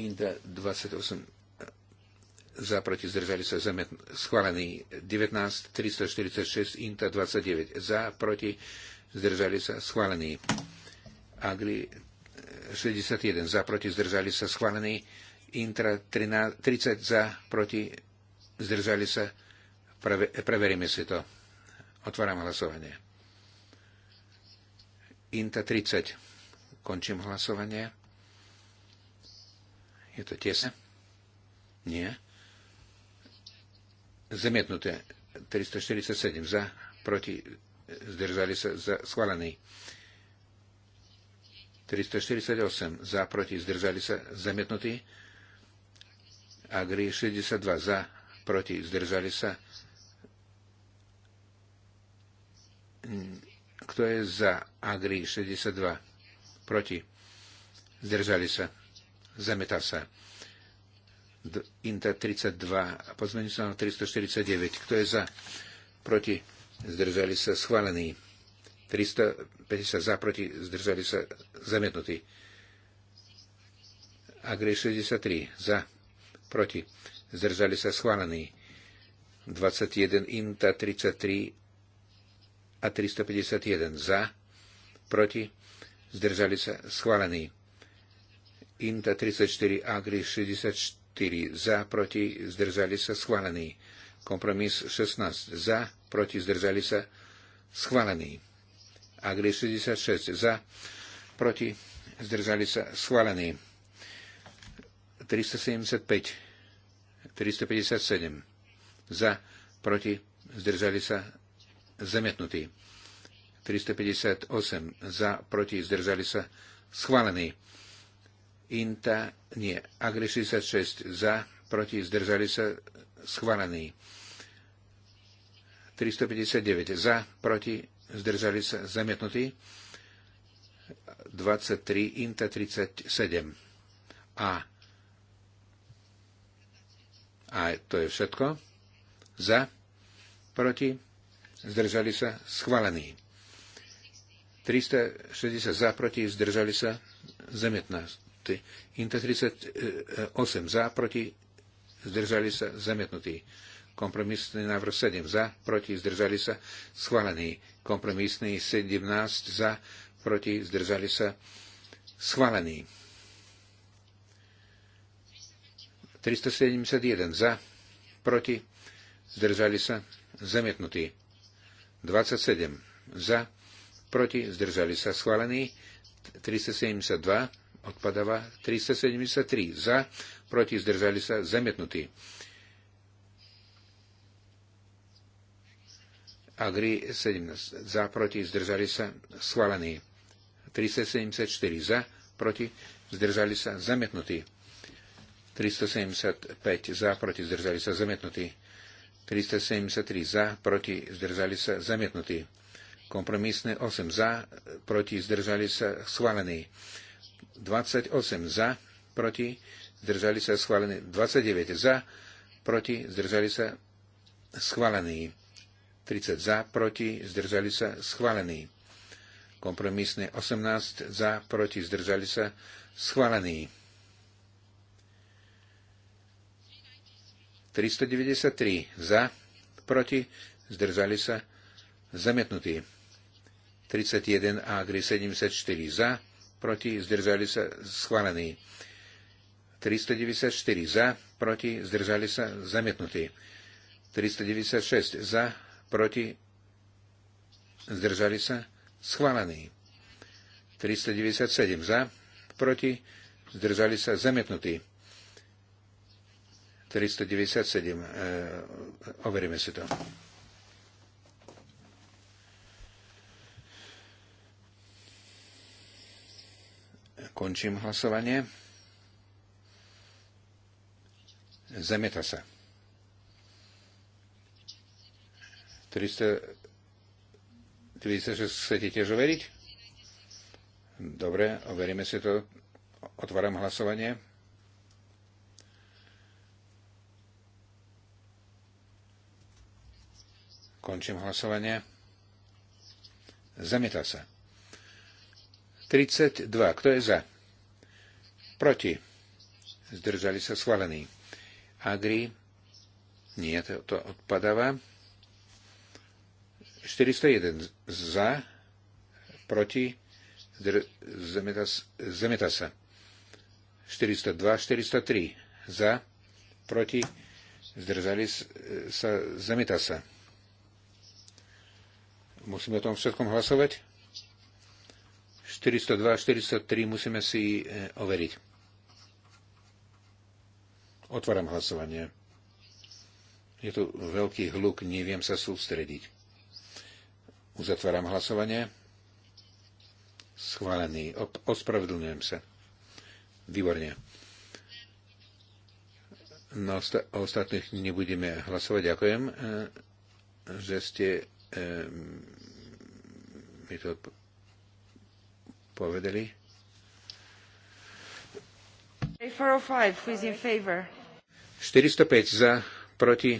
Inda 28 za proti zdržali sa zamet, schválený 19, 346, Inta 29 za proti zdržali sa schválený. Agri 61 za proti zdržali sa schválený. Intra 30 za proti zdržali sa. Preve, preveríme si to. Otváram hlasovanie. Inta 30. Končím hlasovanie. Je to tesné? Nie. Zamietnuté. 347 za, proti, zdržali sa, za, schválený. 348 za, proti, zdržali sa, zamietnutý. Agri 62 za, proti, zdržali sa. Kto je za Agri 62? Proti. Zdržali sa. Zameta sa. Inta 32. Pozmeňujú sa na 349. Kto je za? Proti. Zdržali sa schválení. 350 za, proti. Zdržali sa zamietnutí. Agri 63. Za. Proti. Zdržali sa schválení. 21. Inta 33 a 351. Za. Proti. Zdržali sa schválení. INTA 34, AGRI 64, za, proti, zdržali sa, schválený. Kompromis 16, za, proti, zdržali sa, schválený. AGRI 66, za, proti, zdržali sa, schválený. 375, 357, za, proti, zdržali sa, zamietnutý. 358, za, proti, zdržali sa, schválený. Inta nie. Agri 66 za, proti, zdržali sa, schválený. 359 za, proti, zdržali sa, zamietnutý. 23, Inta 37. A. A to je všetko. Za, proti, zdržali sa, schválený. 360 za, proti, zdržali sa, zamietná zamietnutý. Inta 38 e, e, za, proti, zdržali sa, zamietnutý. Kompromisný návrh 7 za, proti, zdržali sa, schválený. Kompromisný 17 za, proti, zdržali sa, schválený. 371 za, proti, zdržali sa, zamietnutý. 27 za, proti, zdržali sa, schválený. 372 odpadáva 373 za, proti zdržali sa zamietnutí. Agri 17 za, proti zdržali sa schválení. 374 za, proti zdržali sa zamietnutí. 375 za, proti zdržali sa zamietnutí. 373 za, proti zdržali sa zamietnutí. Kompromisné 8 za, proti zdržali sa schválení. 28 za, proti, zdržali sa schválení. 29 za, proti, zdržali sa schválení. 30 za, proti, zdržali sa schválení. Kompromisne 18 za, proti, zdržali sa schválení. 393 za, proti, zdržali sa, zamietnutí. 31 a Agri 74 za, proti, zdržali sa, schválený. 394 za, proti, zdržali sa, zamietnutý. 396 za, proti, zdržali sa, schválený. 397 za, proti, zdržali sa, zamietnutý. 397, e, eh, overíme si to. Končím hlasovanie. Zamieta sa. 36 chcete tiež overiť? Dobre, overíme si to. Otváram hlasovanie. Končím hlasovanie. Zamieta sa. 32. Kto je za? Proti. Zdržali sa schválení. Agri. Nie, to, to odpadáva. 401 za, proti, zemeta, zemeta sa. 402, 403 za, proti, zdržali sa, Zemeta sa. Musíme o tom všetkom hlasovať? 402 a 403 musíme si e, overiť. Otváram hlasovanie. Je tu veľký hluk, neviem sa sústrediť. Uzatváram hlasovanie. Schválený. Ospravedlňujem sa. Výborne. No, o ostatných nebudeme hlasovať. Ďakujem, e, že ste e, mi to povedali. 405 za, proti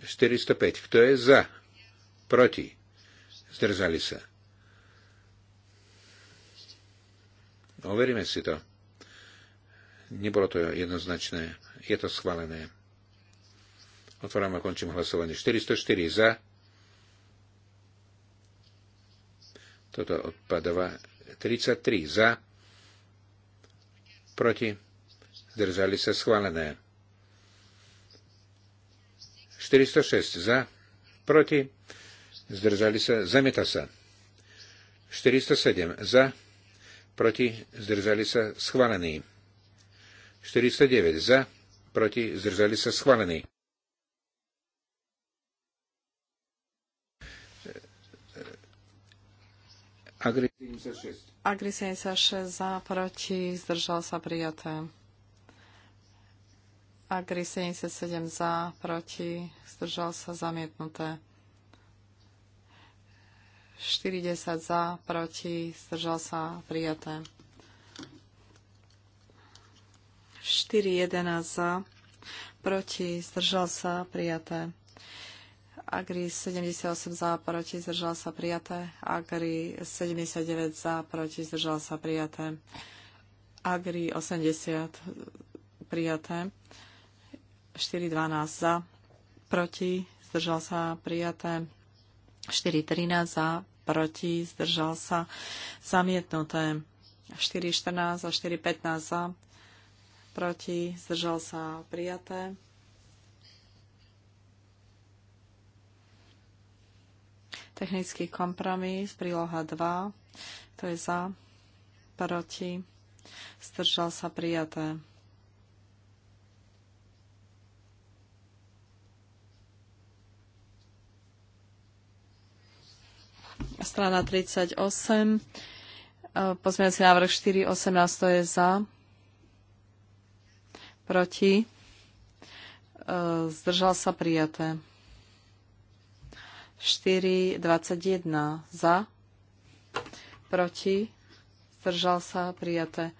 405. Kto je za? Proti. Zdržali sa. Overíme si to. Nebolo to jednoznačné. Je to schválené. Otváram a končím hlasovanie. 404 za, Toto odpadáva. 33 za. Proti. Zdržali sa schválené. 406 za. Proti. Zdržali sa. Zamieta sa. 407 za. Proti. Zdržali sa. Schválený. 409 za. Proti. Zdržali sa. Schválený. Agri 76. za, proti, zdržal sa prijaté. Agri 77 za, proti, zdržal sa zamietnuté. 40 za, proti, zdržal sa prijaté. 411 za, proti, zdržal sa prijaté. Agri 78 za, proti, zdržal sa prijaté. Agri 79 za, proti, zdržal sa prijaté. Agri 80 prijaté. 4.12 za, proti, zdržal sa prijaté. 4.13 za, proti, zdržal sa zamietnuté. 4.14 a 4.15 za, proti, zdržal sa prijaté. Technický kompromis, príloha 2. To je za, proti, zdržal sa prijaté. Strana 38. si e, návrh 4.18. To je za, proti, e, zdržal sa prijaté. 4,21 za, proti, zdržal sa, prijaté.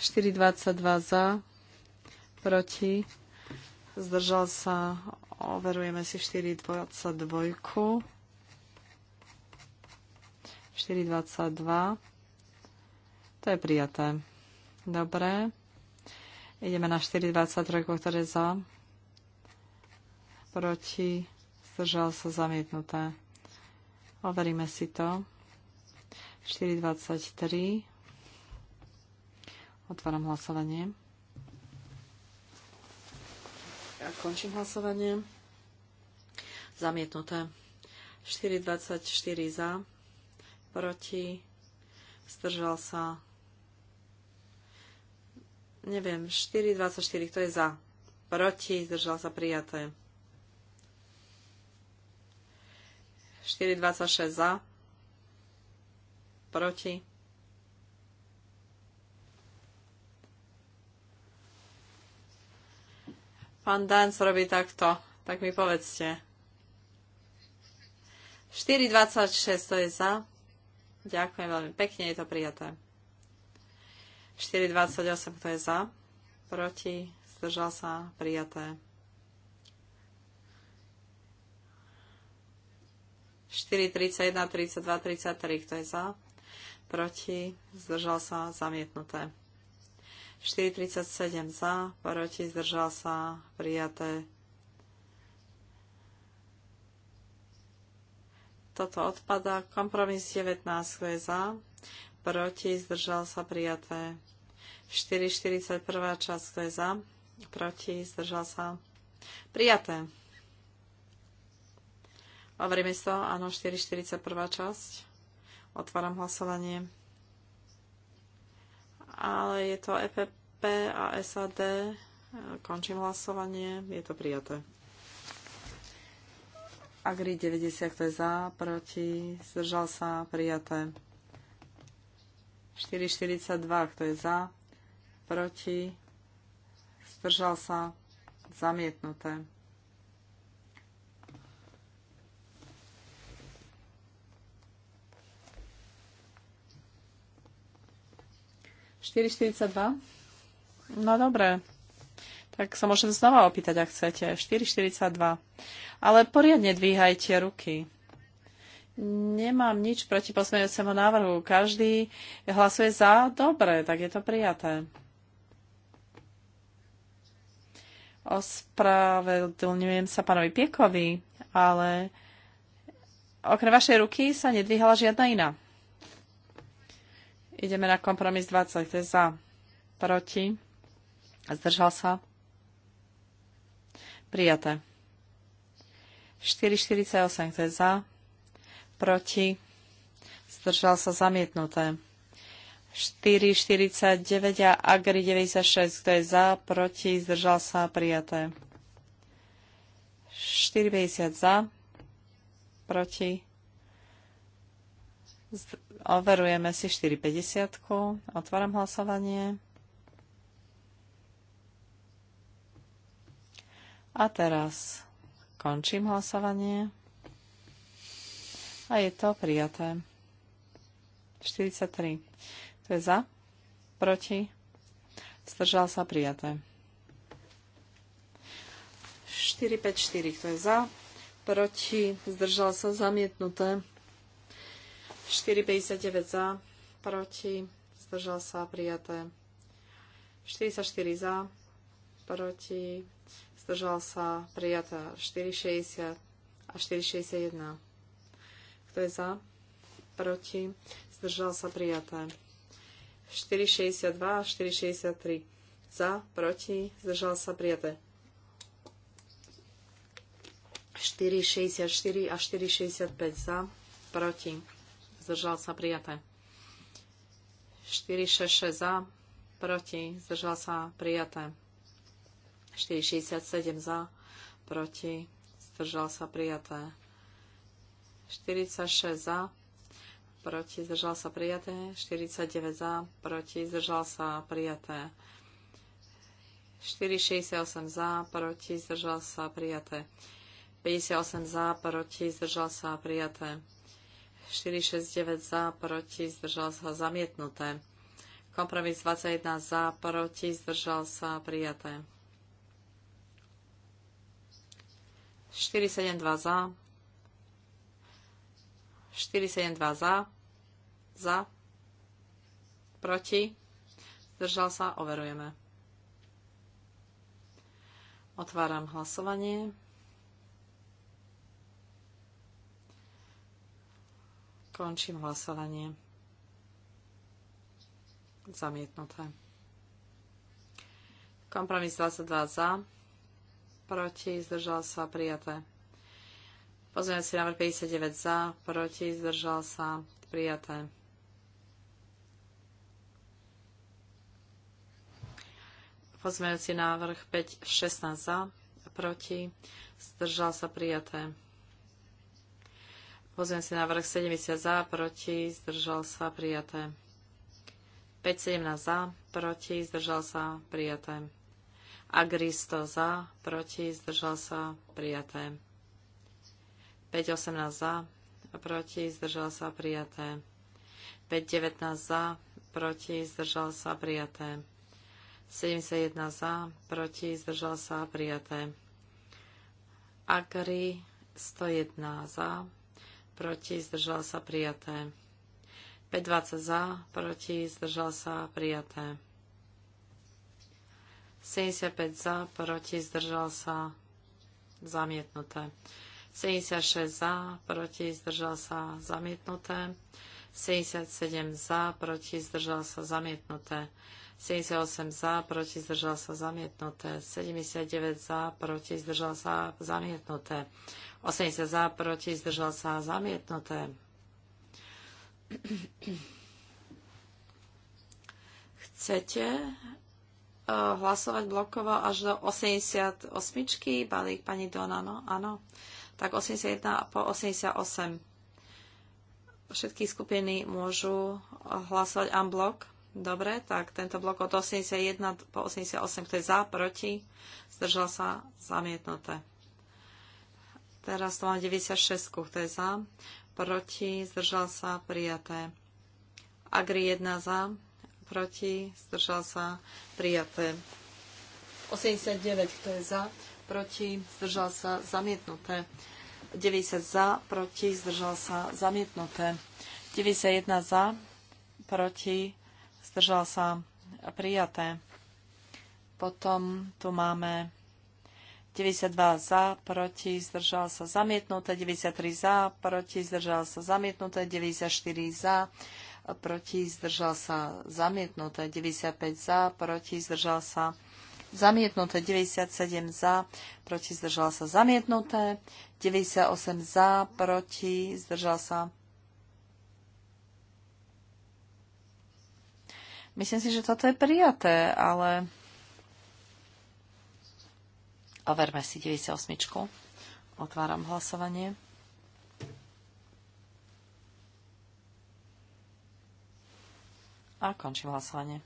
22 za, proti, zdržal sa, overujeme si 4, 22. To je prijaté. Dobre. Ideme na 4,23, ktoré za, proti, zdržal sa zamietnuté. Overíme si to. 4.23. Otváram hlasovanie. Ja končím hlasovanie. Zamietnuté. 4.24 za. Proti. Zdržal sa. Neviem. 4.24. Kto je za? Proti. Zdržal sa prijaté. 4,26 za, proti. Pán Dance robí takto, tak mi povedzte. 4,26 to je za. Ďakujem veľmi pekne, je to prijaté. 4,28 to je za. Proti, zdržal sa, prijaté. 4, 31, 32, 33. Kto je za? Proti? Zdržal sa? Zamietnuté. 37 za, proti, zdržal sa, prijaté. Toto odpada. Kompromis 19, kto je za, proti, zdržal sa, prijaté. 41. časť, kto je za, proti, zdržal sa, prijaté. Overíme sa, áno, 4.41. časť. Otváram hlasovanie. Ale je to EPP a SAD. Končím hlasovanie. Je to prijaté. Agri 90, kto je za, proti, zdržal sa, prijaté. 4,42, kto je za, proti, zdržal sa, zamietnuté. 4,42? No dobre. Tak sa môžem znova opýtať, ak chcete. 4,42. Ale poriadne dvíhajte ruky. Nemám nič proti posmejúcemu návrhu. Každý hlasuje za. Dobre, tak je to prijaté. ospravedlňujem sa pánovi Piekovi, ale okrem vašej ruky sa nedvíhala žiadna iná. Ideme na kompromis 20. Kto je za? Proti? Zdržal sa? Prijaté. 4,48. Kto je za? Proti? Zdržal sa zamietnuté. 4,49 a Agri 96. Kto je za? Proti? Zdržal sa? Prijaté. 4,50 za? Proti? Overujeme si 450. Otváram hlasovanie. A teraz končím hlasovanie. A je to prijaté. 43. To je za, proti, zdržal sa prijaté. 454. Kto je za, proti, zdržal sa zamietnuté. 4,59 za, proti, zdržal sa, prijaté. 44 za, proti, zdržal sa, prijaté. 4,60 a 4,61. Kto je za? Proti, zdržal sa, prijaté. 4,62 a 4,63. Za, proti, zdržal sa, prijaté. 4,64 a 4,65 za, proti zdržal sa prijaté. 466 za, proti, zdržal sa prijaté. 467 za, proti, zdržal sa prijaté. 46 za, proti, zdržal sa prijaté. 49 za, proti, zdržal sa prijaté. 468 za, proti, zdržal sa prijaté. 58 za, proti, zdržal sa prijaté. 469 za, proti, zdržal sa, zamietnuté. Kompromis 21 za, proti, zdržal sa, prijaté. 472 za, 472 za, za, proti, zdržal sa, overujeme. Otváram hlasovanie. Končím hlasovanie. Zamietnuté. Kompromis 22 za. Proti. Zdržal sa. Prijaté. Pozrieme si návrh 59 za. Proti. Zdržal sa. Prijaté. Pozmeňujúci návrh 5, 16 za, proti, zdržal sa prijaté. Pozriem si návrh 70 za, proti, zdržal sa, prijaté. 5.17 za, proti, zdržal sa, prijaté. Agri 100 za, proti, zdržal sa, prijaté. 5.18 za, proti, zdržal sa, prijaté. 5.19 za, proti, zdržal sa, prijaté. 71 za, proti, zdržal sa, prijaté. Agri 101 za, proti, zdržal sa prijaté. 520 za, proti, zdržal sa prijaté. 75 za, proti, zdržal sa zamietnuté. 76 za, proti, zdržal sa zamietnuté. 77 za, proti, zdržal sa zamietnuté. 78 za, proti zdržal sa zamietnuté. 79 za, proti zdržal sa zamietnuté. 80 za, proti zdržal sa zamietnuté. Chcete eh, hlasovať blokovo až do 88, balík pani Dona, no áno. Tak 81 po 88. Všetky skupiny môžu hlasovať unblock. Dobre, tak tento blok od 81 po 88, kto je za, proti, zdržal sa, zamietnuté. Teraz to mám 96, kto je za, proti, zdržal sa, prijaté. Agri 1 za, proti, zdržal sa, prijaté. 89, kto je za, proti, zdržal sa, zamietnuté. 90 za, proti, zdržal sa, zamietnuté. 91 za, proti, zdržal sa prijaté. Potom tu máme 92 za, proti, zdržal sa zamietnuté, 93 za, proti, zdržal sa zamietnuté, 94 za, proti, zdržal sa zamietnuté, 95 za, proti, zdržal sa zamietnuté, 97 za, proti, zdržal sa zamietnuté, 98 za, proti, zdržal sa Myslím si, že toto je prijaté, ale overme si 98. Otváram hlasovanie. A končím hlasovanie.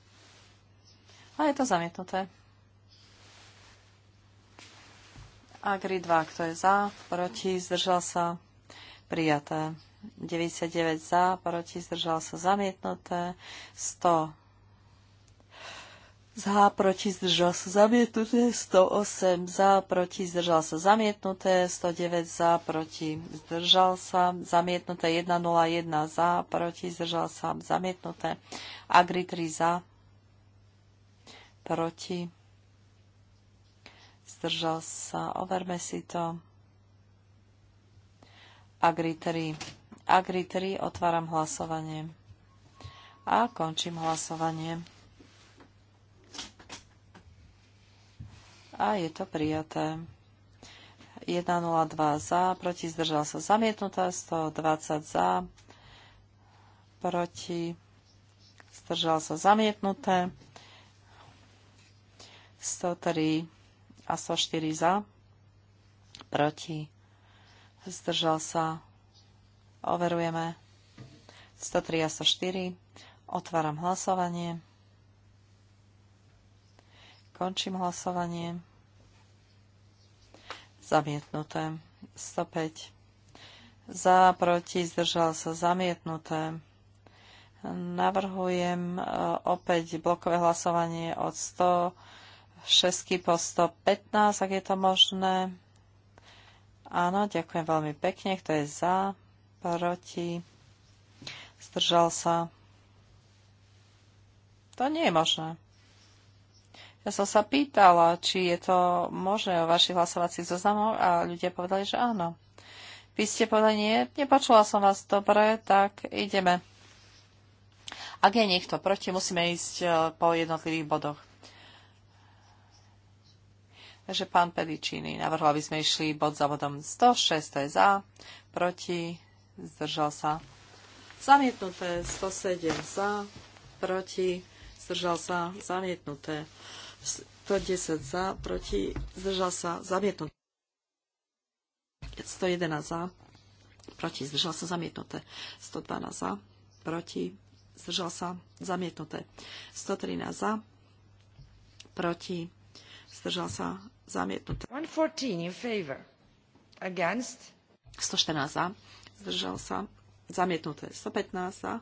A je to zamietnuté. Agri 2, kto je za, proti, zdržal sa, prijaté. 99 za, proti, zdržal sa, zamietnuté. 100 za, proti, zdržal sa zamietnuté, 108 za, proti, zdržal sa zamietnuté, 109 za, proti, zdržal sa zamietnuté, 101 za, proti, zdržal sa zamietnuté, Agri 3 za, proti, zdržal sa, overme si to, Agri 3, Agri 3, otváram hlasovanie a končím hlasovanie. A je to prijaté. 102 za, proti zdržal sa zamietnuté, 120 za, proti zdržal sa zamietnuté, 103 a 104 za, proti zdržal sa, overujeme, 103 a 104, otváram hlasovanie. Končím hlasovanie. Zamietnuté. 105. Za, proti, zdržal sa. Zamietnuté. Navrhujem e, opäť blokové hlasovanie od 106 po 115, ak je to možné. Áno, ďakujem veľmi pekne. Kto je za, proti, zdržal sa. To nie je možné. Ja som sa pýtala, či je to možné o vašich hlasovacích zoznamoch a ľudia povedali, že áno. Vy ste povedali, nie, nepočula som vás dobre, tak ideme. Ak je niekto proti, musíme ísť e, po jednotlivých bodoch. Takže pán Pedičíny navrhol, aby sme išli bod za bodom 106, to je za, proti, zdržal sa. Zamietnuté 107 za, proti, zdržal sa, zamietnuté 110 za, proti, zdržal sa, zamietnuté. 111 za, proti, zdržal sa, zamietnuté. 112 za, proti, zdržal sa, zamietnuté. 113 za, proti, zdržal sa, zamietnuté. 114 in favor, against. 114 za, zdržal sa, zamietnuté. 115 za,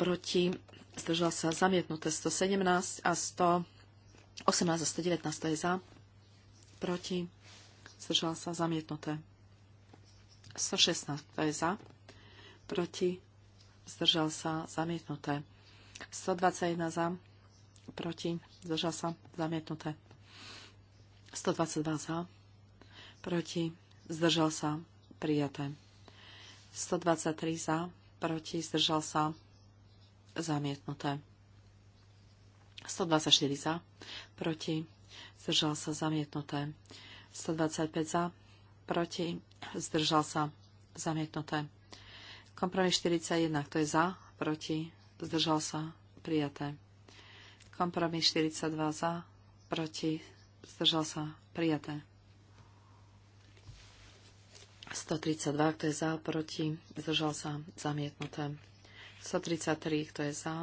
proti, zdržal sa zamietnuté 117 a 118 a 119 je za, proti, zdržal sa zamietnuté 116 je za, proti, zdržal sa zamietnuté 121 za, proti, zdržal sa zamietnuté 122 za, proti, zdržal sa prijaté 123 za, proti, zdržal sa zamietnuté. 124 za, proti, zdržal sa zamietnuté. 125 za, proti, zdržal sa zamietnuté. Kompromis 41, kto je za, proti, zdržal sa prijaté. Kompromis 42 za, proti, zdržal sa prijaté. 132, kto je za, proti, zdržal sa zamietnuté. 133, kto je za,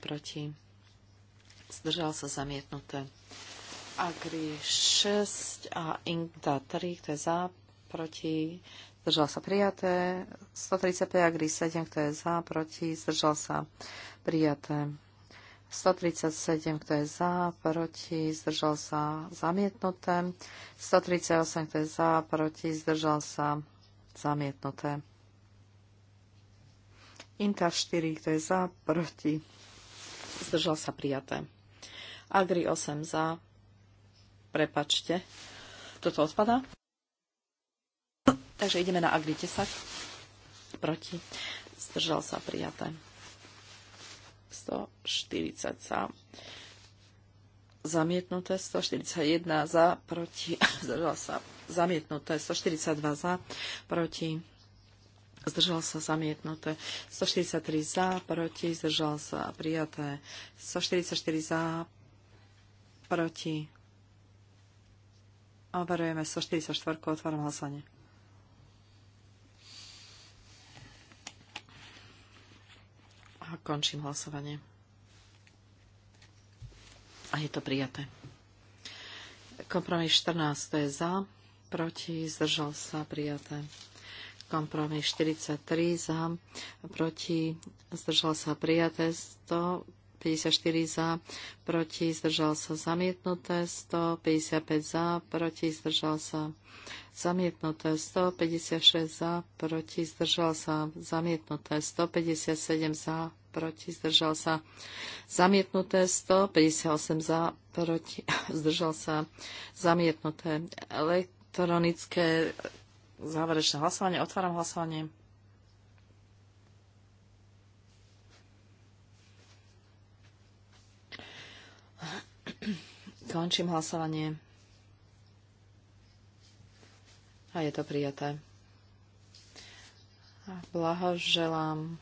proti, zdržal sa zamietnuté. Agri 6 a Inkta 3, kto je za, proti, zdržal sa prijaté. 135 Agri 7, kto je za, proti, zdržal sa prijaté. 137, kto je za, proti, zdržal sa zamietnuté. 138, kto je za, proti, zdržal sa zamietnuté. Inta 4, kto je za, proti. Zdržal sa prijaté. Agri 8 za. Prepačte. Toto odpadá. Takže ideme na Agri 10. Proti. Zdržal sa prijaté. 140 za zamietnuté 141 za, proti, zdržal sa, zamietnuté 142 za, proti, zdržal sa zamietnuté, 143 za, proti, zdržal sa prijaté, 144 za, proti. Overujeme 144, otváram hlasanie. A končím hlasovanie. A je to prijaté. Kompromis 14, to je za, proti, zdržal sa, prijaté. Kompromis 43 za, proti, zdržal sa prijaté 154 za, proti, zdržal sa zamietnuté 155 za, proti, zdržal sa zamietnuté 156 za, proti, zdržal sa zamietnuté 157 za, proti, zdržal sa. Zamietnuté 158 za, proti, zdržal sa. Zamietnuté elektronické záverečné hlasovanie. Otváram hlasovanie. Končím hlasovanie. A je to prijaté. A blahoželám.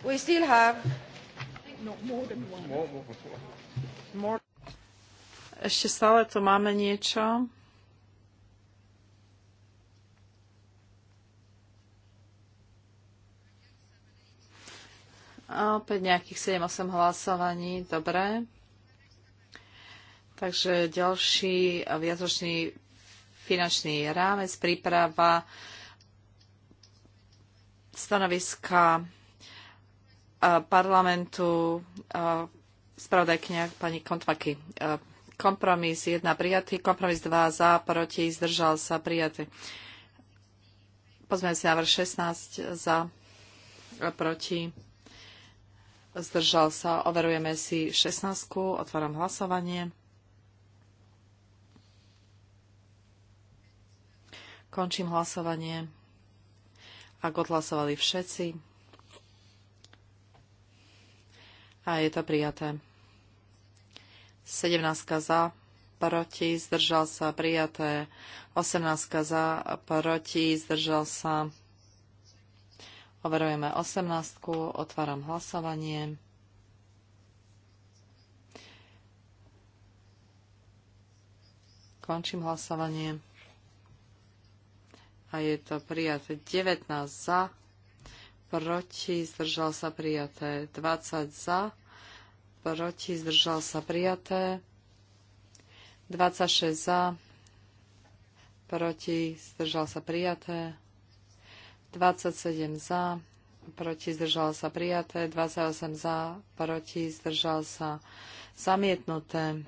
We still have no, more than one. More, more, more. more. Ešte stále tu máme niečo. A opäť nejakých 7-8 hlasovaní. Dobre. Takže ďalší viacročný finančný rámec, príprava stanoviska parlamentu spravodajkňa pani Kontmaky. Kompromis 1 prijatý, kompromis 2 za, proti, zdržal sa prijatý. Pozmeňujúci návrh 16 za, proti, zdržal sa. Overujeme si 16. Otváram hlasovanie. Končím hlasovanie. Ak odhlasovali všetci. A je to prijaté. 17 za, proti, zdržal sa, prijaté. 18 za, proti, zdržal sa. Overujeme 18. Otváram hlasovanie. Končím hlasovanie. A je to prijaté 19 za, proti, zdržal sa prijaté 20 za, proti, zdržal sa prijaté. 26 za, proti, zdržal sa prijaté. 27 za, proti, zdržal sa prijaté. 28 za, proti, zdržal sa zamietnuté.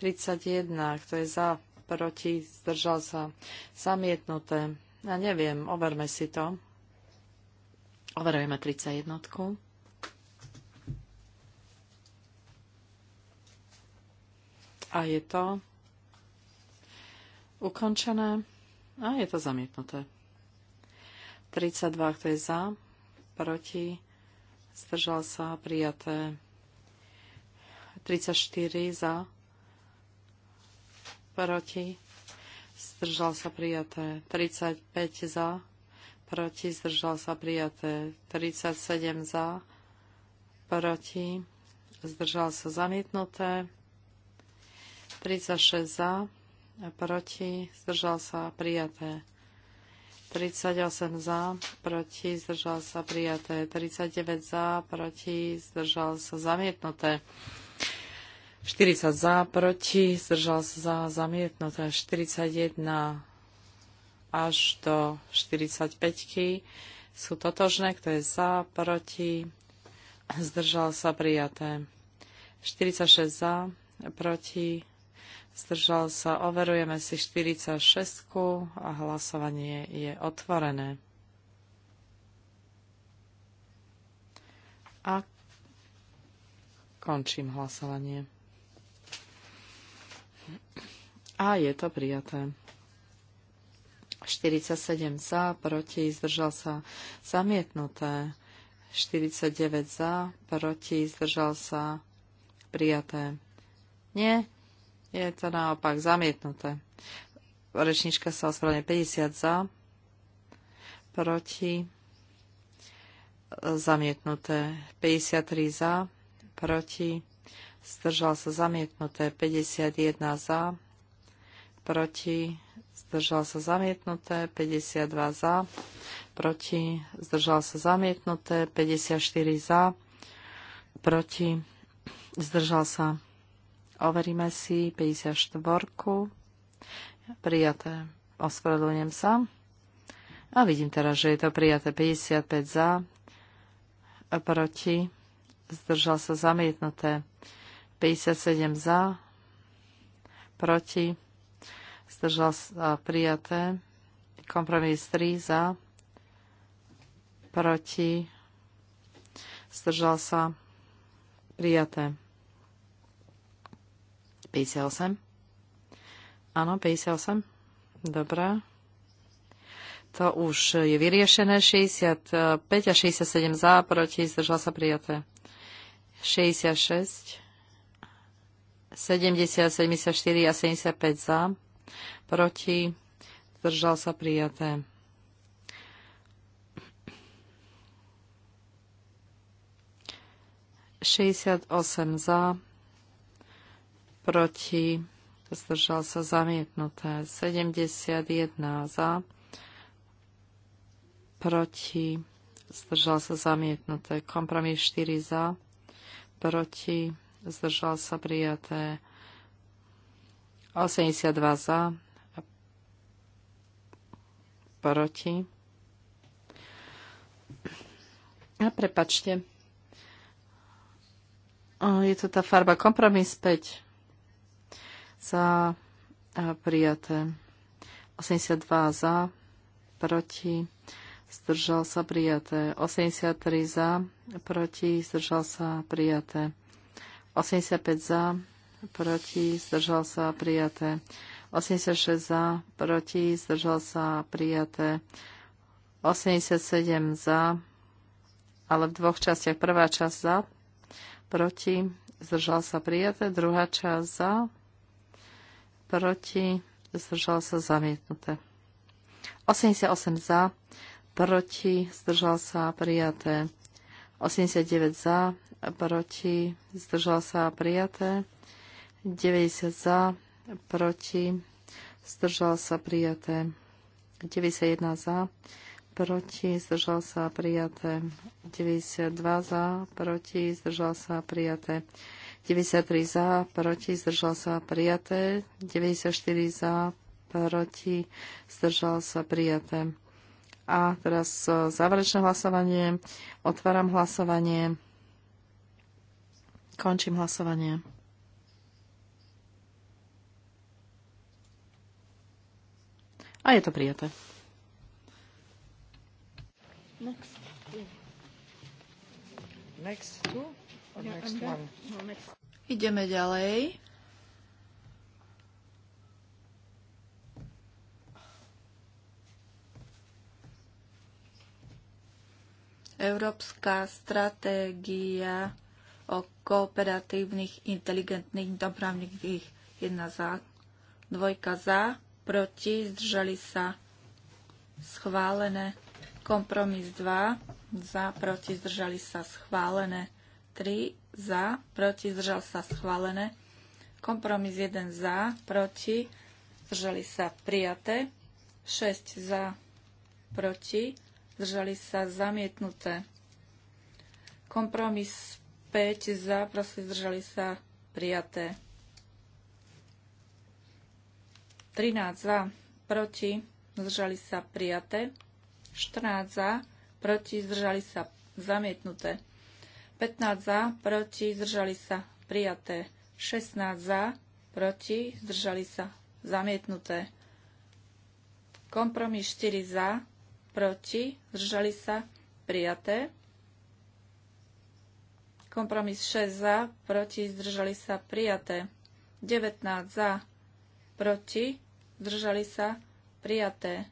31, kto je za, proti, zdržal sa zamietnuté. Ja neviem, overme si to. Overujeme 31. A je to ukončené a je to zamietnuté. 32, kto je za, proti, zdržal sa, prijaté. 34 za, proti, zdržal sa, prijaté. 35 za, proti, zdržal sa, prijaté. 37 za, proti, zdržal sa, zamietnuté. 36 za, proti, zdržal sa, prijaté. 38 za, proti, zdržal sa, prijaté. 39 za, proti, zdržal sa, zamietnuté. 40 za, proti, zdržal sa za, zamietnuté. 41 až do 45 sú totožné, kto je za, proti, zdržal sa, prijaté. 46 za, proti, zdržal sa, overujeme si 46 a hlasovanie je otvorené. A končím hlasovanie. A je to prijaté. 47 za, proti, zdržal sa, zamietnuté. 49 za, proti, zdržal sa, prijaté. Nie, je to naopak zamietnuté. Rečnička sa ospravedlňuje 50 za, proti, zamietnuté 53 za, proti, zdržal sa zamietnuté 51 za, proti, zdržal sa zamietnuté 52 za, proti, zdržal sa zamietnuté 54 za, proti, zdržal sa Overíme si 54. Prijaté. Ospravedlňujem sa. A vidím teraz, že je to prijaté 55 za, proti, zdržal sa zamietnuté 57 za, proti, zdržal sa prijaté, kompromis 3 za, proti, zdržal sa prijaté. 58. Áno, 58. Dobre. To už je vyriešené. 65 a 67 za, proti, zdržal sa prijaté. 66. 70, 74 a 75 za, proti, zdržal sa prijaté. Šesťdesiat osem za, proti, zdržal sa zamietnuté. 71 za, proti, zdržal sa zamietnuté. Kompromis 4 za, proti, zdržal sa prijaté. 82 za, proti. A prepačte. Je to tá farba kompromis 5 za, e, prijaté. 82 za, proti, zdržal sa, prijaté. 83 za, proti, zdržal sa, prijaté. 85 za, proti, zdržal sa, prijaté. 86 za, proti, zdržal sa, prijaté. 87 za, ale v dvoch častiach. Prvá časť za, proti, zdržal sa, prijaté. Druhá časť za, proti, zdržal sa zamietnuté. 88 za, proti, zdržal sa prijaté. 89 za, proti, zdržal sa prijaté. 90 za, proti, zdržal sa prijaté. 91 za, proti, zdržal sa prijaté. 92 za, proti, zdržal sa prijaté. 93 za, proti, zdržal sa prijaté. 94 za, proti, zdržal sa prijaté. A teraz э, záverečné hlasovanie. Otváram hlasovanie. Končím hlasovanie. A je to prijaté. Next. Next two. No, Ideme ďalej. Európska stratégia o kooperatívnych inteligentných dopravných jedna za, dvojka za, proti, zdržali sa schválené. Kompromis 2, za, proti, zdržali sa schválené. 3 za, proti, zdržal sa schválené. Kompromis 1 za, proti, zdržali sa prijaté. 6 za, proti, zdržali sa zamietnuté. Kompromis 5 za, proti, zdržali sa prijaté. 13 za, proti, zdržali sa prijaté. 14 za, proti, zdržali sa zamietnuté. 15 za, proti, zdržali sa, prijaté. 16 za, proti, zdržali sa, zamietnuté. Kompromis 4 za, proti, zdržali sa, prijaté. Kompromis 6 za, proti, zdržali sa, prijaté. 19 za, proti, zdržali sa, prijaté.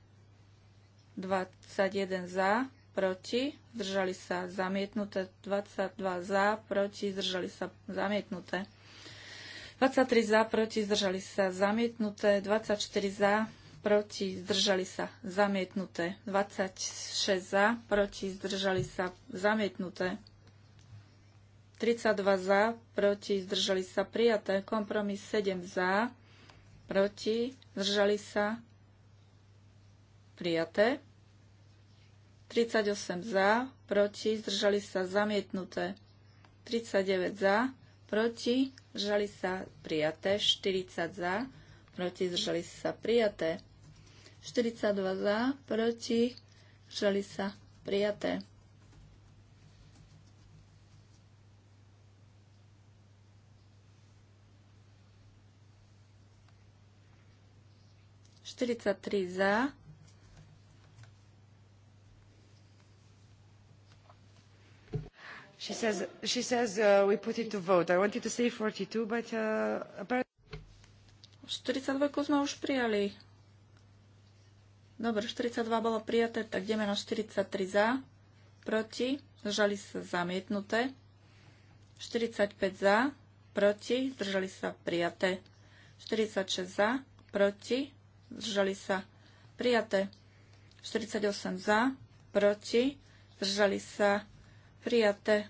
21 za, proti, zdržali sa zamietnuté, 22 za, proti, zdržali sa zamietnuté. 23 za, proti, zdržali sa zamietnuté, 24 za, proti, zdržali sa zamietnuté, 26 za, proti, zdržali sa zamietnuté, 32 za, proti, zdržali sa prijaté, kompromis 7 za, proti, zdržali sa prijaté. 38 za, proti, zdržali sa zamietnuté. 39 za, proti, zdržali sa prijaté. 40 za, proti, zdržali sa prijaté. 42 za, proti, zdržali sa prijaté. Štyridsaťtri za, 42, 42 uh, uh, sme už prijali. Dobre, 42 bolo prijaté, tak ideme na 43 za, proti, zdržali sa zamietnuté. 45 za, proti, zdržali sa prijaté. 46 za, proti, zdržali sa prijaté. 48 za, proti, zdržali sa prijaté. Prijaté.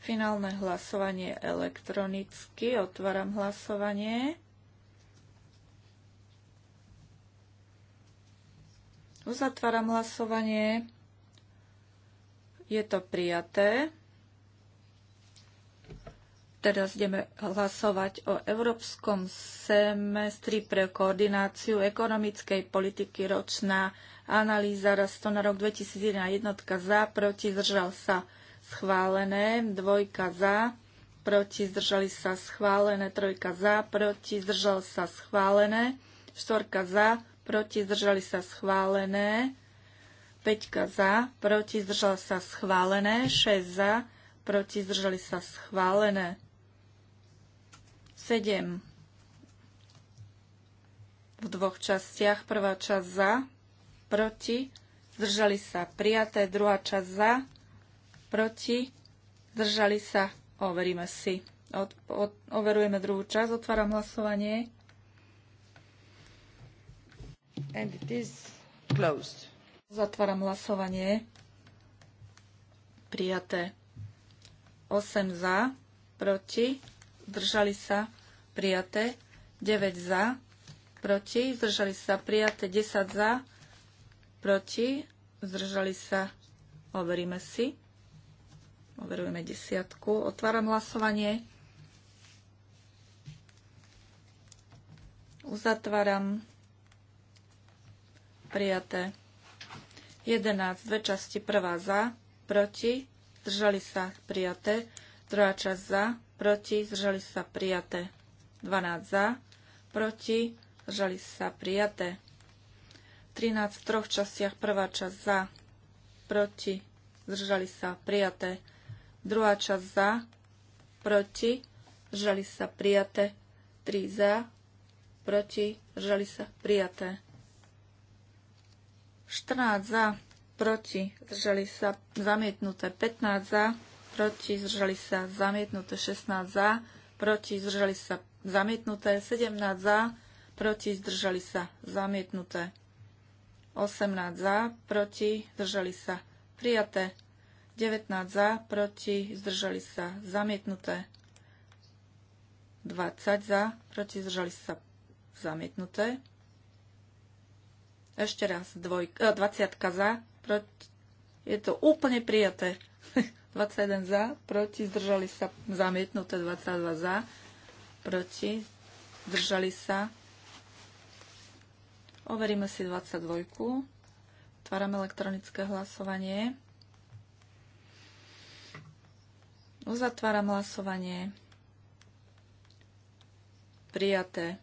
Finálne hlasovanie elektronicky. Otváram hlasovanie. Uzatváram hlasovanie. Je to prijaté. Teraz ideme hlasovať o Európskom semestri pre koordináciu ekonomickej politiky ročná analýza rastu na rok 2001. Jednotka za, proti, zdržal sa schválené, dvojka za, proti zdržali sa schválené, trojka za, proti zdržal sa schválené, štvorka za, proti zdržali sa schválené, peťka za, proti zdržal sa schválené, šesť za, proti zdržali sa schválené, sedem v dvoch častiach, prvá časť za, proti, zdržali sa prijaté, druhá časť za, proti, zdržali sa, overíme si. Od, od, overujeme druhú časť, otváram hlasovanie. And it is closed. Zatváram hlasovanie. Prijaté. 8 za, proti, zdržali sa, prijaté. 9 za, proti, zdržali sa, prijaté. 10 za, proti, zdržali sa, overíme si. Overujeme desiatku. Otváram hlasovanie. Uzatváram. Prijaté. 11. Dve časti. Prvá za, proti. Zdržali sa prijaté. Druhá časť za, proti. Zdržali sa prijaté. 12 za, proti. Zdržali sa prijaté. 13 v troch častiach. Prvá časť za, proti. Zdržali sa prijaté Druhá časť za, proti, žali sa prijaté. 3 za, proti, žali sa prijaté. 14 za, proti, zdržali sa zamietnuté 15 za, proti, zdržali sa zamietnuté 16 za, proti, zdržali sa zamietnuté 17 za, proti, zdržali sa zamietnuté 18 za, proti, zdržali sa prijaté 19 za, proti, zdržali sa zamietnuté. 20 za, proti, zdržali sa zamietnuté. Ešte raz, dvoj, 20 eh, za, proti, je to úplne prijaté. 21 za, proti, zdržali sa zamietnuté, 22 za, proti, zdržali sa. Overíme si 22. Tvárame elektronické hlasovanie. Uzatváram hlasovanie. Prijaté.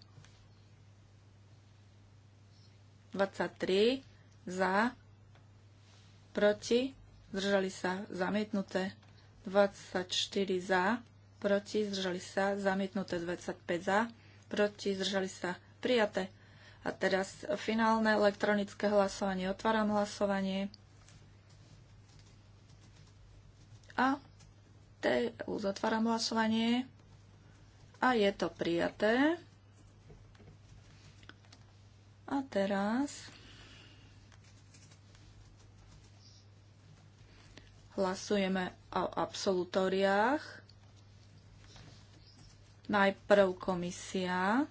23 za, proti, zdržali sa, zamietnuté. 24 za, proti, zdržali sa, zamietnuté. 25 za, proti, zdržali sa, prijaté. A teraz finálne elektronické hlasovanie. Otváram hlasovanie. A prijaté. Uzatváram hlasovanie. A je to prijaté. A teraz hlasujeme o absolutóriách. Najprv komisia.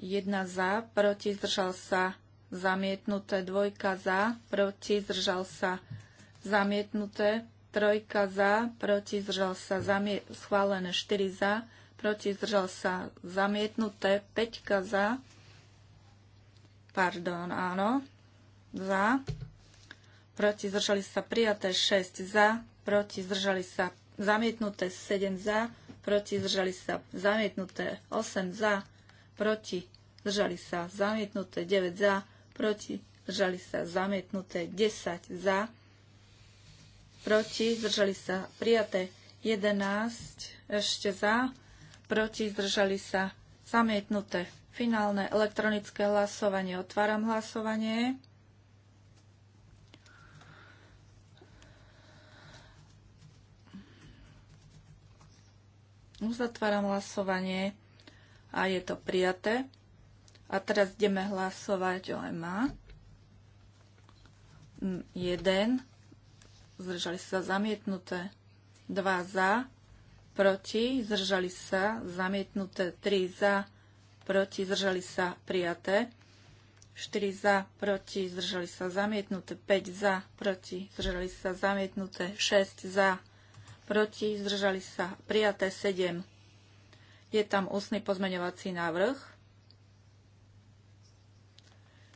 Jedna za, proti, zdržal sa, zamietnuté, dvojka za, proti, zdržal sa, zamietnuté zamietnuté, trojka za, proti zdržal sa zamie- schválené 4 za, proti zdržal sa zamietnuté, 5 za, pardon, áno, za, proti zdržali sa prijaté 6 za, proti zdržali sa zamietnuté 7 za, proti zdržali sa zamietnuté 8 za, proti zdržali sa zamietnuté 9 za, proti zdržali sa zamietnuté 10 za, proti, zdržali sa prijaté 11, ešte za, proti, zdržali sa zamietnuté. Finálne elektronické hlasovanie. Otváram hlasovanie. Uzatváram hlasovanie a je to prijaté. A teraz ideme hlasovať o EMA. 1 zdržali sa zamietnuté. 2 za, proti, zdržali sa zamietnuté. 3 za, proti, zdržali sa prijaté. 4 za, proti, zdržali sa zamietnuté, 5 za, proti, zdržali sa zamietnuté, 6 za, proti, zdržali sa prijaté, 7. Je tam ústny pozmeňovací návrh.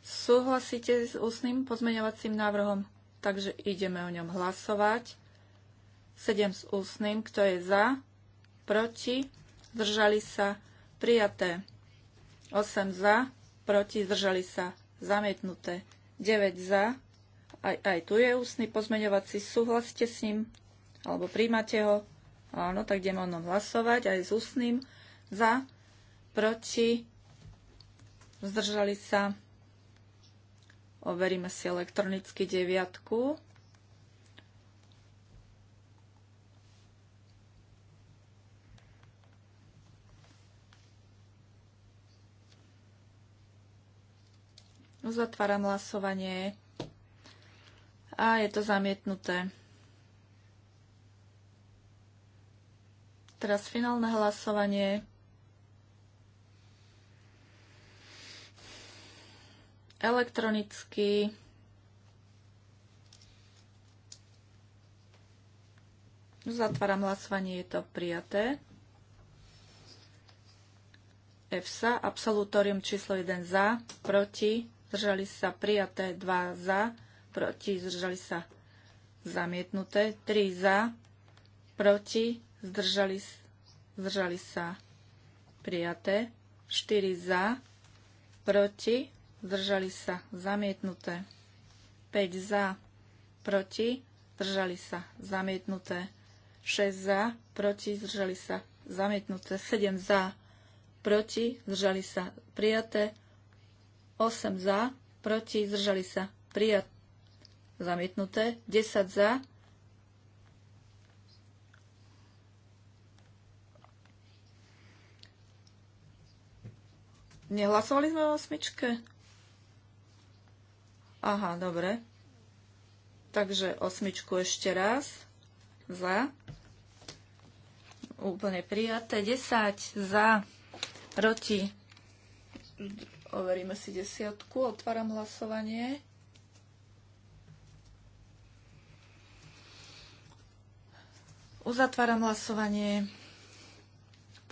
Súhlasíte s ústnym pozmeňovacím návrhom? takže ideme o ňom hlasovať. 7 s ústnym, kto je za, proti, zdržali sa, prijaté. 8 za, proti, zdržali sa, zamietnuté. 9 za, aj, aj tu je ústny pozmeňovací, súhlasíte s ním, alebo príjmate ho, áno, tak ideme o ňom hlasovať, aj s ústnym, za, proti, zdržali sa, Overíme si elektronicky deviatku. Uzatváram hlasovanie a je to zamietnuté. Teraz finálne hlasovanie. elektronicky. Zatváram hlasovanie, je to prijaté. EFSA, absolutorium číslo 1 za, proti, zdržali sa prijaté, 2 za, proti, zdržali sa zamietnuté, 3 za, proti, zdržali, zdržali sa prijaté, 4 za, proti, zdržali sa, zamietnuté. 5 za, proti, zdržali sa, zamietnuté. 6 za, proti, zdržali sa, zamietnuté. 7 za, proti, zdržali sa, prijaté. 8 za, proti, zdržali sa, prijaté. Zamietnuté. 10 za, Nehlasovali sme o osmičke? Aha, dobre. Takže osmičku ešte raz. Za. Úplne prijaté. 10 za. Proti. Overíme si desiatku. Otváram hlasovanie. Uzatváram hlasovanie.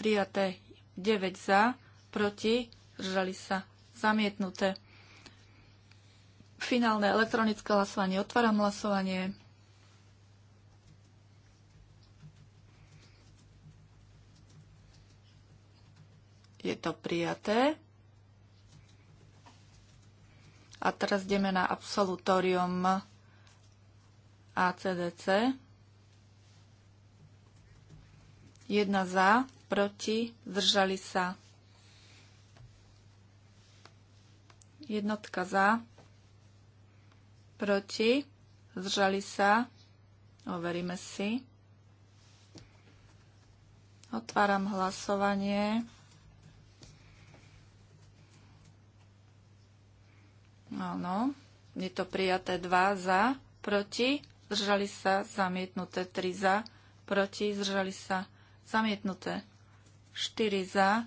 Prijaté 9 za, proti, zdržali sa, zamietnuté. Finálne elektronické hlasovanie. Otváram hlasovanie. Je to prijaté. A teraz ideme na absolutórium ACDC. Jedna za, proti, zdržali sa. Jednotka za, proti, zdržali sa, overíme si. Otváram hlasovanie. Áno, je to prijaté 2 za, proti, zdržali sa, zamietnuté 3 za, proti, zdržali sa, zamietnuté 4 za,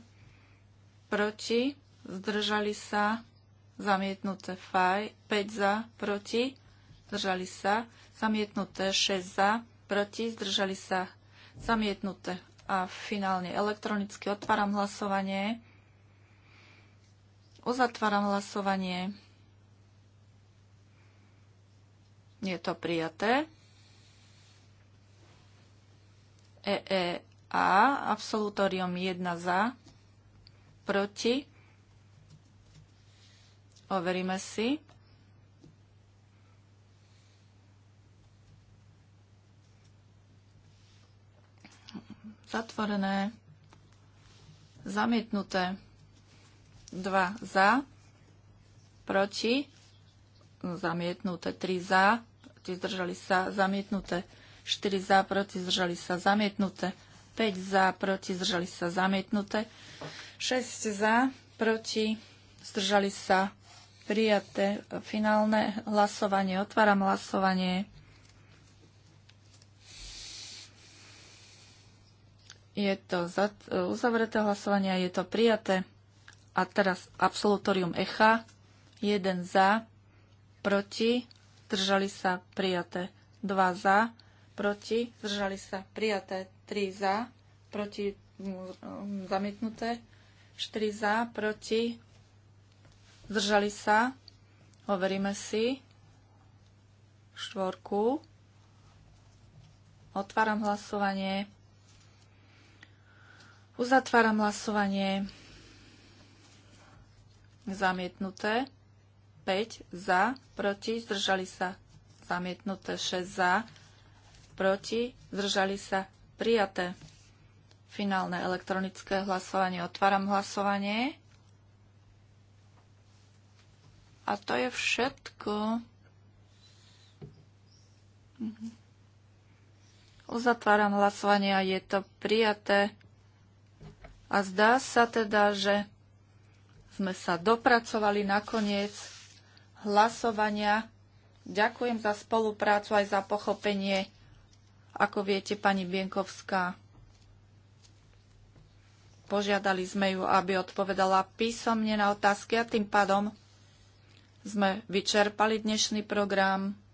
proti, zdržali sa, zamietnuté 5 za, proti, zdržali sa, zamietnuté 6 za, proti, zdržali sa, zamietnuté. A finálne elektronicky otváram hlasovanie. Uzatváram hlasovanie. Je to prijaté. EEA, absolutorium 1 za, proti, Overíme si. Zatvorené. Zamietnuté. 2 za. Proti. Zamietnuté. 3 za. Proti zdržali sa. Zamietnuté. 4 za. Proti zdržali sa. Zamietnuté. 5 za. Proti zdržali sa. Zamietnuté. 6 za. Proti zdržali sa prijaté. Finálne hlasovanie. Otváram hlasovanie. Je to uzavreté hlasovanie je to prijaté. A teraz absolutorium ECHA. 1 za, proti, zdržali sa prijaté. Dva za, proti, zdržali sa prijaté. tri za, proti, mm, mm, zamietnuté. 4 za, proti, Zdržali sa. Overíme si. Štvorku. Otváram hlasovanie. Uzatváram hlasovanie. Zamietnuté. 5 za, proti, zdržali sa. Zamietnuté 6 za, proti, zdržali sa. Prijaté. Finálne elektronické hlasovanie. Otváram hlasovanie. A to je všetko. Mhm. Uzatváram hlasovanie a je to prijaté. A zdá sa teda, že sme sa dopracovali nakoniec hlasovania. Ďakujem za spoluprácu aj za pochopenie, ako viete, pani Bienkovská. Požiadali sme ju, aby odpovedala písomne na otázky a tým pádom sme vyčerpali dnešný program.